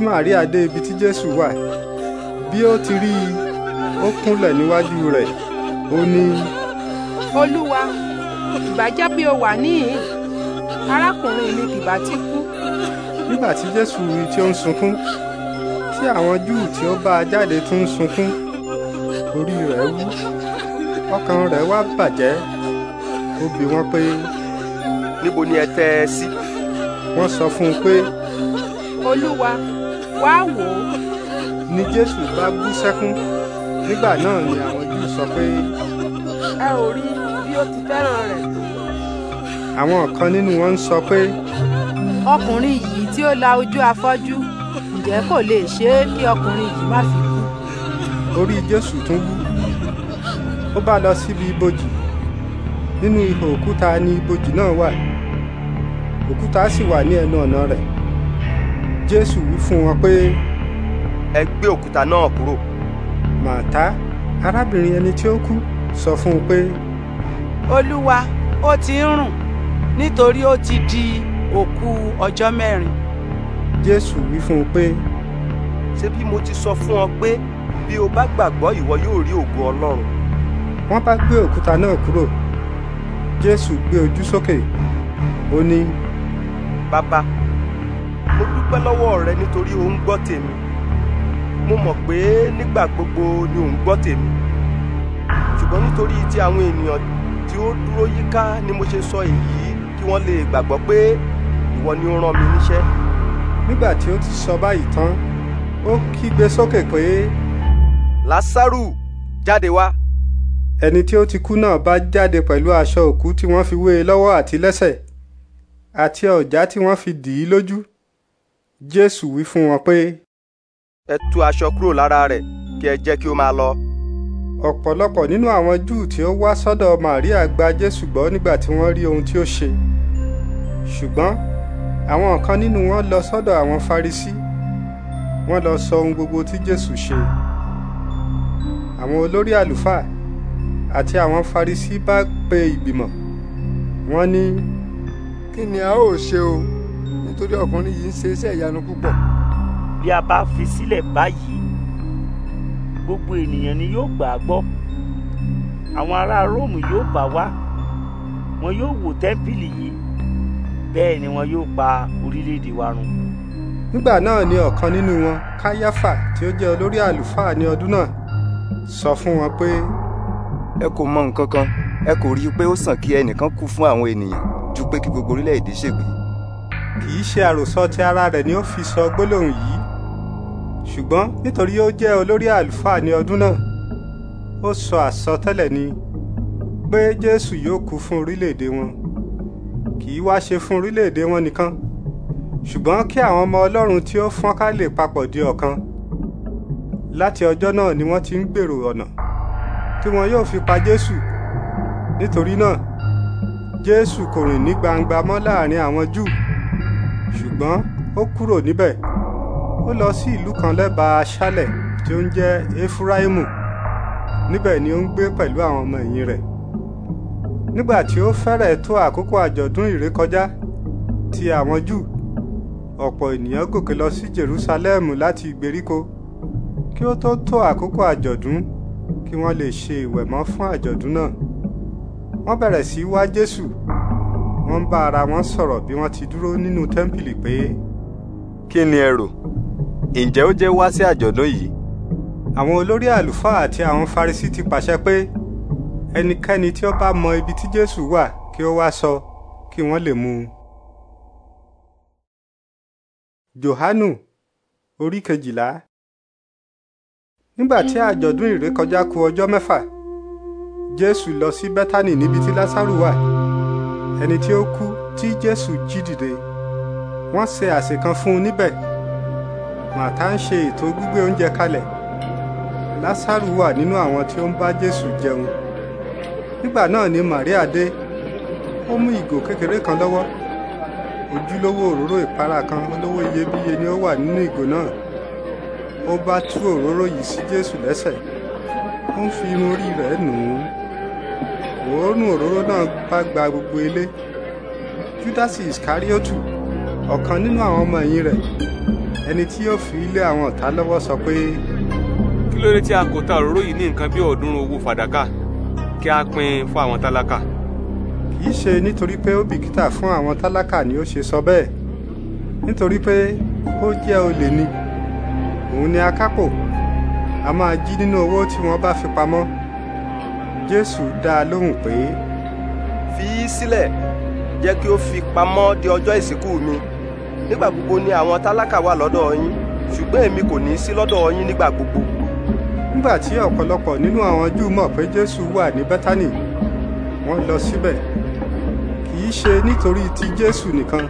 dé ibi tí jésù wà bí ó ti rí i ó kúnlẹ̀ níwájú rẹ̀ ó ní. olúwa ìbá pé o wà níhìn-ín arákùnrin mi kì ti kú. nígbà tí jésù rí tí ó ń sunkún tí àwọn júù tí ó bá a jáde tún ń sunkún orí rẹ̀ wú ọkàn rẹ̀ wá bàjẹ́ ó bi wọ́n pé. níbo ni ẹ tẹ́ ẹ sí. wọ́n sọ fún un pé. olúwa wá wò ó. ni jésù bá bú sẹ́kún nígbà náà ni àwọn júù sọ pé. ẹ ò rí bí ó ti fẹ́ràn rẹ̀ tó àwọn kan nínú wọn ń sọ pé. ọkùnrin yìí tí ó la ojú afọ́jú ǹjẹ́ kò lè ṣe é kí ọkùnrin yìí má fi kú. orí jésù tún wú ó bá lọ síbi ibojì nínú ihò òkúta ni ibojì náà wà òkúta sì wà ní ẹnu ọ̀nà rẹ̀ jésù wí fún wọn pé. ẹ gbé òkúta náà kúrò. màtá arábìnrin ẹni tí ó kú sọ fún un pé. olúwa ó ti ń rùn nítorí ó ti di òkú ọjọ́ mẹ́rin. jésù wí fún un pé. ṣé bí mo ti sọ fún ọ pé bí o bá gbàgbọ́ ìwọ yóò rí ògo ọlọ́run. wọ́n bá gbé òkúta náà kúrò jésù gbé ojú sókè ó ní. bàbá mo dúpẹ́ lọ́wọ́ rẹ nítorí o ń gbọ́ tèmi mo mọ̀ pé nígbà gbogbo ni ò ń gbọ́ tèmi ṣùgbọ́n nítorí ti àwọn ènìyàn tí ó dúró yíká ni mo ṣe sọ èyí kí wọ́n lè gbàgbọ́ pé ìwọ ni ó rán mi níṣẹ́. nígbà tí ó ti sọ báyìí tán ó kígbe sókè pé. lásàrù jáde wá. ẹni tí ó ti kú náà bá jáde pẹ̀lú aṣọ òkú tí wọ́n fi wé e lọ́wọ́ àti lẹ́sẹ̀ àti ọ̀já tí wọ́n fi dì í lójú jésù wí fún wọn pé. ẹ tú aṣọ kúrò lára rẹ̀ kí ẹ jẹ́ kí ó máa lọ ọ̀pọ̀lọpọ̀ nínú àwọn júù tí ó wá sọ́dọ̀ Màríà gba Jésù gbọ́ nígbà tí wọ́n rí ohun tí ó ṣe ṣùgbọ́n àwọn kan nínú wọn lọ sọ́dọ̀ àwọn Farisí wọ́n lọ sọ ohun gbogbo tí Jésù ṣe àwọn olórí àlùfáà àti àwọn Farisí bá pe ìgbìmọ̀ wọ́n ní. kí ni a ó ṣe o nítorí ọkùnrin yìí ń ṣe iṣẹ́ ìyanu púpọ̀. bí a bá fi sílẹ̀ báyìí gbogbo ènìyàn ni yóò gbà á gbọ́ àwọn ará Róòmù yóò bá wá wọn yóò wó tẹ́ḿpìlì yìí bẹ́ẹ̀ ni wọn yóò pa orílẹ̀-èdè wa run. nígbà náà ni ọ̀kan nínú wọn káyáfà tí ó jẹ́ olórí àlùfáà ní ọdún náà sọ fún wọn pé. ẹ kò mọ nǹkan kan ẹ kò rí i pé ó sàn kí ẹnìkan kú fún àwọn ènìyàn ju pé kí gbogbo orílẹ̀-èdè ṣègbé. kì í ṣe àròsọ ti ara rẹ̀ ni ó fi sọ gbólóhùn yìí ṣùgbọ́n nítorí ó jẹ́ olórí àlùfáà ní ọdún náà ó sọ àsọtẹ́lẹ̀ ni pé jésù yóò kú fún orílẹ̀-èdè wọn kì í wá ṣe fún orílẹ̀-èdè wọn nìkan ṣùgbọ́n kí àwọn ọmọ ọlọ́run tí ó fọ́nká lè papọ̀ di ọ̀kan láti ọjọ́ náà ni wọ́n ti ń gbèrò ọ̀nà tí wọn yóò fi pa jésù nítorí náà jésù kò rìn ní gbangba mọ́ láàrin àwọn júù ṣùgbọ́n ó kúrò níbẹ̀ ó lọ sí ìlú kan lẹ́bàá aṣálẹ̀ tí ó ń jẹ́ efuraimu níbẹ̀ ni ó ń gbé pẹ̀lú àwọn ọmọ ẹ̀yìn rẹ̀ nígbà tí ó fẹ́rẹ̀ tó àkókò àjọ̀dún ìrékọjá ti àwọn júù ọ̀pọ̀ ènìyàn gòkè lọ sí jerusalem láti ìgbèríko kí ó tó tó àkókò àjọ̀dún kí wọ́n lè ṣe ìwẹ̀mọ́ fún àjọ̀dún náà wọ́n bẹ̀rẹ̀ sí wá jésù wọ́n ń bá ara wọn sọ̀rọ̀ bí wọ́n ti dúró nínú tẹ́ḿpìlì pé. kí ni ẹ rò ǹjẹ́ ó jẹ́ wá sí àjọ̀dún yìí. àwọn olórí àlùfáà àti àwọn farisí ti pàṣẹ pé ẹnikẹ́ni tí ó bá mọ ibi tí Jésù wà kí ó wá sọ kí wọ́n lè mú un. Jòhánù orí kejìlá nígbà tí àjọ̀dún ìrékọjá ku ọjọ́ mẹ́fà Jésù lọ sí Bẹ́tánì níbi tí Lásárù wà ẹni tí ó kú tí Jésù jí dìde wọ́n ṣe àsè kan fún un níbẹ̀ Màtá ń ṣe ètò gbígbé oúnjẹ kalẹ̀ Lásárù wà nínú àwọn tí ó ń bá Jésù jẹun nígbà náà ni Màríà dé ó mú ìgò kékeré kan lọ́wọ́ ojúlówó òróró ìpara kan olówó iyebíye ni ó wà nínú ìgò náà ó bá tú òróró yìí sí Jésù lẹ́sẹ̀ ó ń fi irun orí rẹ̀ nù ú òórùn òróró náà bá gba gbogbo ilé Júdásì Ìsíkáríótù ọ̀kan nínú àwọn ọmọ ẹ̀yìn rẹ̀ ẹni tí yóò fi ilé àwọn ọ̀tá lọ́wọ́ sọ pé. kí ló dé tí a kò ta òróró yìí ní nǹkan bí ọ̀ọ́dúnrún owó fàdákà kí a pín fún àwọn tálákà. kì í ṣe nítorí pé ó bìkítà fún àwọn tálákà ni ó ṣe sọ bẹ́ẹ̀ nítorí pé ó jẹ́ olè ni òun ni akápò a máa jí nínú owó tí wọ́n bá fi pamọ́ jésù dá a lóhùn pé. fi í sílẹ̀ jẹ́ kí ó fi pamọ́ di ọjọ́ ìsìnkú mi nígbà gbogbo ni àwọn tálákà wà lọ́dọ̀ yín ṣùgbọ́n èmi kò ní í sí lọ́dọ̀ yín nígbà gbogbo nígbà tí ọ̀pọ̀lọpọ̀ nínú àwọn júù mọ̀ pé jésù wà ní bẹ́tánì wọ́n lọ síbẹ̀ kì í ṣe nítorí ti jésù nìkan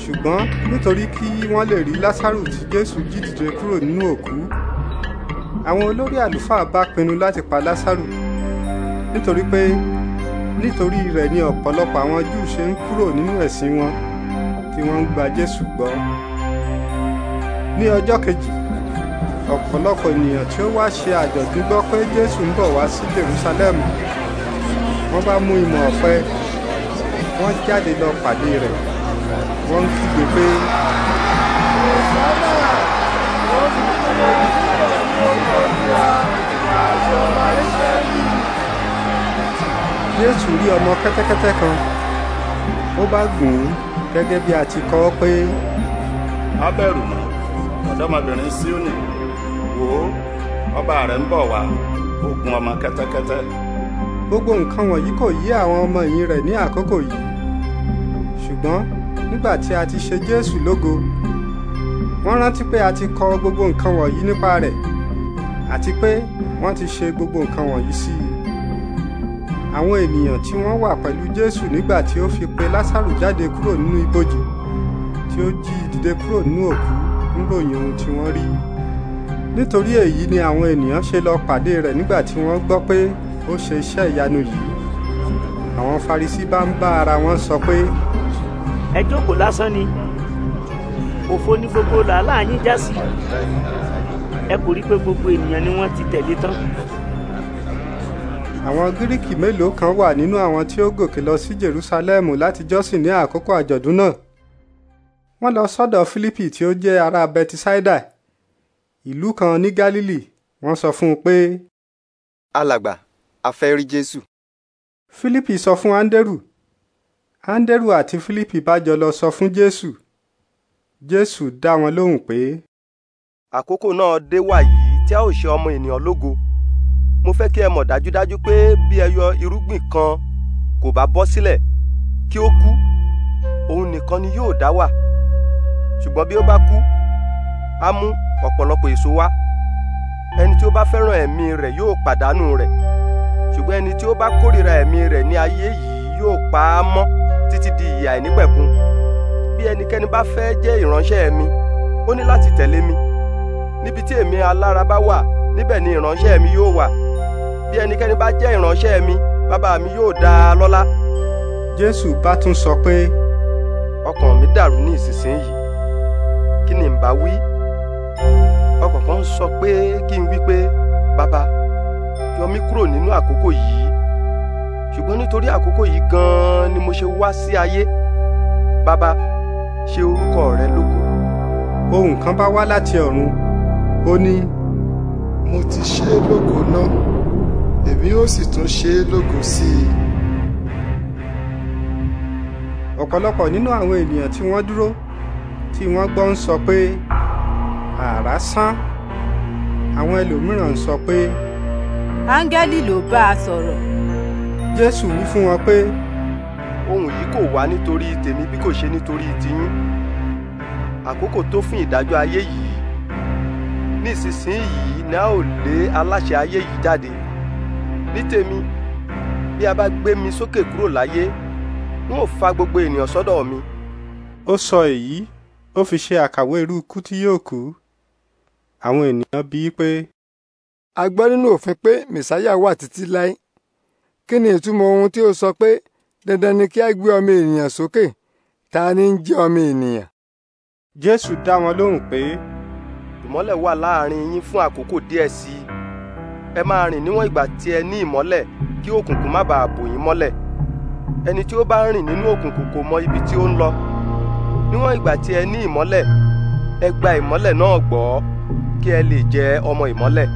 ṣùgbọ́n nítorí kí wọ́n lè rí lásàrù tí jésù jí dìde kúrò nínú òkú àwọn olórí àlùfáà bá pinnu láti pa lásàrù nítorí pé nítorí rẹ̀ ni ọ̀pọ̀lọpọ̀ àwọn júù ṣe ń kúrò nínú ẹ̀sìn wọn tí wọ́n ń gba jésù gbọ́ ní ọjọ́ kejì ọ̀pọ̀lọpọ̀ ènìyàn tí ó wá ṣe àjọ̀dún gbọ́ pé jésù ń bọ̀ wá sí jerúsálẹ́mù wọ́n bá mú ìmọ̀ ọ̀pẹ wọ́n jáde lọ pàdé rẹ̀ wọ́n ń kígbe pé. jésù rí ọmọ kẹ́tẹ́kẹ́tẹ́ kan ó bá gùn ún gẹ́gẹ́ bí a ti kọ ọ́ pé. a bẹ̀rù mọ́ ọ̀dọ́mọbìnrin síónì wò ọba rẹ̀ ń bọ̀ wá ó ọmọ kẹ́tẹ́kẹ́tẹ́. gbogbo nǹkan wọ̀nyí kò yé àwọn ọmọ yìí rẹ̀ ní àkókò yìí ṣùgbọ́n nígbà tí a ti ṣe Jésù lógo wọ́n rántí pé a ti kọ gbogbo nǹkan wọ̀nyí nípa rẹ̀ àti pé wọ́n ti ṣe gbogbo nǹkan wọ̀nyí sí i àwọn ènìyàn tí wọ́n wà pẹ̀lú Jésù nígbà tí ó fi pe Lásárù jáde kúrò nínú ibojì tí ó jí i kúrò nínú òkú ń ròyìn ohun tí wọ́n rí i nítorí èyí ni àwọn ènìyàn ṣe lọ pàdé rẹ̀ nígbà tí wọ́n gbọ́ pé ó ṣe iṣẹ́ ìyanu yìí àwọn Farisí bá ń bá ara wọn sọ pé. ẹ jókòó lásán ni òfo ní gbogbo làálàá yín já sí ẹ kò rí pé gbogbo ènìyàn ni wọ́n ti tẹ̀lé tán. àwọn gíríkì mélòó kan wà nínú àwọn tí ó gòkè lọ sí jerúsálẹ́mù láti jọ́sìn ní àkókò àjọ̀dún náà wọ́n lọ sọ́dọ̀ Fílípì tí ó jẹ́ ará bẹtisáídà ìlú kan ní Gálílì wọ́n sọ fún un pé. alàgbà a fẹ́ rí Jésù. Fílípì sọ fún Áńdérù Áńdérù àti Fílípì bá jọ lọ sọ fún Jésù Jésù dá wọn lóhùn pé. àkókò náà dé wàyí tí a ó ṣe ọmọ ènìyàn lógo mo fẹ́ kí ẹ mọ̀ dájúdájú pé bí ẹ yọ irúgbìn kan kò bá bọ́ sílẹ̀ kí ó kú òun nìkan ni yóò dá wà ṣùgbọ́n bí ó bá kú á mú ọ̀pọ̀lọpọ̀ èso wá ẹni tí ó bá fẹ́ràn ẹ̀mí rẹ̀ yóò pàdánù rẹ̀ ṣùgbọ́n ẹni tí ó bá kórìíra ẹ̀mí rẹ̀ ní ayé yìí yóò pa á mọ́ títí di ìyà àìnípẹ̀kun bí ẹnikẹ́ni bá fẹ́ jẹ́ ìránṣẹ́ mi ó ní láti tẹ̀lé mi níbi tí èmi alára bá wà níbẹ̀ ni ìránṣẹ́ mi yóò wà bí ẹnikẹ́ni bá jẹ́ ìránṣẹ́ mi bàbá mi yóò dá a lọ́lá. jésù bá tún sọ pé. ọkàn mi dàrú ní ìsinsìnyí kí ni n bá wí ọkàn kan sọ pé kí n wí pé bàbá yọ mí kúrò nínú àkókò yìí ṣùgbọ́n nítorí àkókò yìí gan-an ni mo ṣe wá sí ayé bàbá ṣe orúkọ rẹ lógo. ohun kan bá wá láti ọ̀run ó ní. mo ti ṣe é lógo náà èmi ó sì tún ṣe é lógo sí i. ọ̀pọ̀lọpọ̀ nínú àwọn ènìyàn tí wọ́n dúró tí wọ́n gbọ́ ń sọ pé àrá sán àwọn ẹlòmíràn ń sọ pé. áńgẹ́lì ló bá a sọ̀rọ̀. jésù wí fún wọn pé. ohun yìí kò wá nítorí tèmi bí kò ṣe nítorí tiyín àkókò tó fún ìdájọ́ ayé yìí nísinsìnyí náà ò lé aláṣẹ ayé yìí jáde ní tèmi bí a bá gbé mi sókè kúrò láyé n ó fa gbogbo ènìyàn sọ́dọ̀ mi. ó sọ èyí ó fi ṣe àkàwé irú ikú tí yóò kú àwọn ènìyàn bi í pé. a gbọ́ nínú òfin pé mẹ̀sáyà wà títí láé kí ni ìtumọ̀ ohun tí ó sọ pé dandan ni kí a gbé ọmọ ènìyàn sókè ta ni ń jẹ́ ọmọ ènìyàn. jésù dá wọn lóhùn pé. ìmọ́lẹ̀ wà láàrin yín fún àkókò díẹ̀ sí i ẹ máa rìn níwọ̀n ìgbà tí ẹ ní ìmọ́lẹ̀ kí òkùnkùn má bàa bò yín mọ́lẹ̀ ẹni tí ó bá ń rìn nínú òkùnkùn kò mọ ibi tí ó ń lọ níwọ̀n ìgbà tí ẹ ní ìmọ́lẹ̀ ẹ gba ìmọ́lẹ̀ náà gbọ́ kí ẹ lè jẹ ọmọ ìmọ́lẹ̀.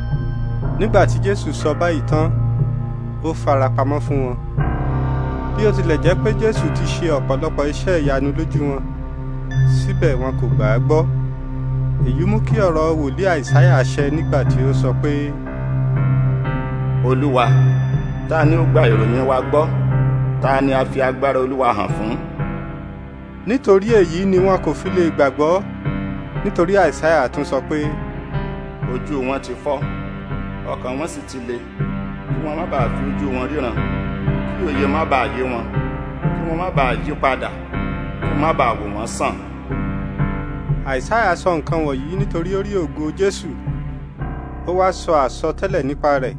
nígbà tí jésù sọ báyìí tán ó fara pamọ́ fún wọn bí ó tilẹ̀ jẹ́ pé jésù ti ṣe ọ̀pọ̀lọpọ̀ iṣẹ́ ìyanu lójú wọn síbẹ̀ wọn kò gbà á gbọ́ èyí mú kí ọ̀rọ̀ wòlíì àìsáyà ṣẹ nígbà tí ó sọ pé. olúwa ta ni ó gba ìròyìn wa gbọ́ ta ni a fi agbára olúwa hàn fún. nítorí èyí ni wọn kò fi lè gbàgbọ́ nítorí àìsáyà tún sọ pé ojú wọn ti fọ́ ọkàn wọn sì ti le kí wọn má bàa fi ojú wọn ríran kí òye má bàa yé wọn kí wọn má bàa yí padà kí wọn má bàa wò wọ́n sàn. àìsáyà sọ nǹkan wọ̀nyí nítorí ó rí ògo jésù ó wá sọ àsọtẹ́lẹ̀ nípa rẹ̀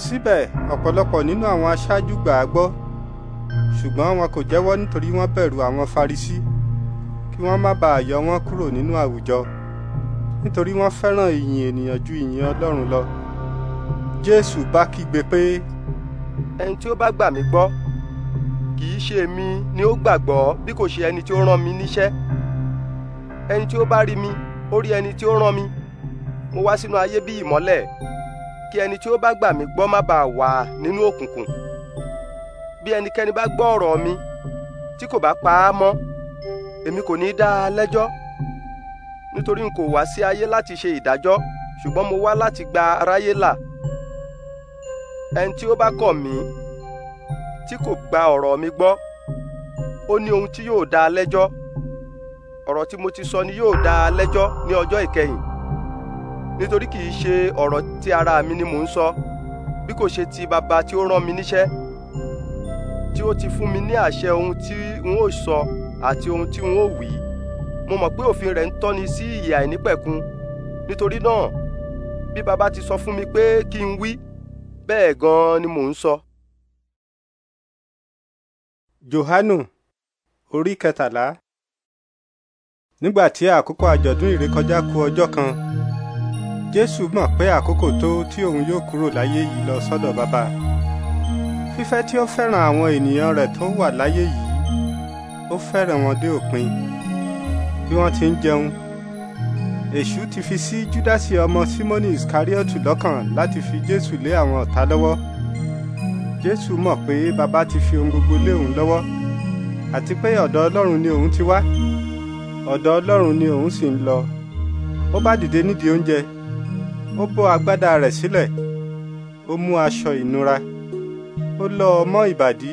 síbẹ̀ ọ̀pọ̀lọpọ̀ nínú àwọn aṣáájú gbà á gbọ́ ṣùgbọ́n wọn kò jẹ́wọ́ nítorí wọ́n bẹ̀rù àwọn farisí kí wọ́n má bàa yọ wọ́n kúrò nínú àwùjọ nítorí wọ́n fẹ́ràn ìyìn ènìyàn ju ìyìn Ọlọ́run lọ Jésù bá kígbe pé. ẹni tí ó bá gbà mí gbọ́ kì í ṣe èmi ni ó gbàgbọ́ bí kò ṣe ẹni tí ó rán mi níṣẹ́ ẹni tí ó bá rí mi ó rí ẹni tí ó rán mi mo wá sínú ayé bí ìmọ́lẹ̀ kí ẹni tí ó bá gbà mí gbọ́ má bàa wà nínú òkùnkùn bí ẹnikẹ́ni bá gbọ́ ọ̀rọ̀ mi tí kò bá pa á mọ́ èmi kò ní í dá a lẹ́jọ́ nítorí n kò wá sí ayé láti ṣe ìdájọ́ ṣùgbọ́n mo wá láti gba aráyé là ẹni tí ó bá kọ̀ mí tí kò gba ọ̀rọ̀ mi gbọ́ ó ní ohun tí yóò dá lẹ́jọ́ ọ̀rọ̀ tí mo ti sọ ni yóò dá a lẹ́jọ́ ní ọjọ́ ìkẹyìn nítorí kì í ṣe ọ̀rọ̀ tí ara mi ni mò ń sọ bí kò ṣe ti bàbá tí ó rán mi níṣẹ́ tí ó ti fún mi ní àṣẹ ohun tí n ó sọ àti ohun tí n ó wí mo mọ̀ pé òfin rẹ̀ ń tọ́ni sí ìyè àìnípẹ̀kun nítorí náà bí baba ti sọ fún mi pé kí n wí bẹ́ẹ̀ gan-an ni mò ń sọ. Jòhánù orí kẹtàlá nígbà tí àkókò àjọ̀dún ìrékọjá ku ọjọ́ kan Jésù mọ̀ pé àkókò tó tí òun yóò kúrò láyé yìí lọ sọ́dọ̀ bàbá fífẹ́ tí ó fẹ́ràn àwọn ènìyàn rẹ̀ tó wà láyé yìí ó fẹ́ràn wọn dé òpin bí wọ́n ti ń jẹun èṣù ti fi sí júdásì ọmọ símónì iskariotu lọ́kàn láti fi jésù lé àwọn ọ̀tá lọ́wọ́ jésù mọ̀ pé baba ti fi ohun gbogbo lé òun lọ́wọ́ àti pé ọ̀dọ̀ ọlọ́run ni òun ti wá ọ̀dọ̀ ọlọ́run ni òun sì ń lọ ó bá dìde nídìí oúnjẹ ó bó agbádá rẹ̀ sílẹ̀ ó mú aṣọ ìnura ó lọ ọmọ ìbàdí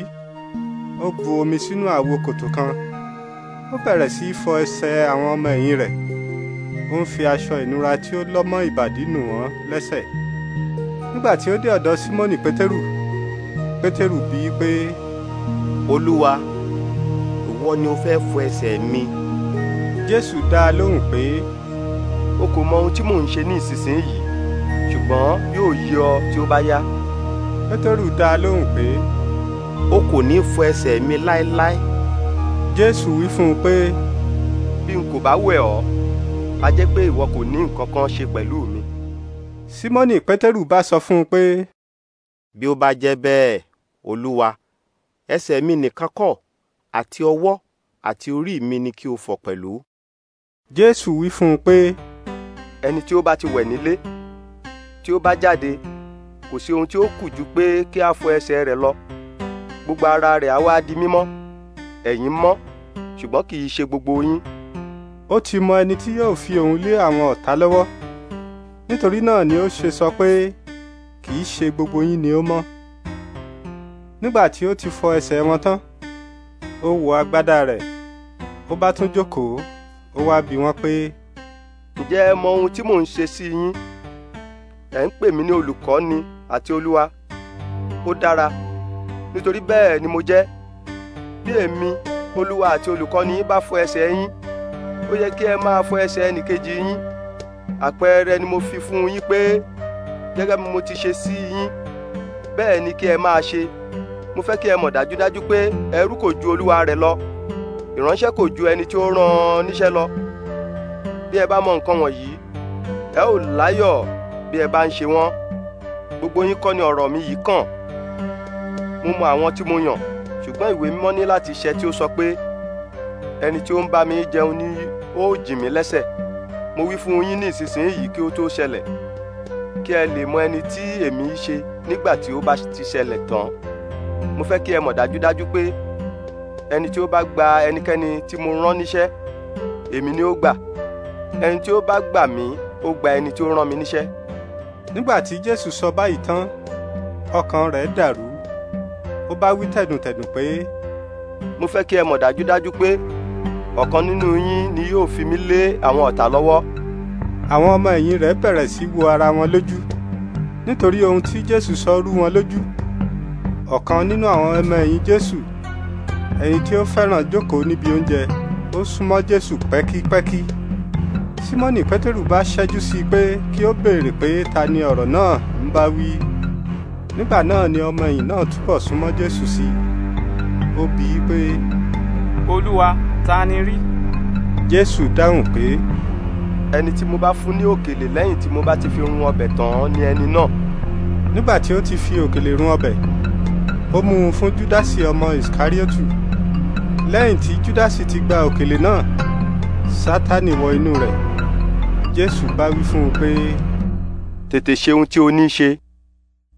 ó bu omi sínú àwo kòtò kan ó bẹ̀rẹ̀ sí í fọ ẹsẹ̀ àwọn ọmọ ẹ̀yìn rẹ̀ ó ń fi aṣọ ìnura tí ó lọ́ mọ́ ìbàdí nù wọ́n lẹ́sẹ̀ nígbà tí ó dé ọ̀dọ̀ símọ́nì pétérù pétérù bí i pé. olúwa ìwọ ni o fẹ́ fọ ẹsẹ̀ mi. jésù dá a lóhùn pé. o kò mọ ohun tí mò ń ṣe ní ìsinsìnyí ṣùgbọ́n yóò yé ọ tí ó bá yá. pétérù dá a lóhùn pé. o kò ní fọ ẹsẹ̀ mi láéláé. Lai lai jésù wí fún un pé. bí n kò bá wẹ̀ ọ́ a jẹ́ pé ìwọ kò ní nǹkan kan ṣe pẹ̀lú mi. símọ́nì pétérù bá sọ fún un pé. bí ó bá jẹ́ bẹ́ẹ̀ olúwa ẹsẹ̀ mi nìkan kọ́ àti ọwọ́ àti orí mi ni kí o fọ̀ pẹ̀lú. jésù wí fún un pé. ẹni tí ó bá ti wẹ̀ nílé tí ó bá jáde kò sí ohun tí ó kù ju pé kí a fọ ẹsẹ̀ rẹ̀ lọ gbogbo ara rẹ̀ á wá di mímọ́ ẹ̀yin mọ́ ṣùgbọ́n kì í ṣe gbogbo yín. ó ti mọ ẹni tí yóò fi òun lé àwọn ọ̀tá lọ́wọ́ nítorí náà ni ó ṣe sọ pé kì í ṣe gbogbo yín ni ó mọ́ nígbà tí ó ti fọ ẹsẹ̀ wọn tán ó wọ agbádá rẹ̀ ó bá tún jókòó ó wá bi wọ́n pé. ǹjẹ́ ẹ mọ ohun tí mò ń ṣe sí yín ẹ̀ ń pè mí ní olùkọ́ni àti olúwa ó dára nítorí bẹ́ẹ̀ ni mo jẹ́ bí èmi olúwa àti olùkọ́ni yín bá fọ ẹsẹ̀ yín ó yẹ kí ẹ máa fọ ẹsẹ̀ ẹnìkejì yín àpẹẹrẹ ni mo fi fún yín pé gẹ́gẹ́ bí mo ti ṣe sí yín bẹ́ẹ̀ ni kí ẹ máa ṣe mo fẹ́ kí ẹ mọ̀ dájúdájú pé ẹrú kò ju olúwa rẹ̀ lọ ìránṣẹ́ kò ju ẹni tí ó rán níṣẹ́ lọ bí ẹ bá mọ nǹkan wọ̀nyí ẹ ò láyọ̀ bí ẹ bá ń ṣe wọ́n gbogbo yín kọ́ ni ọ̀rọ̀ mi yìí kàn mo mọ àwọn tí mo yàn ṣùgbọ́n ìwé mímọ́ ní láti ṣẹ tí ó sọ pé ẹni tí ó ń bá mi jẹun ni ó jì mí lẹ́sẹ̀ mo wí fún yín ní ìsinsìnyí kí ó tó ṣẹlẹ̀ kí ẹ lè mọ ẹni tí èmi ṣe nígbà tí ó bá ti ṣẹlẹ̀ tán mo fẹ́ kí ẹ mọ̀ dájúdájú pé ẹni tí ó bá gba ẹnikẹ́ni tí mo rán níṣẹ́ èmi ni ó gbà ẹni tí ó bá gbà mí ó gba ẹni tí ó rán mi níṣẹ́. nígbà tí jésù sọ báyìí tán ọkàn rẹ̀ dàrú ó bá wí tẹ̀dùntẹ̀dùn pé. mo fẹ́ kí ẹ mọ̀ dájúdájú pé ọ̀kan nínú yín ni yóò fi mí lé àwọn ọ̀tá lọ́wọ́. àwọn ọmọ ẹ̀yìn rẹ̀ bẹ̀rẹ̀ sí wo ara wọn lójú nítorí ohun tí jésù sọ rú wọn lójú ọ̀kan nínú àwọn ọmọ ẹ̀yìn jésù ẹni tí ó fẹ́ràn jókòó níbi oúnjẹ ó súnmọ́ jésù pẹ́kípẹ́kí símọ́nì pétérù bá ṣẹ́jú sí i pé kí ó béèrè pé ta ni ọ̀rọ̀ náà ń bá wí nígbà náà ni ọmọ ẹ̀yìn náà túbọ̀ súnmọ́ jésù sí i ó bi í pé. olúwa ta ni rí. jésù dáhùn pé. ẹni tí mo bá fún ní òkèlè lẹ́yìn tí mo bá ti fi run ọbẹ̀ tán ni ẹni náà. nígbà tí ó ti fi òkèlè run ọbẹ̀ ó mú un fún júdásì ọmọ ìsíkáríòtù lẹ́yìn tí júdásì ti gba òkèlè náà sátánì wọ inú rẹ̀ jésù bá wí fún un pé. tètè ṣe ohun tí o ní ṣe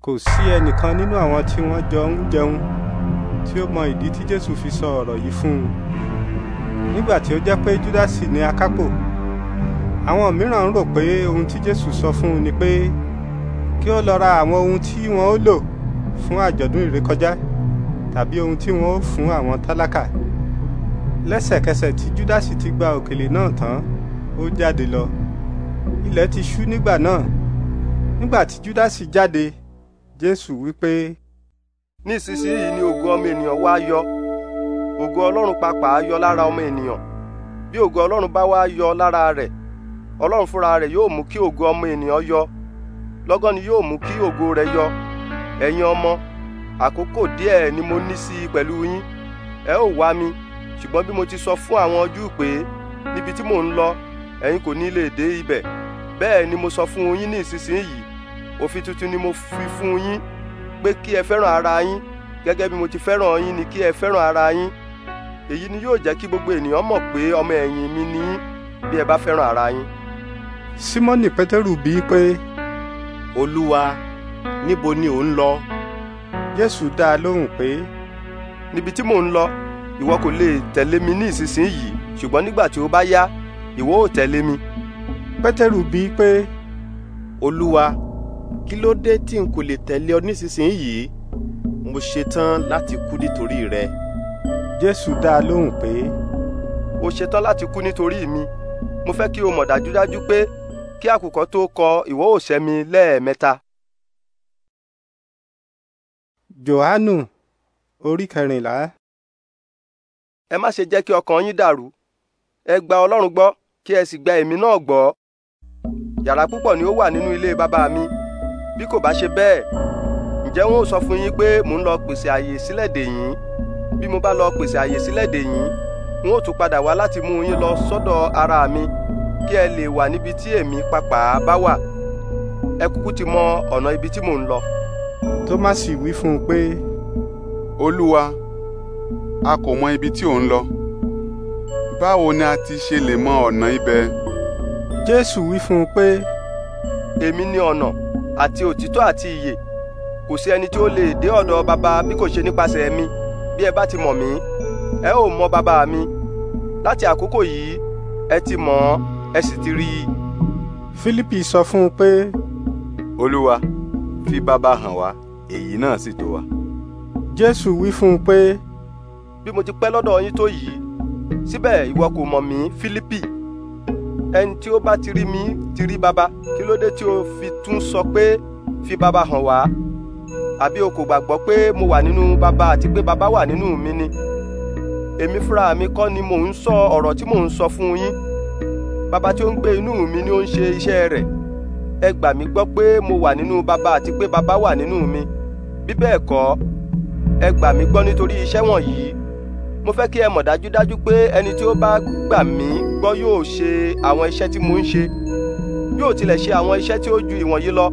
kò sí ẹnìkan nínú àwọn tí wọ́n jọ ń jẹun tí ó mọ ìdí tí jésù fi sọ ọ̀rọ̀ yìí fún un nígbà tí ó jẹ́ pé júdásì ni akápò àwọn mìíràn ń rò pé ohun tí jésù sọ fún un ni pé kí ó lọ ra àwọn ohun tí wọn ó lò fún àjọ̀dún ìrékọjá tàbí ohun tí wọn ó fún àwọn tálákà lẹ́sẹ̀kẹsẹ̀ tí júdásì ti gba òkèlè náà tán ó jáde lọ ilẹ̀ ti ṣú nígbà náà nígbà tí júdásì jáde jésù wípé. nísinsìnyí ni ògo ọmọ ènìyàn wá yọ ògo ọlọ́run pàápàá yọ lára ọmọ ènìyàn bí ògo ọlọ́run bá wá yọ lára rẹ̀ ọlọ́run fúnra rẹ̀ yóò mú kí ògo ọmọ ènìyàn yọ lọ́gán ni yóò mú kí ògo rẹ̀ yọ ẹ̀yin ọmọ àkókò díẹ̀ ni mo ní sí i pẹ̀lú yín ẹ ó wá mi ṣùgbọ́n bí mo ti sọ fún àwọn Júù pé níbi tí mò ń lọ ẹ̀yin kò ní lè dé ibẹ̀ bẹ́ẹ̀ ni mo sọ fún yín ní ìsinsìnyí òfin tuntun ni mo fi fún yín pé kí ẹ fẹ́ràn ara yín gẹ́gẹ́ bí mo ti fẹ́ràn yín ni kí ẹ fẹ́ràn ara yín èyí ni yóò jẹ́ kí gbogbo ènìyàn mọ̀ pé ọmọ ẹ̀yìn mi ni bí ẹ bá fẹ́ràn ara yín. símọ́nì pétérù bí i pé olúwa níbo ni ò lọ jésù dá a lóhùn pé níbi tí mò ń lọ ìwọ kò lè tẹ̀lé mi ní ìsinsìnyí ṣùgbọ́n nígbà tí ó bá yá ìwọ ò tẹ̀lé mi. pétérù bí i pé olúwa kí ló dé tí n kò lè tẹ̀lé ọ nísinsìnyí mo ṣetán láti kú nítorí rẹ. jésù dá a lóhùn pé. o ṣetán láti kú nítorí mi mo fẹ́ kí o mọ̀ dájúdájú pé kí àkùkọ tó kọ ìwọ ò ṣẹ́ mi lẹ́ẹ̀mẹ́ta. jòhánù orí kẹrìnlá. ẹ má ṣe jẹ́ kí ọkàn yín dàrú ẹ gba ọlọ́run gbọ́ kí ẹ sì gba èmi náà gbọ́ yàrá púpọ̀ ni ó wà nínú ilé bàbá mi bí kò bá ṣe bẹ́ẹ̀ ǹjẹ́ wọn ò sọ fún yín pé mò ń lọ pèsè àyè sílẹ̀ dè yín bí mo bá lọ pèsè àyè sílẹ̀ dè yín n ó tún padà wá láti mú yín lọ sọ́dọ̀ ara mi kí ẹ lè wà níbi tí èmi pàápàá bá wà ẹ kúkú ti mọ ọ̀nà ibi tí mò ń lọ. Tómásì wí fún un pé Olúwa a kò mọ ibi tí ò ń lọ báwo ni a ti ṣe lè mọ ọ̀nà ibẹ̀. Jésù wí fún un pé èmi ni ọ̀nà àti òtítọ́ àti ìyè kò sí ẹni tí ó lè dé ọ̀dọ̀ bàbá bí kò ṣe nípasẹ̀ mi bí ẹ bá ti mọ̀ mí ẹ ó mọ bàbá mi láti àkókò yìí ẹ ti mọ̀ ọ́ ẹ sì ti rí i. Fílípì sọ fún un pé. Olúwa fi bàbá hàn wá èyí náà sì tó wa. Jésù wí fún un pé. bí mo ti pẹ́ lọ́dọ̀ yín tó yìí síbẹ̀ ìwọ kò mọ̀ mí Fílípì ẹni tí ó bá ti rí mi ti rí baba kí ló dé tí o fi tún sọ pé fi baba hàn wá àbí o kò gbàgbọ́ pé mo wà nínú baba àti pé baba wà nínú mi ni èmi fúnra mi kọ́ ni mò ń sọ ọ̀rọ̀ tí mò ń sọ fún yín baba tí ó ń gbé inú mi ni ó ń ṣe iṣẹ́ rẹ̀ ẹ gbà mí gbọ́ pé mo wà nínú baba àti pé baba wà nínú mi bí bẹ́ẹ̀ kọ́ ẹ gbà mí gbọ́ nítorí iṣẹ́ wọ̀nyí mo fẹ́ kí ẹ mọ̀ dájúdájú pé ẹni tí ó bá gbà mí gbọ́ yóò ṣe àwọn iṣẹ́ tí mo ń ṣe yóò tilẹ̀ ṣe àwọn iṣẹ́ tí ó ju ìwọ̀nyí lọ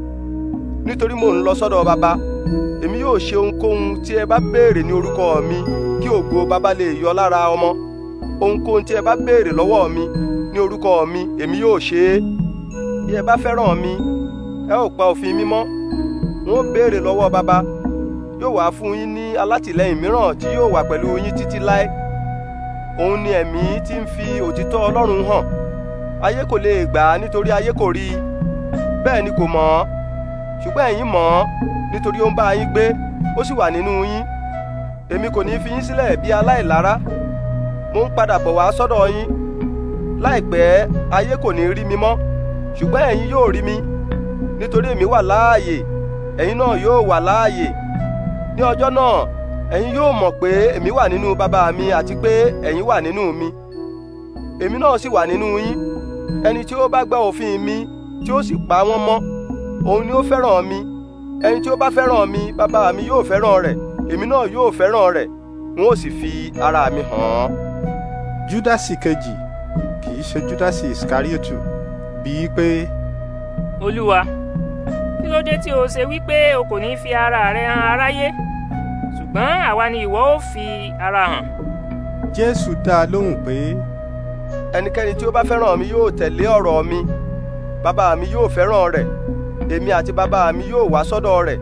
nítorí mò ń lọ sọ́dọ̀ bàbá èmi yóò ṣe ohunkóhun tí ẹ bá béèrè ní orúkọ mi kí ògo bàbá lè yọ lára ọmọ ohunkóhun tí ẹ bá béèrè lọ́wọ́ mi ní orúkọ mi èmi yóò ṣe é bí ẹ bá fẹ́ràn mi ẹ ò pa òfin mi mọ́ ó béèrè lọ́wọ́ bàbá yóò wá fún yín ní alátìlẹ́yìn mìíràn tí yóò wà pẹ̀lú yín títí láé òun ni ẹ̀mí tí ń fi òtítọ́ Ọlọ́run hàn ayé kò lè gbà á nítorí ayé kò rí i bẹ́ẹ̀ ni kò mọ̀ ọ́ ṣùgbọ́n ẹ̀yin mọ̀ ọ́ nítorí ó ń bá yín gbé ó sì wà nínú yín èmi kò ní fi yín sílẹ̀ bí aláìlára mo ń padà bọ̀ wá sọ́dọ̀ yín láìpẹ́ ayé kò ní rí mi mọ́ ṣùgbọ́n ẹ̀yin yóò rí mi nítorí èmi wà láàyè ẹ̀yin náà yóò wà láàyè ní ọjọ́ náà ẹ̀yin yóò mọ̀ pé èmi wà nínú bàbá mi àti pé ẹ̀yin wà nínú mi èmi náà sì wà nínú yín ẹni tí ó bá gba òfin mi tí ó sì pa wọ́n mọ́ òun ni ó fẹ́ràn mi ẹni tí ó bá fẹ́ràn mi bàbá mi yóò fẹ́ràn rẹ̀ èmi náà yóò fẹ́ràn rẹ̀ n ó sì fi ara mi hàn án. júdásì kejì kì í ṣe júdásì ìsíkáríòtù bíi pé. olúwa kí ló dé tí o ṣe wí o kò ní fi ara rẹ hàn aráyé ṣùgbọ́n àwa ni ìwọ ó fi ara hàn. jésù dá a lóhùn pé. ẹnikẹ́ni tí ó bá fẹ́ràn mi yóò tẹ̀lé ọ̀rọ̀ mi bàbá mi yóò fẹ́ràn rẹ̀ èmi àti bàbá mi yóò wá sọ́dọ̀ rẹ̀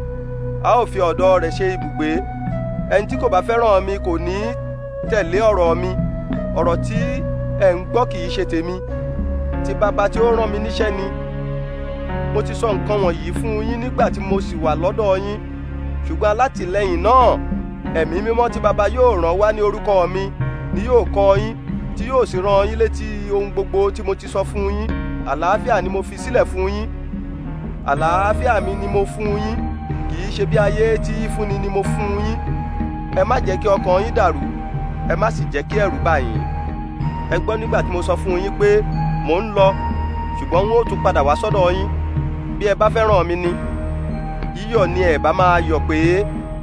a ó fi ọ̀dọ̀ rẹ̀ ṣe ibùgbé ẹni tí kò bá fẹ́ràn mi kò ní tẹ̀lé ọ̀rọ̀ mi ọ̀rọ̀ tí ẹ̀ ń gbọ́ kì í ṣe tèmi ti bàbá tí ó rán mi níṣẹ́ ni mo ti sọ nǹkan wọ̀nyí fún yín nígbà tí mo sì wà lọ́dọ̀ yín ṣùgbọ́n alátìlẹ́yìn náà ẹ̀mí mímọ́ tí baba yóò rán wá ní orúkọ mi ni yóò kọ́ yín tí yóò sì rán yín létí ohun gbogbo tí mo ti sọ fún yín àlàáfíà ni mo fi sílẹ̀ fún yín àlàáfíà mi ni mo fún yín kì í ṣe bí ayé tí fúnni ni mo fún yín ẹ má jẹ́ kí ọkàn yín dàrú ẹ má sì jẹ́ kí ẹ̀rù bà yín ẹ gbọ́ nígbà tí mo sọ fún yín pé mò ń lọ ṣùgbọ́n n ó tún padà wá sọ́dọ̀ yín bí ẹ bá fẹ́ràn mi ni yíyọ̀ ni ẹ bá máa yọ̀ pé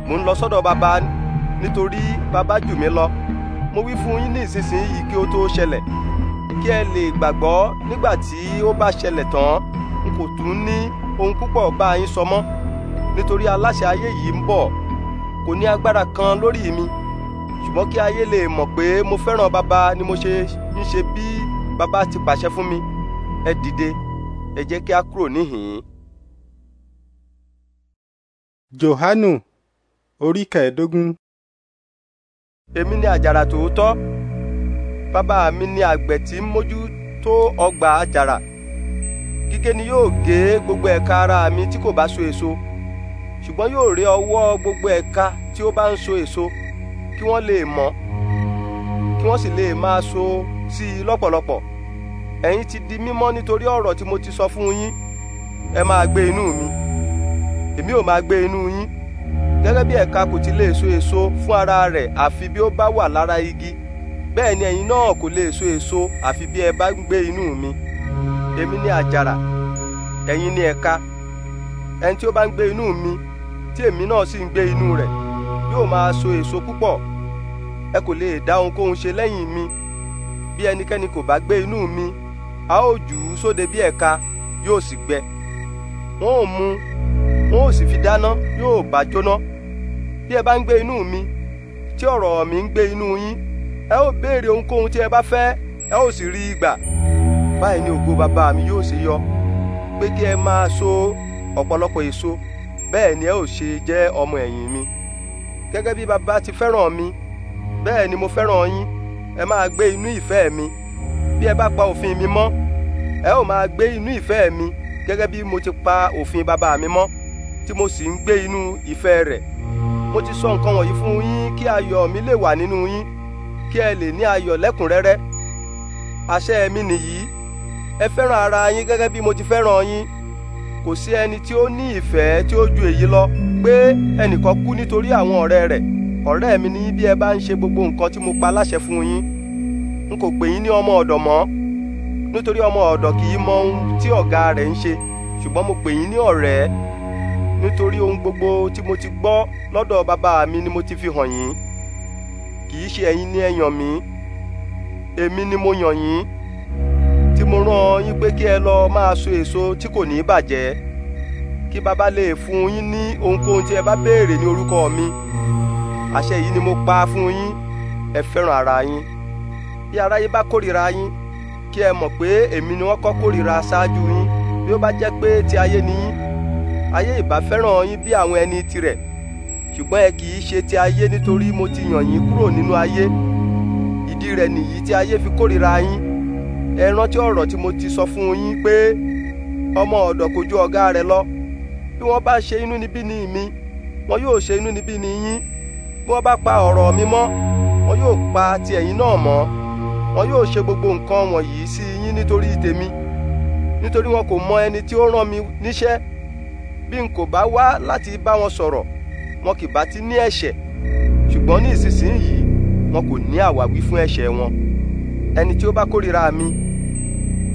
mò ń lọ sọ́dọ̀ bàbá nítorí bàbá jù mí lọ mo wí fún yín ní ìsinsìnyí kí ó tó ṣẹlẹ̀ kí ẹ lè gbàgbọ́ nígbà tí ó bá ṣẹlẹ̀ tán n kò tún ní ohun púpọ̀ bá yín sọ mọ́ nítorí aláṣẹ ayé yìí ń bọ̀ kò ní agbára kan lórí mi ṣùgbọ́n kí ayé lè mọ̀ pé mo fẹ́ràn bàbá ni mo ṣe ń ṣe bí bàbá ti pàṣẹ fún mi ẹ dìde ẹ jẹ́ kí a kúrò níhìn-ín. Jòhánù orí kẹẹ̀ẹ́dógún èmi ni àjàrà tòótọ́ bàbá mi ni àgbẹ̀ tí ń mójú tó ọgbà àjàrà gígé ni yóò gé gbogbo ẹ̀ka ara mi tí kò bá so èso ṣùgbọ́n yóò ré ọwọ́ gbogbo ẹ̀ka tí ó bá ń so èso kí wọ́n lè mọ̀ kí wọ́n sì lè máa so sí i lọ́pọ̀lọpọ̀ ẹ̀yin ti di mímọ́ nítorí ọ̀rọ̀ tí mo ti sọ fún yín ẹ máa gbé inú mi èmi ò máa gbé inú yín gẹ́gẹ́ bí ẹ̀ka kò ti lè so èso fún ara rẹ̀ àfi bí ó bá wà lára igi bẹ́ẹ̀ ni ẹ̀yin náà kò lè so èso àfi bí ẹ bá ń gbé inú mi èmi ni àjàrà ẹ̀yin ni ẹ̀ka ẹni tí ó bá ń gbé inú mi tí èmi náà sì ń gbé inú rẹ̀ yóò máa so èso púpọ̀ ẹ kò lè dá ohunkóhun ṣe lẹ́yìn mi bí ẹnikẹ́ni kò bá gbé inú mi a ó jù ú sóde bí ẹ̀ka yóò sì gbẹ wọn ò mu wọn ò sì fi dáná yóò bá jóná. No? bí ẹ bá ń gbé inú mi tí ọ̀rọ̀ mi ń gbé inú yín ẹ ó béèrè ohunkóhun tí ẹ bá fẹ́ ẹ ó sì rí i gbà báyìí ni ògo bàbá mi yóò ṣe yọ pé kí so ọ̀pọ̀lọpọ̀ èso bẹ́ẹ̀ ni ẹ ó ṣe jẹ́ ọmọ ẹ̀yìn mi gẹ́gẹ́ bí bàbá ti fẹ́ràn mi bẹ́ẹ̀ mo fẹ́ràn yín ẹ máa gbé inú ìfẹ́ mi bí ẹ pa òfin mi mọ́ ẹ ó máa gbé inú mi gẹ́gẹ́ bí mo ti pa òfin bàbá mi mọ́ mo sì ń gbé inú ìfẹ́ mo ti sọ nǹkan wọ̀nyí fún yín kí ayọ̀ mi lè wà nínú yín kí ẹ lè ní ayọ̀ lẹ́kùnrẹ́rẹ́ àṣẹ mi nìyí ẹ fẹ́ràn ara yín gẹ́gẹ́ bí mo ti fẹ́ràn yín kò sí ẹni tí ó ní ìfẹ́ tí ó ju èyí lọ pé ẹnìkan kú nítorí àwọn ọ̀rẹ́ rẹ̀ ọ̀rẹ́ mi ní bí ẹ bá ń ṣe gbogbo nǹkan tí mo pa láṣẹ fún yín n kò pè yín ní ọmọ ọ̀dọ̀ mọ́ nítorí ọmọ ọ̀dọ̀ kì í mọ ohun tí ọ̀gá rẹ̀ ń ṣe ṣùgbọ́n mo pè yín ní ọ̀rẹ́ nítorí ohun gbogbo tí mo ti gbọ́ lọ́dọ̀ bàbá mi ni mo ti fi hàn yín kì í ṣe ẹ̀yin ni ẹ yàn èmi ni mo yàn yín tí mo rán yín pé kí ẹ lọ máa so èso tí kò ní bàjẹ́ kí bàbá lè fún yín ní ohunkóhun tí ẹ bá béèrè ní orúkọ mi àṣẹ yìí ni mo pa fún yín ẹ fẹ́ràn ara yín bí aráyé bá kórìíra yín kí ẹ mọ̀ pé èmi ni wọ́n kọ́ kórìíra ṣáájú yín bí ó bá jẹ́ pé ti ayé ni yín ayé ìbá fẹ́ràn yín bí àwọn ẹni tirẹ̀ ṣùgbọ́n ẹ kì í ṣe ti ayé nítorí mo ti yàn yín kúrò nínú ayé ìdí rẹ̀ nìyí tí ayé fi kórìíra yín ẹ rántí ọ̀rọ̀ tí mo ti sọ fún yín pé ọmọ ọ̀dọ̀ kò ju ọ̀gá rẹ̀ lọ bí wọ́n bá ṣe inúnibíni mi wọn yóò ṣe inúnibíni yín bí wọ́n bá pa ọ̀rọ̀ mi mọ́ wọn yóò pa ti ẹ̀yin náà mọ́ wọn yóò ṣe gbogbo nǹkan wọ̀nyí sí yín nítorí tèmi nítorí wọn kò mọ ẹni tí ó rán mi níṣẹ́ bí n kò bá wá láti bá wọn sọ̀rọ̀ wọn kì bá ti ní ẹ̀ṣẹ̀ ṣùgbọ́n ní ìsinsìnyí wọn kò ní àwáwí fún ẹ̀ṣẹ̀ wọn ẹni tí ó bá kórìíra mi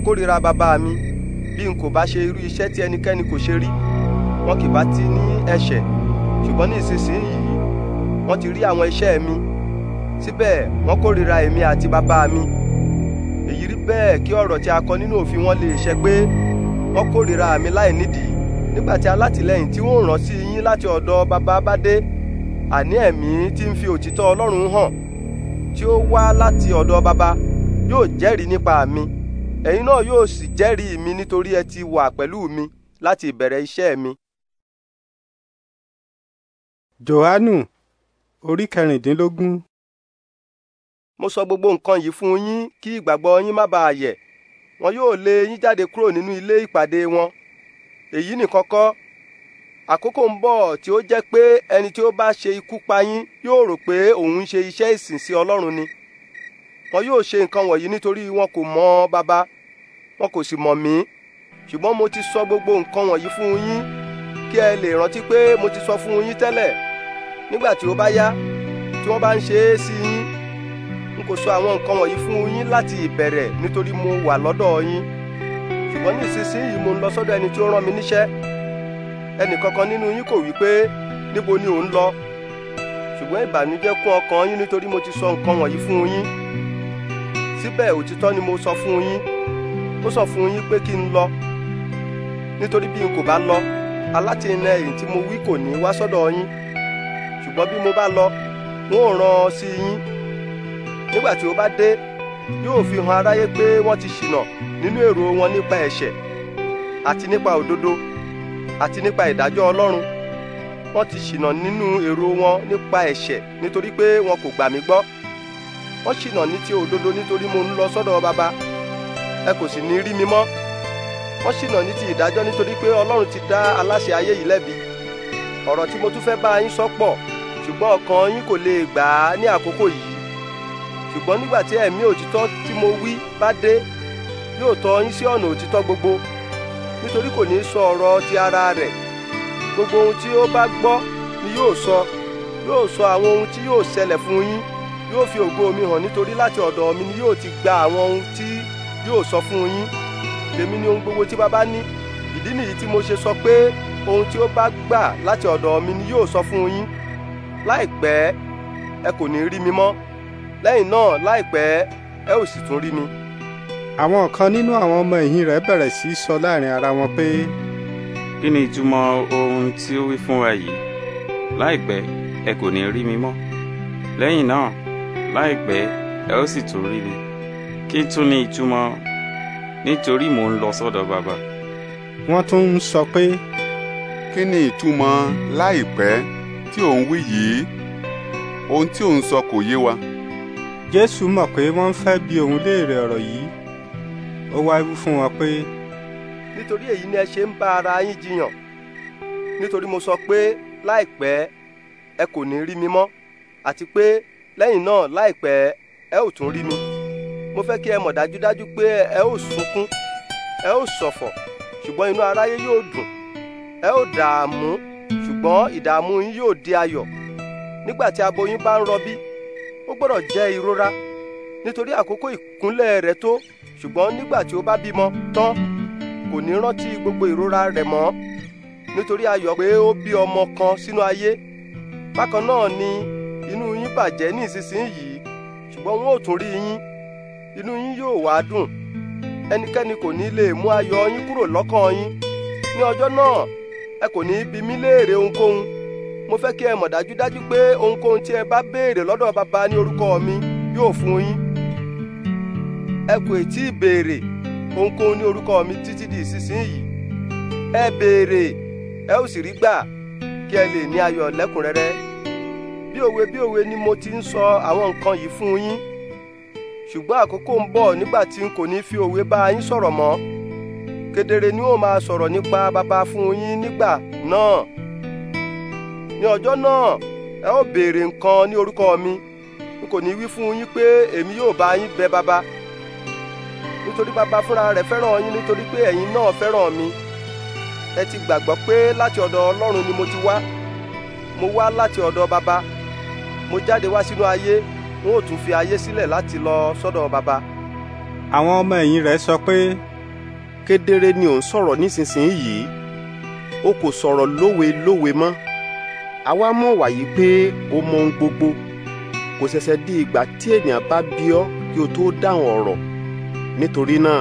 kórìíra bàbá mi bí n kò bá ṣe irú iṣẹ́ tí ẹnikẹ́ni kò ṣe rí wọn kì bá ti ní ẹ̀ṣẹ̀ ṣùgbọ́n ní ìsinsìnyí wọ́n ti rí àwọn iṣẹ́ mi síbẹ̀ wọ́n kórìíra èmi àti bàbá mi èyí rí bẹ́ẹ̀ kí ọ̀rọ̀ tí a kọ nínú òfin wọn lè ṣẹ pé wọ́n kórìíra mi láì nídìí nígbà tí alátìlẹ́yìn tí wọ́n rán sí yín láti ọ̀dọ̀ bàbá bá dé àní ẹ̀mí tí ń fi òtítọ́ ọlọ́run hàn tí ó wá láti ọ̀dọ̀ bàbá yóò jẹ́rìí nípa mi ẹ̀yin náà yóò sì jẹ́rìí mi nítorí ẹ ti wà pẹ̀lú mi láti ìbẹ̀rẹ̀ iṣẹ́ mi. Jòhánù orí kẹrìndínlógún. mo sọ gbogbo nǹkan yìí fún yín kí ìgbàgbọ́ yín má bàa yẹ̀ wọn yóò lé yín jáde kúrò nínú ilé ìpàdé wọn èyí nìkan kọ́ àkókò ń bọ̀ tí ó jẹ́ pé ẹni tí ó bá ṣe ikú pa yín yóò rò pé òun ṣe iṣẹ́ ìsìn sí Ọlọ́run ni wọn yóò ṣe nǹkan wọ̀nyí nítorí wọn kò mọ bàbá wọn kò sì mọ̀ mí ṣùgbọ́n mo ti sọ gbogbo nǹkan wọ̀nyí fún yín kí ẹ lè rántí pé mo ti sọ fún yín tẹ́lẹ̀ nígbà tí ó bá yá tí wọ́n bá ń ṣe é sí yín n kò sọ àwọn nǹkan wọ̀nyí fún yín láti ìbẹ̀rẹ̀ nítorí mo wà lọ́dọ̀ yín ṣùgbọ́n ní ìsinsìnyí mo ń lọ sọ́dọ̀ ẹni tí ó rán mi níṣẹ́ ẹnì kankan nínú yín kò wí pé níbo ni ò ń lọ ṣùgbọ́n ìbànújẹ́ kún ọkàn yín nítorí mo ti sọ nǹkan wọ̀nyí fún yín síbẹ̀ òtítọ́ ni mo sọ fún yín mo sọ fún yín pé kí n lọ nítorí bí n kò bá lọ alátìlẹ́yìn èyí tí mo wí kò ní wá sọ́dọ̀ yín ṣùgbọ́n bí mo bá lọ n ó rán an sí yín nígbà tí ó bá dé yóò fi hàn aráyé pé wọ́n ti ṣìnà nínú èrò wọn nípa ẹ̀ṣẹ̀ àti nípa òdodo àti nípa ìdájọ́ Ọlọ́run wọ́n ti ṣìnà nínú èrò wọn nípa ẹ̀ṣẹ̀ nítorí pé wọn kò gbà mí gbọ́ wọ́n ṣìnà ní ti òdodo nítorí mo ń lọ sọ́dọ̀ baba ẹ kò sì ní rí mi mọ́ wọ́n ṣìnà ní ti ìdájọ́ nítorí pé Ọlọ́run ti dá aláṣẹ ayé yìí lẹ́bi ọ̀rọ̀ tí mo tún fẹ́ bá yín sọ pọ̀ ṣùgbọ́n ọkàn yín kò lè gbà á ní ṣùgbọ́n nígbà tí ẹ̀mí òtítọ́ tí mo wí bá dé yóò tọ́ yín sí ọ̀nà òtítọ́ gbogbo nítorí kò ní sọ ọ̀rọ̀ ti ara rẹ̀ gbogbo ohun tí ó bá gbọ́ ni yóò sọ yóò sọ àwọn ohun tí yóò ṣẹlẹ̀ fún yín yóò fi ògo mi hàn nítorí láti ọ̀dọ̀ mi ni yóò ti gba àwọn ohun tí yóò sọ fún yín tèmi ni ohun gbogbo tí bàbá ní ìdí nìyí tí mo ṣe sọ pé ohun tí ó bá gbà láti ọ̀dọ̀ mi ni yóò sọ fún yín láìpẹ́ ẹ kò ní rí mi mọ́ lẹ́yìn náà láìpẹ́ ẹ ò sì tún rí mi. àwọn kan nínú àwọn ọmọ ẹ̀yìn rẹ̀ bẹ̀rẹ̀ sí í sọ láàrin ara wọn pé. kí ni ìtumọ̀ ohun tí ó wí fún wa yìí láìpẹ́ ẹ kò ní rí mi mọ́ lẹ́yìn náà láìpẹ́ ẹ ó sì tún rí mi kí tún ni ìtumọ̀ nítorí mò ń lọ sọ́dọ̀ bàbá. wọ́n tún ń sọ pé. kí ni ìtumọ̀ láìpẹ́ tí ò ń wí yìí ohun tí ò ń sọ kò yé wa jésù mọ̀ pé wọ́n ń fẹ́ bi òun léèrè ọ̀rọ̀ yìí ó wá wí fún wọn pé. nítorí èyí ni ẹ ṣe ń bá ara yín jiyàn nítorí mo sọ pé láìpẹ́ ẹ kò ní rí mi mọ́ àti pé lẹ́yìn náà láìpẹ́ ẹ ò tún rí mi mo fẹ́ kí ẹ mọ̀ dájúdájú pé ẹ ó sunkún ẹ ó ṣọ̀fọ̀ ṣùgbọ́n inú aráyé yóò dùn ẹ ó dààmú ṣùgbọ́n ìdààmú yín yóò di ayọ̀ nígbà tí aboyún bá ń rọbí ó gbọ́dọ̀ jẹ́ ìrora nítorí àkókò ìkúnlẹ̀ rẹ̀ tó ṣùgbọ́n nígbà tí ó bá bímọ tán kò ní rántí gbogbo ìrora rẹ̀ mọ́ nítorí ayọ̀ pé ó bí ọmọ kan sínú ayé bákan náà ni inú yín bàjẹ́ ní ìsinsìnyí ṣùgbọ́n wọn ò tún rí yín inú yín yóò wá dùn ẹnikẹ́ni kò ní lè mú ayọ̀ yín kúrò lọ́kàn yín ní ọjọ́ náà ẹ kò ní bi léèrè ohunkóhun mo fẹ́ kí ẹ mọ̀ dájúdájú pé ohunkóhun tí ẹ bá béèrè lọ́dọ̀ bàbá ní orúkọ mi yóò fún yín ẹ kò tí ì béèrè ohunkóhun ní orúkọ mi títí di ìsinsìnyí ẹ béèrè ẹ ó sì rí gbà kí ẹ lè ní ayọ̀ lẹ́kùnrẹ́rẹ́ bí òwe bí òwe ni mo ti ń sọ àwọn nǹkan yìí fún yín ṣùgbọ́n àkókò ń bọ̀ nígbà tí n kò ní fi òwe bá yín sọ̀rọ̀ mọ́ kedere ni ó máa sọ̀rọ̀ nípa bàbá fún yín nígbà náà. No ní ọjọ́ náà ẹ ó béèrè nǹkan ní orúkọ mi n kò ní wí fún yín pé èmi yóò bá yín bẹ̀ baba nítorí baba fúnra rẹ̀ fẹ́ràn yín nítorí pé ẹ̀yin náà fẹ́ràn mi ẹ ti gbàgbọ́ pé láti ọ̀dọ̀ ọlọ́run ni mo ti wá mo wá láti ọ̀dọ̀ baba mo jáde wá sínú ayé n ó tún fi ayé sílẹ̀ láti lọ sọ́dọ̀ baba. àwọn ọmọ ẹ̀yìn rẹ̀ sọ pé kedere ni ò ń sọ̀rọ̀ nísinsìnyí o kò sọ̀rọ̀ lówe lówe mọ́ àwa mọ̀ wàyí pé o mọ ohun gbogbo kò ṣẹ̀ṣẹ̀ di ìgbà tí ènìyàn bá bí ọ́ kí o tó dáhùn ọ̀rọ̀ nítorí náà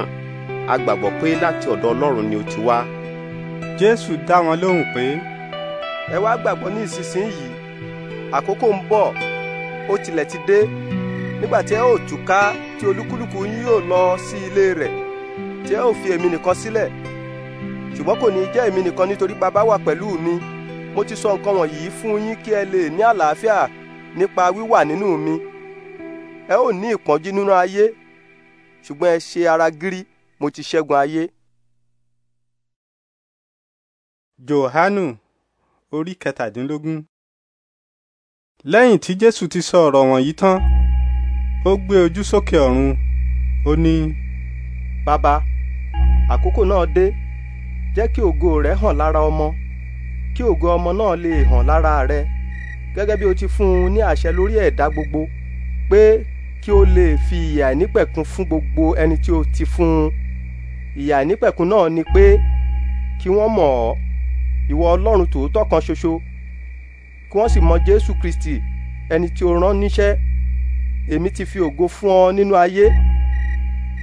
a gbàgbọ́ pé láti ọ̀dọ̀ Ọlọ́run ni o ti wá. Jésù dá wọn lóhùn pé ẹ wá gbàgbọ́ ní ìsinsìnyí àkókò ń bọ̀ ó tilẹ̀ ti dé nígbà tí ẹ ó túká tí olúkúlùkù yín yóò lọ sí ilé rẹ̀ tí ẹ ó fi èmi nìkan sílẹ̀ ṣùgbọ́n kò ní jẹ́ èmi nìkan nítorí bàbá wà pẹ̀lú mi mo ti sọ nǹkan wọ̀nyí fún yín kí ẹ lè ní àlàáfíà nípa wíwà nínú mi ẹ ò ní ìpọ́njú nínú ayé ṣùgbọ́n ẹ ṣe ara gírí mo ti ṣẹ́gun ayé. Jòhánù orí kẹtàdínlógún lẹ́yìn tí Jésù ti sọ ọ̀rọ̀ wọ̀nyí tán ó gbé ojú sókè ọ̀run ó ní. bàbá àkókò náà dé jẹ́ kí ògo rẹ̀ hàn lára ọmọ kí ògo ọmọ náà lè hàn lára rẹ gẹ́gẹ́ bí o ti fún un ní àṣẹ lórí ẹ̀dá gbogbo pé kí o lè fi ìyè àìnípẹ̀kun fún gbogbo ẹni tí o ti fún un ìyè àìnípẹ̀kun náà ni pé kí wọ́n mọ̀ ọ́ ìwọ ọlọ́run tòótọ́ kan ṣoṣo kí wọ́n sì mọ jésù kristi ẹni tí o rán níṣẹ́ èmi ti fi ògo fún ọ nínú ayé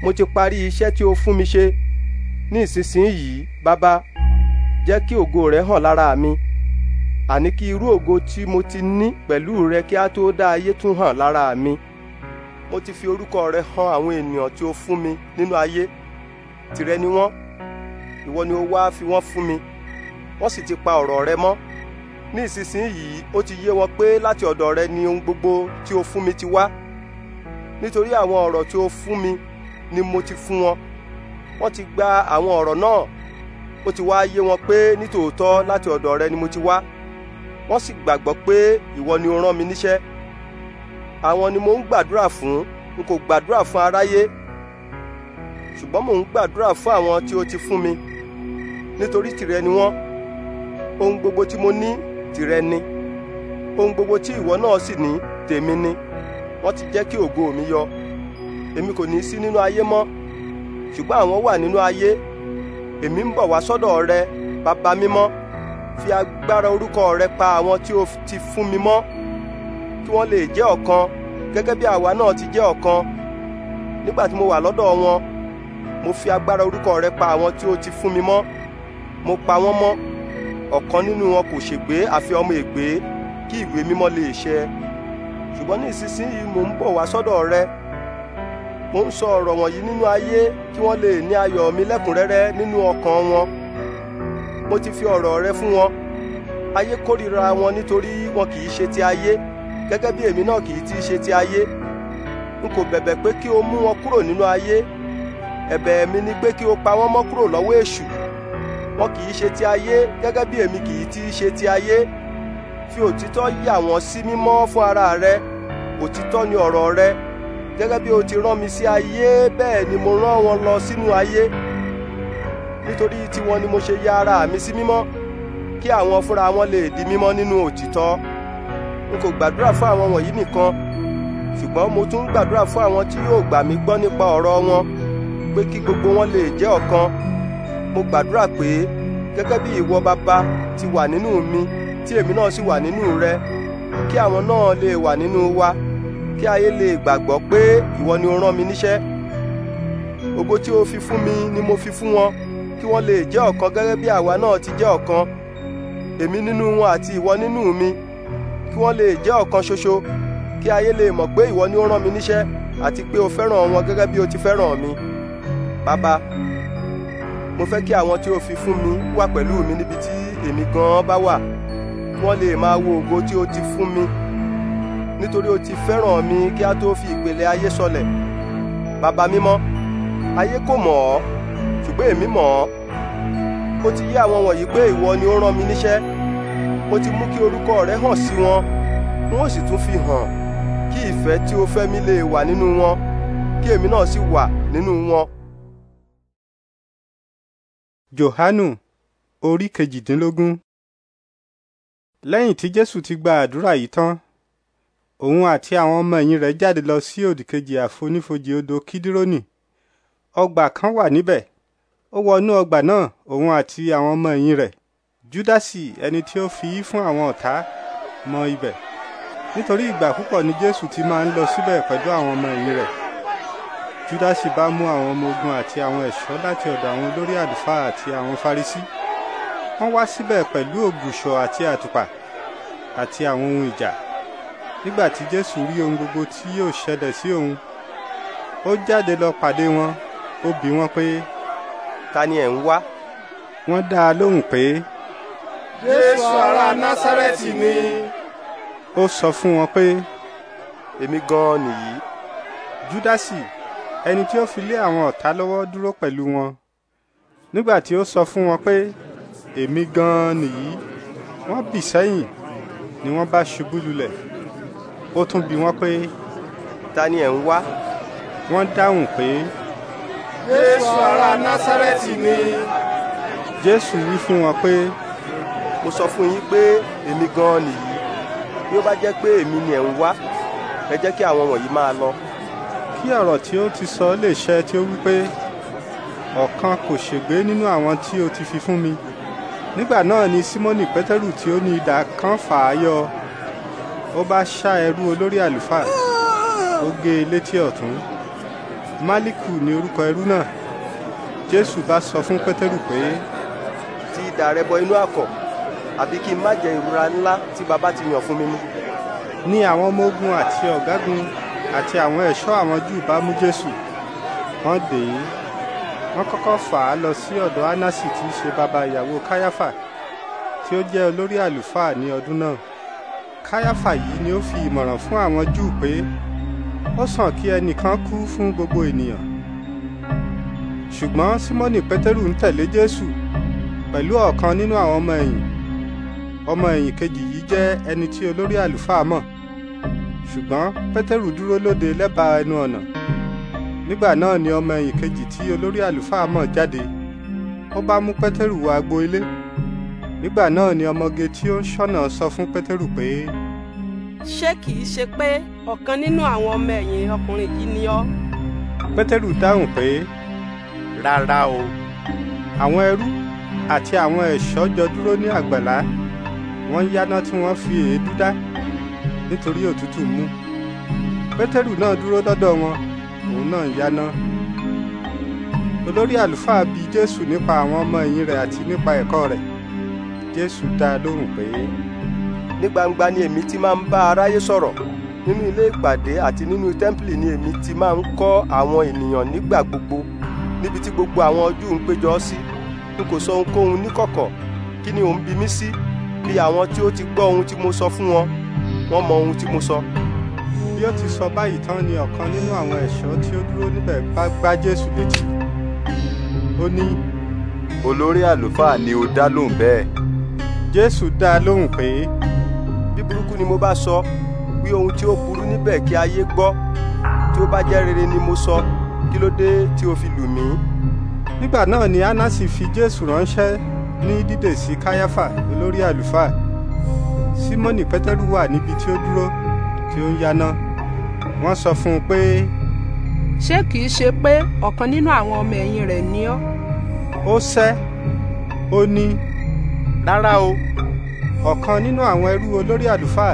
mo ti parí iṣẹ́ tí o fún mi ṣe ní ìsinsìnyí bàbá jẹ́ kí ògo rẹ hàn lára mi àní kí irú ògo tí mo ti ní pẹ̀lú rẹ kí a tó dá ayé tún hàn lára mi mo ti fi orúkọ rẹ hàn àwọn ènìyàn tí o fún mi nínú ayé tìrẹ ni wọ́n ìwọ ni o wá fi wọ́n fún mi wọ́n sì ti pa ọ̀rọ̀ rẹ mọ́ ní ìsinsìnyí ó ti yé wọn pé láti ọ̀dọ̀ rẹ ni ohun gbogbo tí o fún mi ti wá nítorí àwọn ọ̀rọ̀ tí o fún mi ni mo ti fún wọn wọ́n ti gba àwọn ọ̀rọ̀ náà ó ti wá yé wọn pé nítòótọ́ láti ọ̀dọ̀ rẹ ni mo ti wá wọ́n sì gbàgbọ́ pé ìwọ ni o rán mi níṣẹ́ àwọn ni mo ń gbàdúrà fún n kò gbàdúrà fún aráyé ṣùgbọ́n mò ń gbàdúrà fún àwọn tí o ti fún mi nítorí tìrẹ ni wọ́n ohun gbogbo tí mo ní tìrẹ ni ohun gbogbo tí ìwọ náà sì ní tèmi ni wọ́n ti jẹ́ kí ògo mi yọ èmi kò ní sí nínú ayé mọ́ ṣùgbọ́n àwọn wà nínú ayé èmi ń bọ̀ wá sọ́dọ̀ rẹ bàbá mímọ́ fi agbára orúkọ rẹ pa àwọn tí o ti fún mi mọ́ kí wọ́n lè jẹ́ ọ̀kan gẹ́gẹ́ bí àwa náà ti jẹ́ ọ̀kan nígbà tí mo wà lọ́dọ̀ wọn mo fi agbára orúkọ rẹ pa àwọn tí o ti fún mi mọ́ mo pa wọ́n mọ́ ọ̀kan nínú wọn kò ṣègbé àfi ọmọ ègbé kí ìwé mímọ́ lè ṣẹ ṣùgbọ́n ní ìsinsìnyí mo ń bọ̀ wá sọ́dọ̀ rẹ mo ń sọ ọ̀rọ̀ wọ̀nyí nínú ayé kí wọ́n lè ní ayọ̀ mi lẹ́kùnrẹ́rẹ́ nínú ọkàn wọn mo ti fi ọ̀rọ̀ rẹ fún wọn ayé kórìíra wọn nítorí wọn kì í ṣe ti ayé gẹ́gẹ́ bí èmi náà kì í ti ṣe ti ayé n kò bẹ̀bẹ̀ pé kí o mú wọn kúrò nínú ayé ẹ̀bẹ̀ mi ni pé kí o pa wọ́n mọ́ kúrò lọ́wọ́ èṣù wọn kì í ṣe ti ayé gẹ́gẹ́ bí èmi kì í ti ṣe ti ayé fi òtítọ́ yà wọ́n sí mímọ́ fún ara rẹ òtítọ́ ni ọ̀rọ̀ rẹ gẹ́gẹ́ bí o ti rán mi sí ayé bẹ́ẹ̀ ni mo rán wọn lọ sínú ayé nítorí tiwọn ni mo ṣe ya ara mi sí mímọ́ kí àwọn fúnra wọn lè di mímọ́ nínú òtítọ́ n kò gbàdúrà fún àwọn wọ̀nyí nìkan ṣùgbọ́n mo tún gbàdúrà fún àwọn tí yóò gbà mí gbọ́ nípa ọ̀rọ̀ wọn pé kí gbogbo wọn lè jẹ́ ọ̀kan mo gbàdúrà pé gẹ́gẹ́ bí ìwọ bàbá ti wà nínú mi tí èmi náà sì wà nínú rẹ kí àwọn náà lè wà nínú wa kí ayé lè gbàgbọ́ pé ìwọ ni o rán mi níṣẹ́ ògo tí o fi fún mi ni mo fi fún wọn kí wọ́n lè jẹ́ ọ̀kan gẹ́gẹ́ bí àwa náà ti jẹ́ ọ̀kan èmi nínú wọn àti ìwọ nínú mi kí wọ́n lè jẹ́ ọ̀kan ṣoṣo kí ayé lè mọ̀ pé ìwọ ni ó rán mi níṣẹ́ àti pé o fẹ́ràn wọn gẹ́gẹ́ bí o ti fẹ́ràn mi bàbá mo fẹ́ kí àwọn tí o fi fún mi wà pẹ̀lú mi níbi tí èmi gan-an bá wà kí wọ́n lè máa wo ògo tí o ti fún mi nítorí o ti fẹ́ràn mi kí a tó fi ìpele ayé sọlẹ̀ bàbá mímọ́ ayé kò mọ̀ ọ́ ṣùgbọ́n èmi mọ̀ ọ́ ó ti yé àwọn wọ̀nyí pé ìwọ ni ó rán mi níṣẹ́ ó ti mú kí orúkọ rẹ hàn sí wọn n sì tún fi hàn kí ìfẹ́ tí o fẹ́ mi lè wà nínú wọn kí èmi náà sì wà nínú wọn. Jòhánù orí kejìdínlógún lẹ́yìn tí Jésù ti gba àdúrà yìí tán òun àti àwọn ọmọ ẹ̀yìn rẹ̀ jáde lọ sí òdìkejì àfonífojì odò kídírọ́nì ọgbà kan wà níbẹ̀ ó wọnú ọgbà náà òun àti àwọn ọmọ ẹ̀yìn rẹ̀ júdásì ẹni tí ó fi í fún àwọn ọ̀tá mọ ibẹ̀ nítorí ìgbà púpọ̀ ni jésù ti máa ń lọ síbẹ̀ pẹ̀lú àwọn ọmọ ẹ̀yìn rẹ̀ júdásì bá mú àwọn ọmọ ogun àti àwọn ẹ̀ṣọ́ láti ọ̀dọ̀ àwọn olórí àlùfáà àti àwọn farisí wọ́n wá síbẹ̀ pẹ̀lú ògùṣọ̀ àti àtùpà àti àwọn ohun ìjà nígbà tí jésù rí ohun gbogbo tí yóò ṣẹlẹ̀ sí òun ó jáde lọ pàdé wọn ó bi wọn pé. ta ni ẹ̀ ń wá. wọ́n dá a lóhùn pé. jésù ará násárẹ́tì ni. ó sọ fún wọn pé. èmi gan-an nìyí. júdásì ẹni tí ó fi lé àwọn ọ̀tá lọ́wọ́ dúró pẹ̀lú wọn nígbà tí ó sọ fún wọn pé èmi gan-an nìyí wọ́n bì sẹ́yìn ni wọ́n bá ṣubú lulẹ̀ ó tún bi wọ́n pé. ta ni ẹ̀ ń wá. wọ́n dáhùn pé. jésù ará násárẹ́tì ni. jésù wí fún wọn pé. mo sọ fún yín pé èmi gan-an nìyí bí ó bá jẹ́ pé èmi ni ẹ̀ ń wá ẹ jẹ́ kí àwọn wọ̀nyí máa lọ. kí ọ̀rọ̀ tí ó ti sọ lè ṣẹ tí ó wí pé ọ̀kan kò ṣègbé nínú àwọn tí o ti fi fún mi nígbà náà ni simoni pétérù tí ó ní idà kan fà á yọ ó bá ṣá ẹrú olórí àlùfáà ó gé e létí ọ̀tún málíkù ni orúkọ ẹrú náà jésù bá sọ fún pétérù pé. ti idà rẹ bọ inú àkọ̀ àbí kí n má jẹ ìrora ńlá tí baba ti yàn fún mi mú. ní àwọn ọmọ ogun àti ọ̀gágun àti àwọn ẹ̀ṣọ́ àwọn júù bá mú jésù wọ́n dè é wọ́n kọ́kọ́ fà á lọ sí ọ̀dọ̀ anasi tí í ṣe baba ìyàwó káyáfà tí ó jẹ́ olórí àlùfáà ní ọdún náà káyáfà yìí ni ó fi ìmọ̀ràn fún àwọn júù pé ó sàn kí ẹnìkan kú fún gbogbo ènìyàn ṣùgbọ́n símọ́nì pétérù ń tẹ̀lé jésù pẹ̀lú ọ̀kan nínú àwọn ọmọ ẹ̀yìn ọmọ ẹ̀yìn kejì yìí jẹ́ ẹni tí olórí àlùfáà mọ̀ ṣùgbọ́n pétérù dúró lóde lẹ́bàá ẹnu ọ̀nà nígbà náà ni ọmọ ẹ̀yìn kejì tí olórí àlùfáà mọ̀ jáde ó bá mú pétérù wọ agbo ilé nígbà náà ni ọmọge tí ó ń ṣọ́nà sọ fún pétérù pé. ṣé kìí ṣe pé ọ̀kan nínú àwọn ọmọ ẹ̀yìn ọkùnrin yìí ni ọ́. pétérù dáhùn pé rárá o àwọn ẹrú àti àwọn ẹ̀ṣọ́ jọ dúró ní àgbàlá wọ́n yáná tí wọ́n fi èédú dá nítorí òtútù mú pétérù náà dúró dọ́dọ̀ wọn òun náà yáná olórí àlùfáà bi jésù nípa àwọn ọmọ ẹ̀yìn rẹ̀ àti nípa ẹ̀kọ́ rẹ̀ jésù dá a lóhùn pé. ní gbangba ni èmi ti máa ń bá aráyé sọ̀rọ̀ nínú ilé ìpàdé àti nínú tẹ́ḿpìlì ni èmi ti máa ń kọ́ àwọn ènìyàn nígbà gbogbo níbi tí gbogbo àwọn Júù ń péjọ sí n kò sọ ohunkóhun níkọ̀kọ̀ kí ni òun bi mí sí bí àwọn tí ó ti gbọ́ ohun tí mo sọ fún wọn wọ́n mọ ohun tí mo sọ. bí ó ti sọ báyìí tán ni ọ̀kan nínú àwọn ẹ̀ṣọ́ tí ó dúró níbẹ̀ bá gbá Jésù létí ó ní. olórí àlùfáà ni ó dá lóhùn bẹ́ẹ̀ jésù dá a lóhùn pé. bí burúkú ni mo bá sọ wí ohun tí ó burú níbẹ̀ kí ayé gbọ́ tí ó bá jẹ́ rere ni mo sọ kí ló dé tí o fi lù mí. nígbà náà ni anasi fi jésù ránṣẹ́ ní dídè sí káyáfà olórí àlùfáà símọ́nì pétérù wà níbi tí ó dúró tí ó ń yaná wọ́n sọ fún un pé. ṣé kìí ṣe pé ọ̀kan nínú àwọn ọmọ ẹ̀yìn rẹ̀ ni ọ́. ó sẹ́ ó ní rárá o ọ̀kan nínú àwọn ẹrú olórí àlùfáà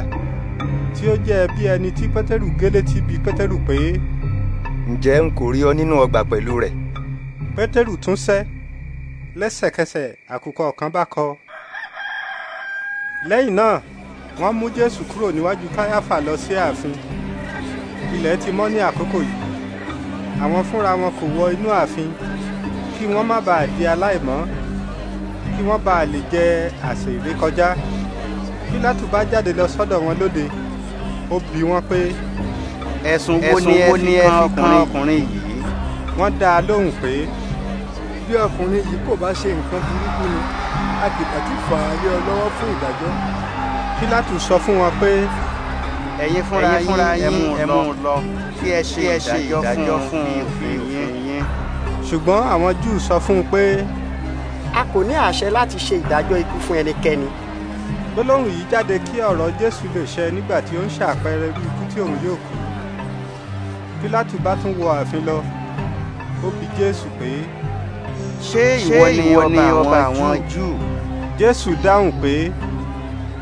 tí ó jẹ́ bí ẹni tí pétérù gélé ti bi pétérù pé. ǹjẹ́ n kò rí ọ nínú ọgbà pẹ̀lú rẹ̀. pétérù tún sẹ́ lẹ́sẹ̀kẹsẹ̀ àkùkọ kan bá kọ. lẹ́yìn náà wọ́n mú jésù kúrò níwájú káyáfà lọ sí ààfin ilẹ̀ ti mọ́ ní àkókò yìí àwọn fúnra wọn kò wọ inú ààfin kí wọ́n má bàa di aláìmọ́ kí wọ́n bàa lè jẹ àsè ìrékọjá pílátù bá jáde lọ sọ́dọ̀ wọn lóde ó bi wọ́n pé. ẹ̀sùn wo ni ẹ fi kan ọkùnrin yìí. wọ́n dá a lóhùn pé. bí ọkùnrin yìí kò bá ṣe nǹkan burúkú ni a kì bá ti fà á yọ lọ́wọ́ fún ìdájọ́. pílátù sọ fún wọn pé. ẹ̀yin fúnra yín ẹ mú un lọ kí ẹ ṣe ìdájọ́ fún un fi òfin yín. ṣùgbọ́n àwọn júù sọ fún un pé a kò ní àṣẹ láti ṣe ìdájọ́ ikú fún ẹnikẹ́ni. gbólóhùn yìí jáde kí ọ̀rọ̀ jésù lè ṣẹ nígbà tí ó ń ṣàpẹẹrẹ bí ikú tí òun yóò kú. pílátù bá tún wọ ààfin lọ ó bi jésù pé. ṣé ìwọ ni ọba àwọn júù. jésù dáhùn pé.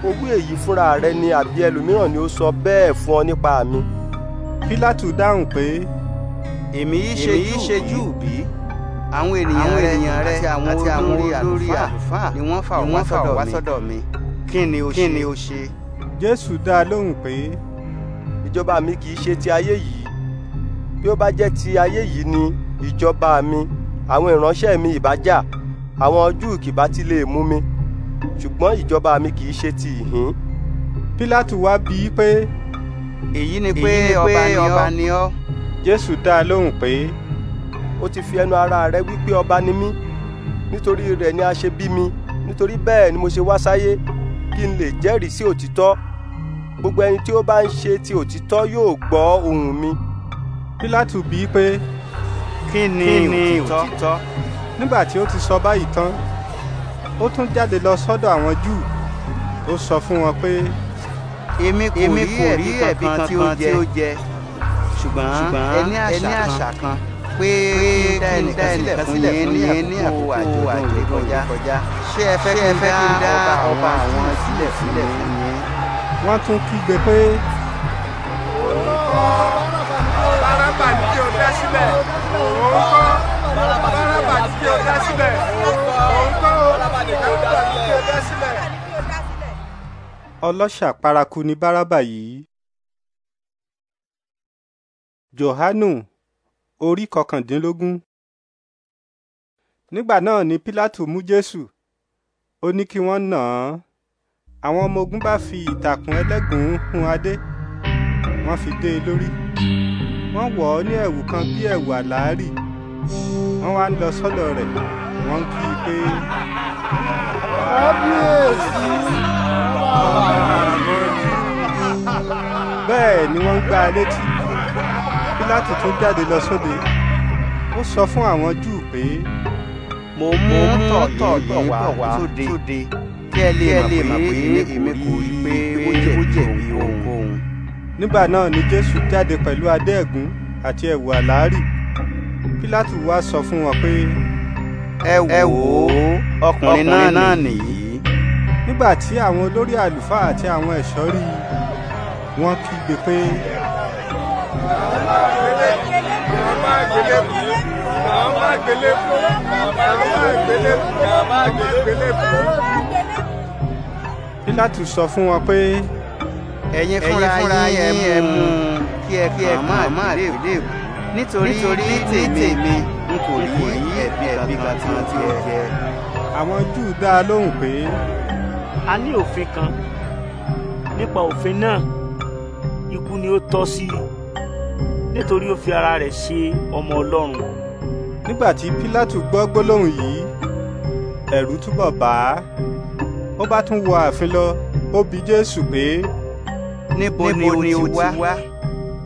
owó èyí fúnra rẹ ni àbí ẹlòmíràn ni ó sọ bẹ́ẹ̀ fún ọ nípa mi. pílátù dáhùn pé. èmi yìí ṣe júù bí àwọn ènìyàn rẹ àti àwọn olórí àlùfáà ni wọ́n fà ọ́ wá sọ́dọ̀ mi kí ni o ṣe. jésù dá a lóhùn pé ìjọba mi kì í ṣe ti ayé yìí bí ó bá jẹ́ ti ayé yìí ni ìjọba mi àwọn ìránṣẹ́ mi ìbá jà àwọn Júù kì bá ti lè mú mi ṣùgbọ́n ìjọba mi kì í ṣe ti ìhín. Pílátù wá bí pé. èyí ni pé ọba ni ọ́. Jésù dá a lóhùn pé ó ti fi ẹnu ara rẹ̀ wípé ọba ni mí nítorí rẹ̀ ni a ṣe bí mi nítorí bẹ́ẹ̀ ni mo ṣe wá sáyé kí n lè jẹ́rìí sí òtítọ́ gbogbo ẹni tí ó bá ń ṣe ti òtítọ́ yóò gbọ́ ohùn mi. pílátù bíi pé kí ni òtítọ́ nígbà tí ó ti sọ báyìí tán ó tún jáde lọ sọ́dọ̀ àwọn júù ó sọ fún wọn pé. èmi kò rí ẹ̀bi kankan tí ó jẹ ṣùgbọ́n ẹni àṣà kan pé dẹ́nìkan sílẹ̀ fún yín ní àkókò àjò kọjá ṣé ẹ fẹ́ kí n dá ọba àwọn sílẹ̀ sílẹ̀ fún yín. wọ́n tún kígbe pé. orúkọ bárábà ni kí o dá sílẹ̀ orúkọ bárábà ni kí o dá sílẹ̀ orúkọ bárábà ni kí o dá sílẹ̀. ọlọ́ṣà paraku ni bárábà yìí. Jòhánù orí kọkàndínlógún. nígbà náà ni pílátù mú jésù ó ní kí wọ́n nà án àwọn ọmọ ogun bá fi ìtàkùn ẹlẹ́gùn hun adé wọ́n fi dé e lórí wọ́n wọ̀ ọ́ ní ẹ̀wù kan bí ẹ̀wù àlàárì wọ́n wá ń lọ sọ́dọ̀ rẹ̀ wọ́n ń kí i pé. bẹ́ẹ̀ ni wọ́n ń gbá létí. Pílátì tún jáde lọ sóde ó sọ fún àwọn Júù pé. mo mú tọ̀tọ̀ yìí bọ̀ wá sóde kí ẹ lè mọ̀ pé èmi kò rí pé ó jẹ̀bi ohunkóhun. nígbà náà ni Jésù jáde pẹ̀lú adé ẹ̀gún àti ẹ̀wù àlárì Pílátì wá sọ fún wọn pé. ẹ wò ó ọkùnrin náà nìyí nígbà tí àwọn olórí àlùfáà àti àwọn ẹ̀ṣọ́ rí i wọ́n kígbe pé. àgbélébù bàbá àgbélébù bàbá àgbélébù. Pílátù sọ fún wọn pé ẹ̀yin fúnra yín ẹ mú kí ẹ kàn má àgbélébù nítorí ní tèmi n kò rí ẹ̀bi kankan tí ẹ jẹ. àwọn Júù dá a lóhùn pé. a ní òfin kan nípa òfin náà ikú ni ó tọ́ sí nítorí ó fi ara rẹ̀ ṣe ọmọ Ọlọ́run nígbà tí pílátù gbọ́ gbólóhùn yìí ẹ̀rù túbọ̀ bà á ó bá tún wọ ààfin lọ ó bi jésù pé níbo ni o ti wá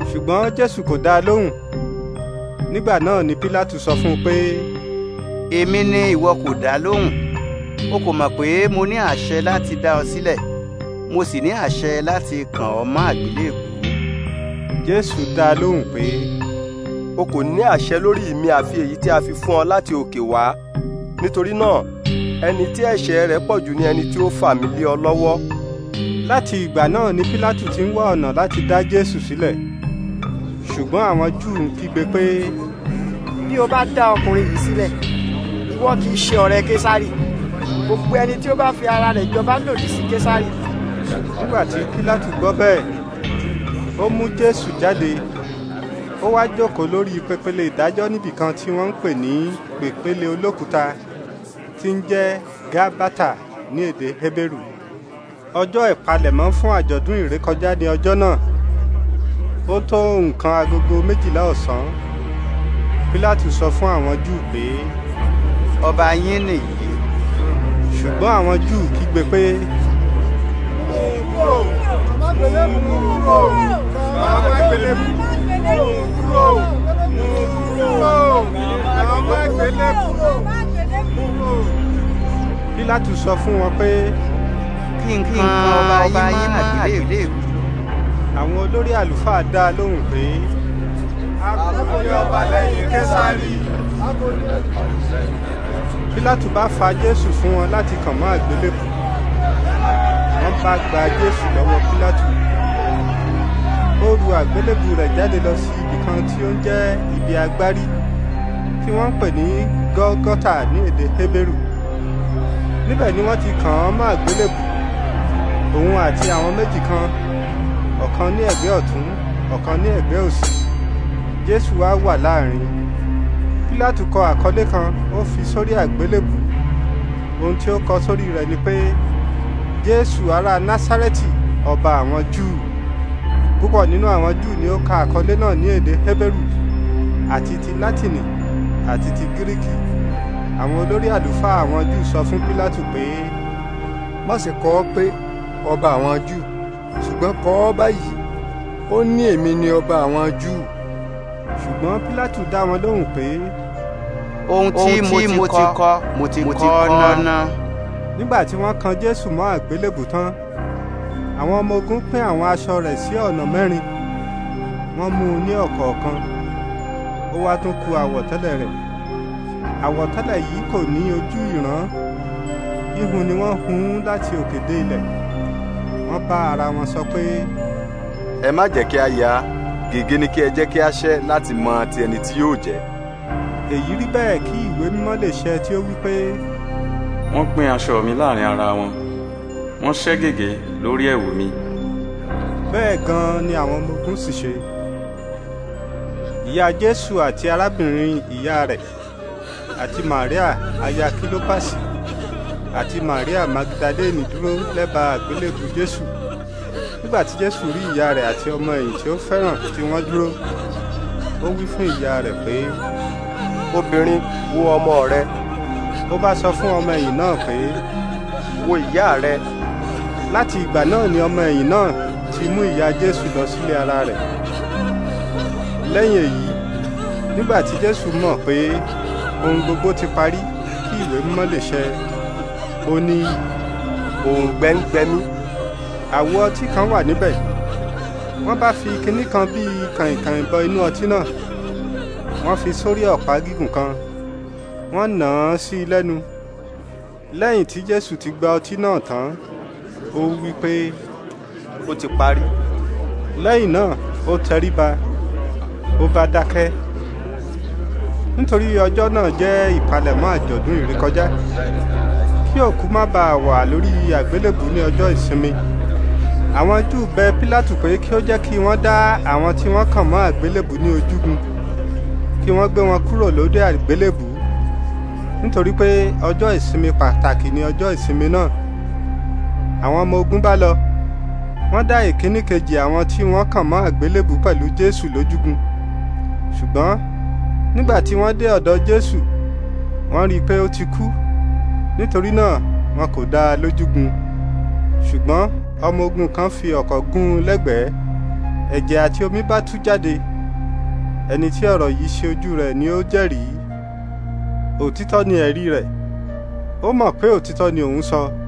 ṣùgbọ́n jésù kò dá a lóhùn nígbà náà ni pílátù sọ fún un pé. èmi ni ìwọ kò dá lóhùn o kò mọ̀ pé mo ní àṣẹ láti dá ọ sílẹ̀ mo sì ní àṣẹ láti kàn ọ́ mọ́ àgbélébùú. jésù dá a lóhùn pé o kò ní àṣẹ lórí mi àfi èyí tí a fi fún ọ láti òkè wá nítorí náà ẹni tí ẹ̀ṣẹ̀ rẹ̀ pọ̀ jù ni ẹni tí ó fà mí lé ọ lọ́wọ́. láti ìgbà náà ni pílátù ti ń wá ọ̀nà láti dá jésù sílẹ̀ ṣùgbọ́n àwọn júù ń kígbe pé. bí o bá dá ọkùnrin yìí sílẹ̀ ìwọ kì í ṣe ọ̀rẹ́ késárì gbogbo ẹni tí ó bá fi ara rẹ̀ jọba lòdì sí késárì. nígbà tí pílátù gbọ́ bẹ́ẹ̀ ó mú jésù jáde ó wá jókòó lórí pépélé ìdájọ́ níbì kan tí wọ́n ń pè ní pépélé olókùúta tí ń jẹ́ gábátà ní èdè hébérù ọjọ́ ìpalẹ̀mọ́ fún àjọ̀dún ìrékọjá ní ọjọ́ náà ó tó nǹkan agogo méjìlá ọ̀sán pílátù sọ fún àwọn júù pé ọba yín nìyí ṣùgbọ́n àwọn júù kígbe pé màmá ìgbélébù mú kúrò mú kúrò màmá ìgbélébù mú kúrò. Pílátù sọ fún wọn pé kí nǹkan ọba yín má àgbélébù. àwọn olórí àlùfáà dá a lóhùn pé. akọ̀wé ọba lẹ́yìn késàrí. Pílátù bá fa Jésù fún wọn láti kàn mọ́ àgbélébù. wọ́n bá gba Jésù lọ́wọ́ Pílátù ó ru àgbélébù rẹ̀ jáde lọ sí ibi kan tí ó ń jẹ́ ibi agbárí tí wọ́n ń pè ní gọ́gọ́tà ní èdè hébérù níbẹ̀ ni wọ́n ti kàn án mọ́ àgbélébù òun àti àwọn méjì kan ọ̀kan ní ẹ̀gbẹ́ ọ̀tún ọ̀kan ní ẹ̀gbẹ́ òsì jésù wá wà láàrin pílátù kọ àkọlé kan ó fi sórí àgbélébù ohun tí ó kọ sórí rẹ̀ ni pé jésù ará násárẹ́tì ọba àwọn júù púpọ̀ nínú àwọn júù ni ó ka àkọlé náà ní èdè Hébérù àti ti Látìnì àti ti Gíríkì àwọn olórí àlùfáà àwọn júù sọ fún Pílátù pé. má ṣe kọ pé ọba àwọn júù ṣùgbọ́n kọ ọ́ báyìí ó ní èmi ni ọba àwọn júù. ṣùgbọ́n Pílátù dá wọn lóhùn pé. ohun tí mo ti kọ mo ti kọ náà. nígbà tí wọ́n kan Jésù mọ́ àgbélébù àwọn ọmọ ogun pín àwọn aṣọ rẹ̀ sí ọ̀nà mẹ́rin wọ́n mú un ní ọ̀kọ̀ọ̀kan ó wá tún ku àwọ̀tẹ́lẹ̀ rẹ̀ àwọ̀tẹ́lẹ̀ yìí kò ní ojú ìran híhun ni wọ́n hun láti òkè dé ilẹ̀ wọ́n bá ara wọn sọ pé. ẹ má jẹ́ kí a ya gègé ni kí ẹ jẹ́ kí a ṣẹ́ láti mọ ti ẹni tí yóò jẹ́. èyí rí bẹ́ẹ̀ kí ìwé mímọ́ lè ṣẹ tí ó wí pé. wọ́n pín aṣọ mi láàrin ara wọn wọ́n ṣẹ́ gègé lórí ẹ̀wù mi. bẹ́ẹ̀ gan-an ni àwọn ọmọ ogun sì ṣe ìyá jésù àti arábìnrin ìyá rẹ̀ àti maria aya kílópàsì àti maria magdalene dúró lẹ́bàá àgbélébù jésù nígbà tí jésù rí ìyá rẹ̀ àti ọmọ ẹ̀yìn tí ó fẹ́ràn tí wọ́n dúró ó wí fún ìyá rẹ̀ pé obìnrin wo ọmọ rẹ ó bá sọ fún ọmọ ẹ̀yìn náà pé wo ìyá rẹ láti ìgbà náà ni ọmọ ẹ̀yìn náà ti mú ìyá jésù lọ sílé ara rẹ̀ lẹ́yìn èyí nígbà tí jésù mọ̀ pé ohun gbogbo ti parí kí ìwé mímọ́ lè ṣẹ ó ní òun gbẹ́ngbẹ́mí àwo ọtí kan wà níbẹ̀ wọ́n bá fi kinní kan bíi kàìnkàìn bọ inú ọtí náà wọ́n fi sórí ọ̀pá gígùn kan wọ́n nà án sí i lẹ́nu lẹ́yìn tí jésù ti gba ọtí náà tán ó wí pé ó ti parí lẹ́yìn náà ó tẹríba ó bá dákẹ́ nítorí ọjọ́ náà jẹ́ ìpalẹ̀mọ́ àjọ̀dún ìrékọjá kí òkú má bàa wà lórí àgbélébù ní ọjọ́ ìsinmi àwọn Júù bẹ Pílátù pé kí ó jẹ́ kí wọ́n dá àwọn tí wọ́n kàn mọ́ àgbélébù ní ojúgun kí wọ́n gbé wọn kúrò lóde àgbélébù nítorí pé ọjọ́ ìsinmi pàtàkì ni ọjọ́ ìsinmi náà àwọn ọmọ ogun bá lọ wọ́n dá ìkíní kejì àwọn tí wọ́n kàn mọ́ àgbélébù pẹ̀lú jésù lójúgun ṣùgbọ́n nígbà tí wọ́n dé ọ̀dọ̀ jésù wọ́n rí i pé ó ti kú nítorí náà wọn kò dá a lójúgun ṣùgbọ́n ọmọ ogun kan fi ọ̀kọ̀ gún un lẹ́gbẹ̀ẹ́ ẹ̀jẹ̀ àti omi bá tú jáde ẹni tí ọ̀rọ̀ yìí ṣe ojú rẹ̀ ni ó jẹ́rìí òtítọ́ ni ẹ̀rí rẹ̀ ó mọ̀ pé òtítọ́ ni òun sọ. So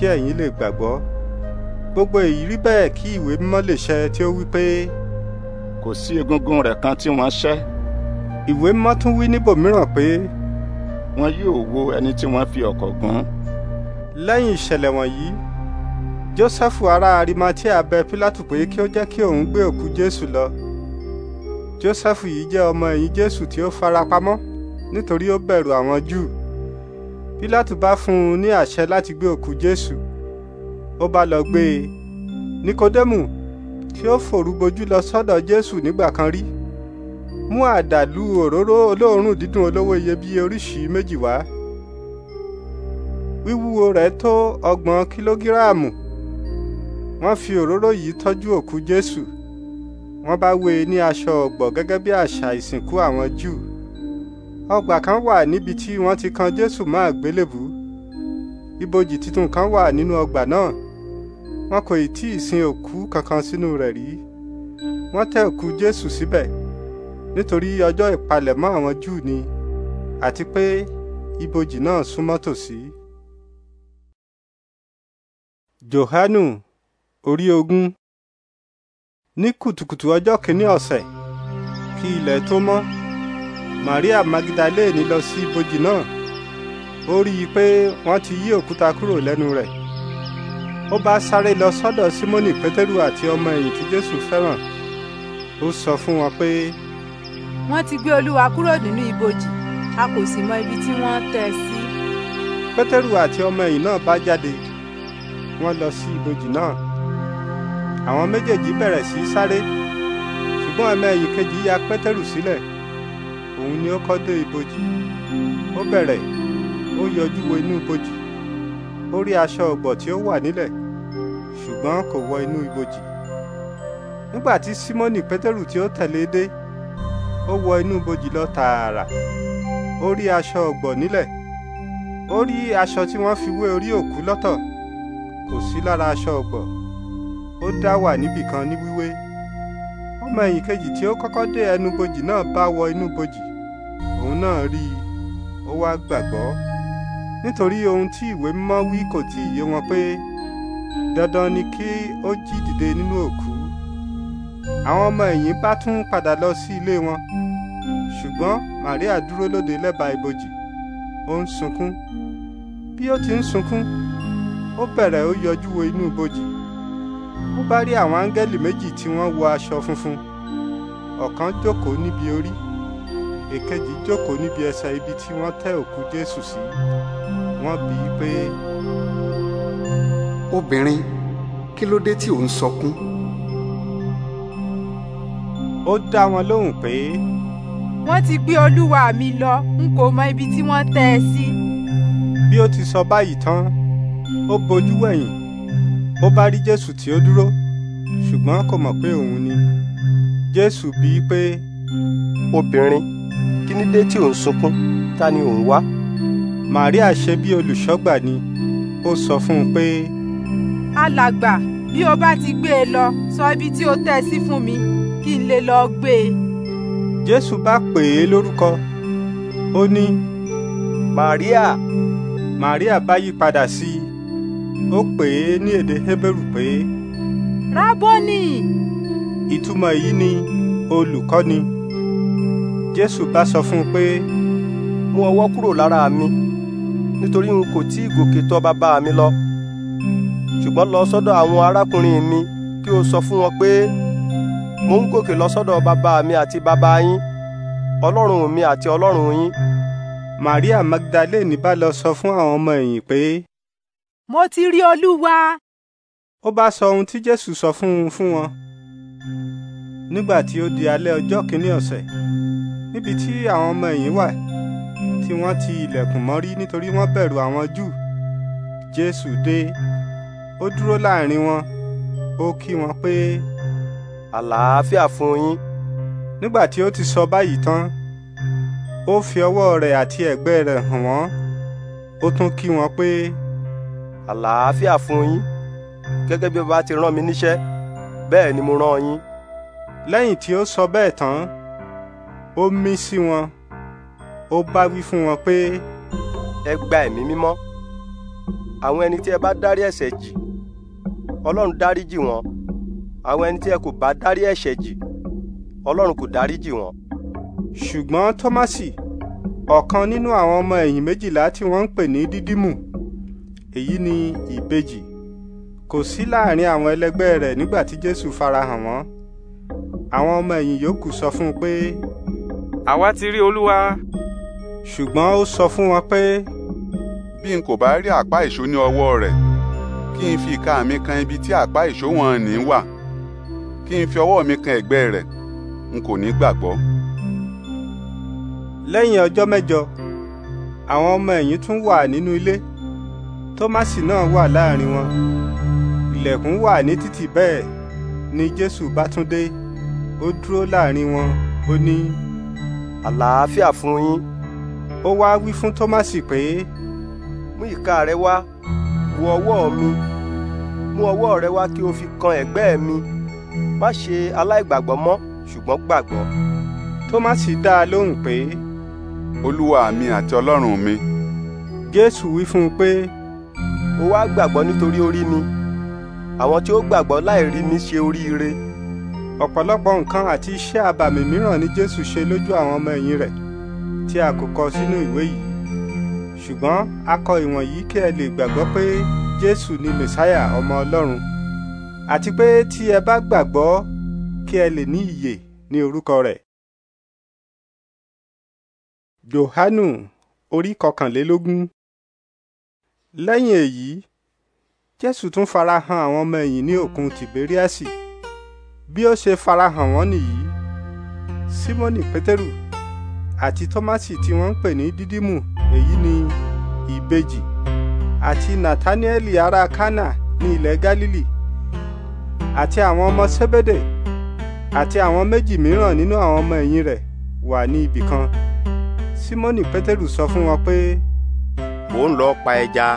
kí ẹ̀yin lè gbàgbọ́ gbogbo èyí rí bẹ́ẹ̀ kí ìwé mímọ́ lè ṣẹ tí ó wí pé. kò sí egungun rẹ̀ kan tí wọ́n ṣẹ́. ìwé mímọ́ tún wí níbòmíràn pé. wọn yóò wo ẹni tí wọ́n fi ọ̀kọ̀ gún. lẹ́yìn ìṣẹ̀lẹ̀ wọ̀nyí Jósẹ́fù ará Arimatia bẹ Pílátù pé kí ó jẹ́ kí òun gbé òkú Jésù lọ Jósẹ́fù yìí jẹ́ ọmọ ẹ̀yìn Jésù tí ó farapamọ́ nítorí ó bẹ̀rù àwọn Júù pílátù bá fún un ní àṣẹ láti gbé òkú jésù ó bá lọ gbé e nikodemu tí ó fòrúgbojú lọ sọ́dọ̀ jésù nígbà kan rí mú àdàlú òróró olóòórùn dídùn olówó iyebíye oríṣìí méjì wá wíwúwo rẹ̀ tó ọgbọ̀n kìlógíráàmù wọ́n fi òróró yìí tọ́jú òkú jésù wọ́n bá wé e ní aṣọ ọ̀gbọ̀ gẹ́gẹ́ bí àṣà ìsìnkú àwọn júù ọgbà kan wà níbi tí wọ́n ti kan Jésù mọ́ àgbélébù ibojì titun kan wà nínú ọgbà náà wọn kò ì tí ì sin òkú kankan sínú rẹ̀ rí wọ́n tẹ́ òkú Jésù síbẹ̀ nítorí ọjọ́ ìpalẹ̀mọ́ àwọn Júù ni àti pé ibojì náà súnmọ́ tòsí. Jòhánù orí ogún ní kùtùkùtù ọjọ́ kìíní ọ̀sẹ̀ kí ilẹ̀ tó mọ́ maria magdalene lọ sí ibojì náà ó rí i pé wọ́n ti yí òkúta kúrò lẹ́nu rẹ̀ ó bá sáré lọ sọ́dọ̀ simoni pétérù àti ọmọ ẹ̀yìn tí jésù fẹ́ràn ó sọ fún wọn pé. wọ́n ti gbé olúwa kúrò nínú ibojì a kò sì mọ ibi tí wọ́n tẹ́ ẹ sí. pétérù àti ọmọ ẹ̀yìn náà bá jáde wọ́n lọ sí ibojì náà àwọn méjèèjì bẹ̀rẹ̀ sí sáré ṣùgbọ́n ọmọ ẹ̀yìn kejì ya pétérù sílẹ̀. Si òun ni ó kọ́ dé ibojì ó bẹ̀rẹ̀ ó yọjú wo inú ibojì ó rí aṣọ ọ̀gbọ̀ tí ó wà nílẹ̀ ṣùgbọ́n kò wọ inú ibojì nígbà tí símọ́nì pétérù tí ó tẹ̀lé e dé ó wọ inú ibojì lọ tààrà ó rí aṣọ ọ̀gbọ̀ nílẹ̀ ó rí aṣọ tí wọ́n fi wé orí òkú lọ́tọ̀ kò sí lára aṣọ ọ̀gbọ̀ ó dá wà níbìkan ní wíwé ọmọ ẹ̀yìn kejì tí ó kọ́kọ́ dé ẹnu bojì náà bá wọ inú bojì òun náà rí i ó wá gbàgbọ́ nítorí ohun tí ìwé mímọ́ wí kò tí ì yé wọn pé dandan ni kí ó jí dìde nínú òkú àwọn ọmọ ẹ̀yìn bá tún padà lọ sí ilé wọn ṣùgbọ́n Màríà dúró lóde lẹ́bàá ibojì ó ń sunkún bí ó ti ń sunkún ó bẹ̀rẹ̀ ó yọjú wo inú ibojì ó bá rí àwọn áńgẹ́lì méjì tí wọ́n wọ aṣọ funfun ọ̀kan jókòó níbi orí èkejì jókòó níbi ẹsẹ̀ ibi tí wọ́n tẹ́ òkú Jésù sí wọ́n bi í pé. obìnrin kí ló dé tí ò ń sọkún. ó dá wọn lóhùn pé. wọ́n ti gbé olúwa mi lọ n kò mọ ibi tí wọ́n tẹ́ ẹ sí. bí ó ti sọ báyìí tán ó bojú wẹ̀yìn ó bá rí Jésù tí ó dúró ṣùgbọ́n kò mọ̀ pé òun ni Jésù bi í pé. obìnrin kíní dé tí ò ń sunkún ta ni ò ń wá. Màríà ṣe bí olùṣọ́gbà ni ó sọ fún un pé. alàgbà bí o bá ti gbé e lọ sọ ibi tí o tẹ́ ẹ sí fún mi kí n lè lọ gbé e. Jésù bá pè é lórúkọ ó ní. Màríà. Màríà bá yí padà sí i ó pè é ní èdè Hébérù pé. Rábọ́nì. ìtumọ̀ èyí ni olùkọ́ni jésù bá sọ fún un pé mú ọwọ́ kúrò lára mi nítorí n kò tí gòkè tọ̀ bàbá mi lọ ṣùgbọ́n lọ sọ́dọ̀ àwọn arákùnrin mi kí o sọ fún wọn pé mo ń gòkè lọ sọ́dọ̀ bàbá mi àti bàbá yín ọlọ́run mi àti ọlọ́run yín. maria magdalene bá lọ sọ fún àwọn ọmọ ẹ̀yìn pé. mo ti rí olúwa. ó bá sọ ohun tí jésù sọ fún un fún wọn. nígbà tí ó di alẹ́ ọjọ́ kìíní ọ̀sẹ̀ níbi tí àwọn ọmọ ẹ̀yìn wà tí wọ́n ti ilẹ̀kùn mọ́rí nítorí wọ́n bẹ̀rù àwọn júù jésù dé ó dúró láàrin wọn ó kí wọn pé àlàáfíà fún yín nígbà tí ó ti sọ báyìí tán ó fi ọwọ́ rẹ̀ àti ẹ̀gbẹ́ rẹ̀ hàn wọ́n ó tún kí wọn pé àlàáfíà fún yín gẹ́gẹ́ bí baba ti rán mi níṣẹ́ bẹ́ẹ̀ ni mo rán yín. lẹ́yìn tí ó sọ bẹ́ẹ̀ tán ó mí sí wọn ó bá wí fún wọn pé. ẹ gba ẹ̀mí mímọ́ àwọn ẹni tí ẹ bá dárí ẹ̀ṣẹ̀ jì ọlọ́run dáríjì wọn àwọn ẹni tí ẹ kò bá dárí ẹ̀ṣẹ̀ jì ọlọ́run kò dáríjì wọn. ṣùgbọ́n tọ́másì ọ̀kan nínú àwọn ọmọ ẹ̀yìn méjìlá tí wọ́n ń pè ní dídímù èyí ni ìbejì kò sí láàrin àwọn ẹlẹgbẹ́ rẹ̀ nígbà tí jésù farahàn wọ́n àwọn ọmọ ẹ̀yìn yòókù sọ fún un pé àwa ti rí olúwa. ṣùgbọ́n ó sọ fún wọn pé. bí n kò bá rí àpá ìṣó ní ọwọ́ rẹ̀ kí n fi ìka mi kan ibi tí àpá ìṣó wọn ní wà kí n fi ọwọ́ mi kan ẹ̀gbẹ́ rẹ̀ n kò ní gbàgbọ́. lẹ́yìn ọjọ́ mẹ́jọ àwọn ọmọ ẹ̀yìn tún wà nínú ilé tómásì náà wà láàrin wọn ilẹ̀kùn wà ní títì bẹ́ẹ̀ ni jésù bá tún dé ó dúró láàrin wọn ó ní àlàáfíà fún yín ó wá wí fún tọ́másì pé mú ìka rẹ wá wo ọwọ́ mi mú ọwọ́ rẹ wá kí o fi kan ẹ̀gbẹ́ mi má ṣe aláìgbàgbọ́ mọ́ ṣùgbọ́n gbàgbọ́ tọ́másì dá a lóhùn pé. olúwa mi àti ọlọ́run mi. jésù wí fún un pé o wá gbàgbọ́ nítorí o rí mi àwọn tí ó gbàgbọ́ láì rí mi ṣe oríire ọ̀pọ̀lọpọ̀ nǹkan àti iṣẹ́ abàmì mìíràn ni Jésù ṣe lójú àwọn ọmọ ẹ̀yìn rẹ̀ tí a kò kọ sínú ìwé yìí ṣùgbọ́n a kọ ìwọ̀nyí kí ẹ lè gbàgbọ́ pé Jésù ni Mèsáyà ọmọ Ọlọ́run àti pé tí ẹ bá gbàgbọ́ kí ẹ lè ní ìyè ní orúkọ rẹ̀. Jòhánù orí kọkànlélógún lẹ́yìn èyí Jésù tún farahàn àwọn ọmọ ẹ̀yìn ní òkun Tìbéríàsì. Si bí ó ṣe farahàn wọ́n nìyí símọ́nì pétérù àti tọ́másì tí wọ́n ń pè ní dídímù èyí ni ìbejì àti nàtániẹ́lì ará kánà ní ilẹ̀ gálílì àti àwọn ọmọ sébédè àti àwọn méjì mìíràn nínú àwọn ọmọ ẹ̀yìn rẹ̀ wà ní ibì kan símọ́nì pétérù sọ fún wọn pé. mò ń lọ pa ẹja.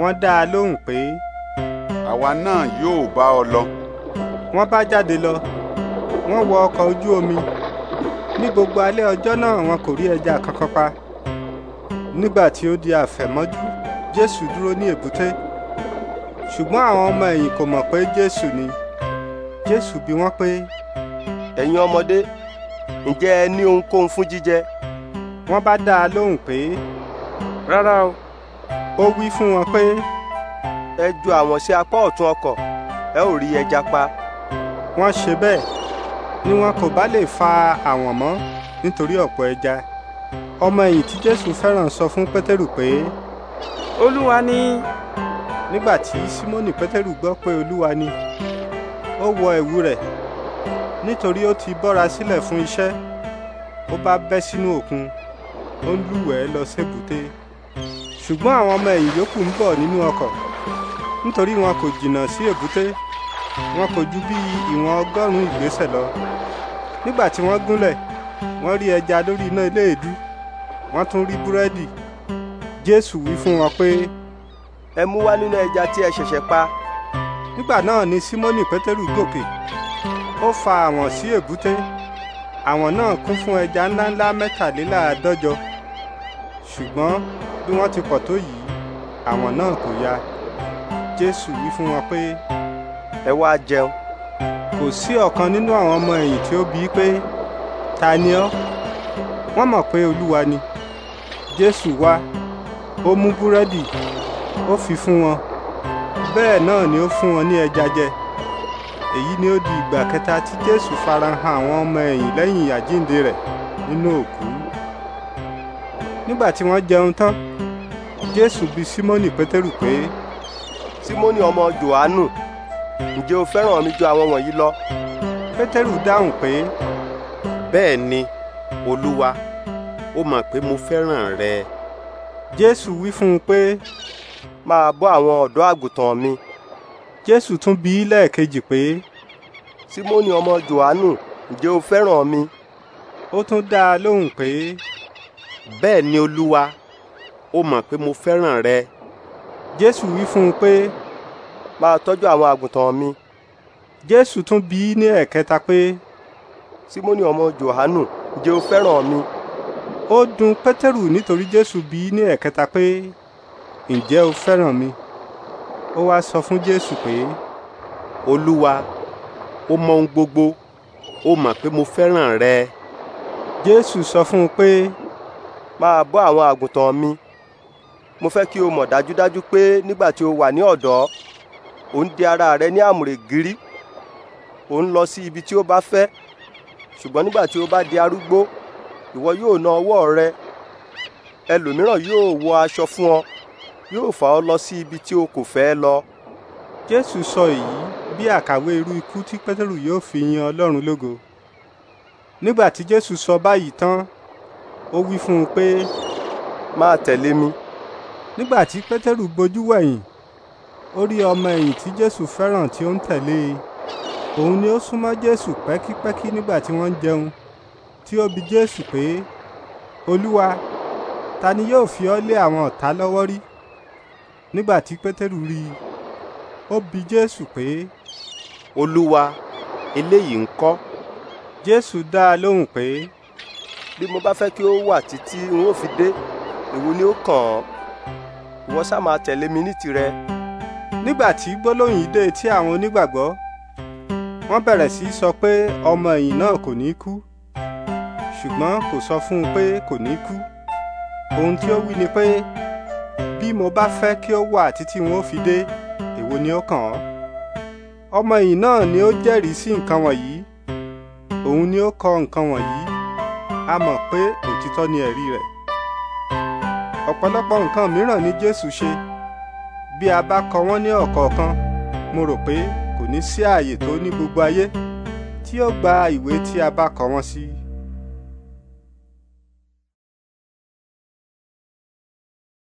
wọ́n dá a lóhùn pé. àwa náà yóò bá ọ lọ wọ́n bá jáde lọ wọ́n wọ ọkọ̀ ojú omi ní gbogbo alẹ́ ọjọ́ náà wọn kò rí ẹja kankan pa nígbà tí ó di àfẹ̀mọ́jú jésù dúró ní èbúté ṣùgbọ́n àwọn ọmọ ẹ̀yìn kò mọ̀ pé jésù ni jésù bi wọ́n pé. ẹ̀yin ọmọdé ǹjẹ́ ẹ ní ohunkóhun fún jíjẹ. wọ́n bá dá a lóhùn pé. rárá o. ó wí fún wọn pé. ẹ ju àwọn sí apá ọ̀tún ọkọ̀ ẹ ò rí ẹja pa wọ́n ṣe bẹ́ẹ̀ ni wọn kò bá lè fa àwọ̀n mọ́ nítorí ọ̀pọ̀ ẹja ọmọ ẹ̀yìn tí jésù fẹ́ràn sọ fún pétérù pé olúwa ni nígbà tí símónì pétérù gbọ́ pé olúwa ni ó wọ ẹ̀wù rẹ̀ nítorí ó ti bọ́ra sílẹ̀ fún iṣẹ́ ó bá bẹ́ sínú òkun ó ń lúwẹ̀ẹ́ lọ sébùté ṣùgbọ́n àwọn ọmọ ẹ̀yìn yòókù ń bọ̀ nínú ọkọ̀ nítorí wọn kò jìnnà sí èbúté. Si wọn kò ju bí ìwọ̀n ọgọ́rùn-ún ìgbésẹ̀ lọ nígbà tí wọ́n gúnlẹ̀ wọ́n rí ẹja lórí iná iléèdú wọ́n tún rí búrẹ́dì jésù wí fún wọn pé. ẹ mú wá nínú ẹja tí ẹ ṣẹ̀ṣẹ̀ pa. nígbà náà ni símónì pétérù gòkè ó fa àwọn sí èbúté àwọn náà kún fún ẹja ńláńlá mẹ́tàléláàádọ́jọ ṣùgbọ́n bí wọ́n ti pọ̀ tó yìí àwọn náà kò ya jésù wí fún wọn pé ẹ wá jẹun kò sí ọ̀kan nínú àwọn ọmọ ẹ̀yìn tí ó bi í pé ta ni ọ́ wọ́n mọ̀ pé olúwa ni jésù wá ó mú búrẹ́dì ó fi fún wọn bẹ́ẹ̀ náà ni ó fún wọn ní ẹja jẹ èyí ni ó di ìgbà kẹta tí jésù farahàn àwọn ọmọ ẹ̀yìn lẹ́yìn àjíǹde rẹ̀ nínú òkú nígbà tí wọ́n jẹun tán jésù bi simoni pétérù pé símónì ọmọ jòhánù ǹjẹ́ o fẹ́ràn mi ju àwọn wọ̀nyí lọ? pétérù dáhùn pé bẹ́ẹ̀ ni olúwa ó mọ̀ pé mo fẹ́ràn rẹ. jésù wí fún un pé máa bọ́ àwọn ọ̀dọ́ àgùntàn mi. jésù tún bi í lẹ́ẹ̀kejì pé símónì ọmọ jòhánù ǹjẹ́ o fẹ́ràn mi? ó tún dá a lóhùn pé bẹ́ẹ̀ ni olúwa ó mọ̀ pé mo fẹ́ràn rẹ. jésù wí fún un pé máa tọ́jú àwọn àgùntàn mi. jésù tún bi í ní ẹ̀kẹta pé simoni ọmọ johanu ǹjẹ́ o fẹ́ràn mi. ó dùn pétérù nítorí jésù bi í ní ẹ̀kẹta pé ǹjẹ́ o fẹ́ràn mi. ó wá sọ fún jésù pé olúwa ó mọ ohun gbogbo ó mọ̀ pé mo fẹ́ràn rẹ. jésù sọ fún un pé máa bọ́ àwọn àgùntàn mi mo fẹ́ kí o mọ̀ dájúdájú pé nígbà tí o wà ní ọ̀dọ́ ò ń di ara rẹ ní àmùrè gírí ò ń lọ sí ibi tí ó bá fẹ́ ṣùgbọ́n nígbà tí ó bá di arúgbó ìwọ yóò na ọwọ́ rẹ ẹlòmíràn yóò wọ aṣọ fún ọ yóò fà ọ lọ sí ibi tí o kò fẹ́ lọ. jésù sọ èyí bí àkàwé irú ikú tí pétérù yóò fi yin ọlọ́run lógo nígbà tí jésù sọ báyìí tán ó wí fún un pé. máa tẹ̀lé mi. nígbà tí pétérù bojú wẹ̀yìn ó rí ọmọ ẹ̀yìn tí jésù fẹ́ràn tí ó ń tẹ̀lé e òun ni ó súnmọ́ jésù pẹ́kípẹ́kí nígbà tí wọ́n ń jẹun tí ó bi jésù pé olúwa ta ni yóò fi ọ́ lé àwọn ọ̀tá lọ́wọ́ rí nígbà tí pétérù rí i ó bi jésù pé olúwa eléyìí ń kọ́ jésù dá a lóhùn pé bí mo bá fẹ́ kí ó wà títí n ó fi dé èwo ni ó kàn án ìwọ ṣáà máa tẹ̀lé mi ní tirẹ̀ nígbà tí gbólóhùn yìí dé etí àwọn onígbàgbọ́ wọ́n bẹ̀rẹ̀ sí í sọ pé ọmọ ẹ̀yìn náà kò ní kú ṣùgbọ́n kò sọ fún un pé kò ní kú ohun tí ó wí ni pé bí mo bá fẹ́ kí ó wà títí wọn ó fi dé èwo ni ó kàn ọ́ ọmọ ẹ̀yìn náà ni ó jẹ́rìí sí nǹkan wọ̀nyí òun ni ó kọ nǹkan wọ̀nyí a mọ̀ pé òtítọ́ ni ẹ̀rí rẹ̀ ọ̀pọ̀lọpọ̀ nǹkan mìíràn ni Jésù ṣe bí a bá kọ wọ́n ní ọ̀kọ̀ọ̀kan mo rò pé kò ní sí ààyè tó ní gbogbo ayé tí ó gba ìwé tí a bá kọ wọ́n sí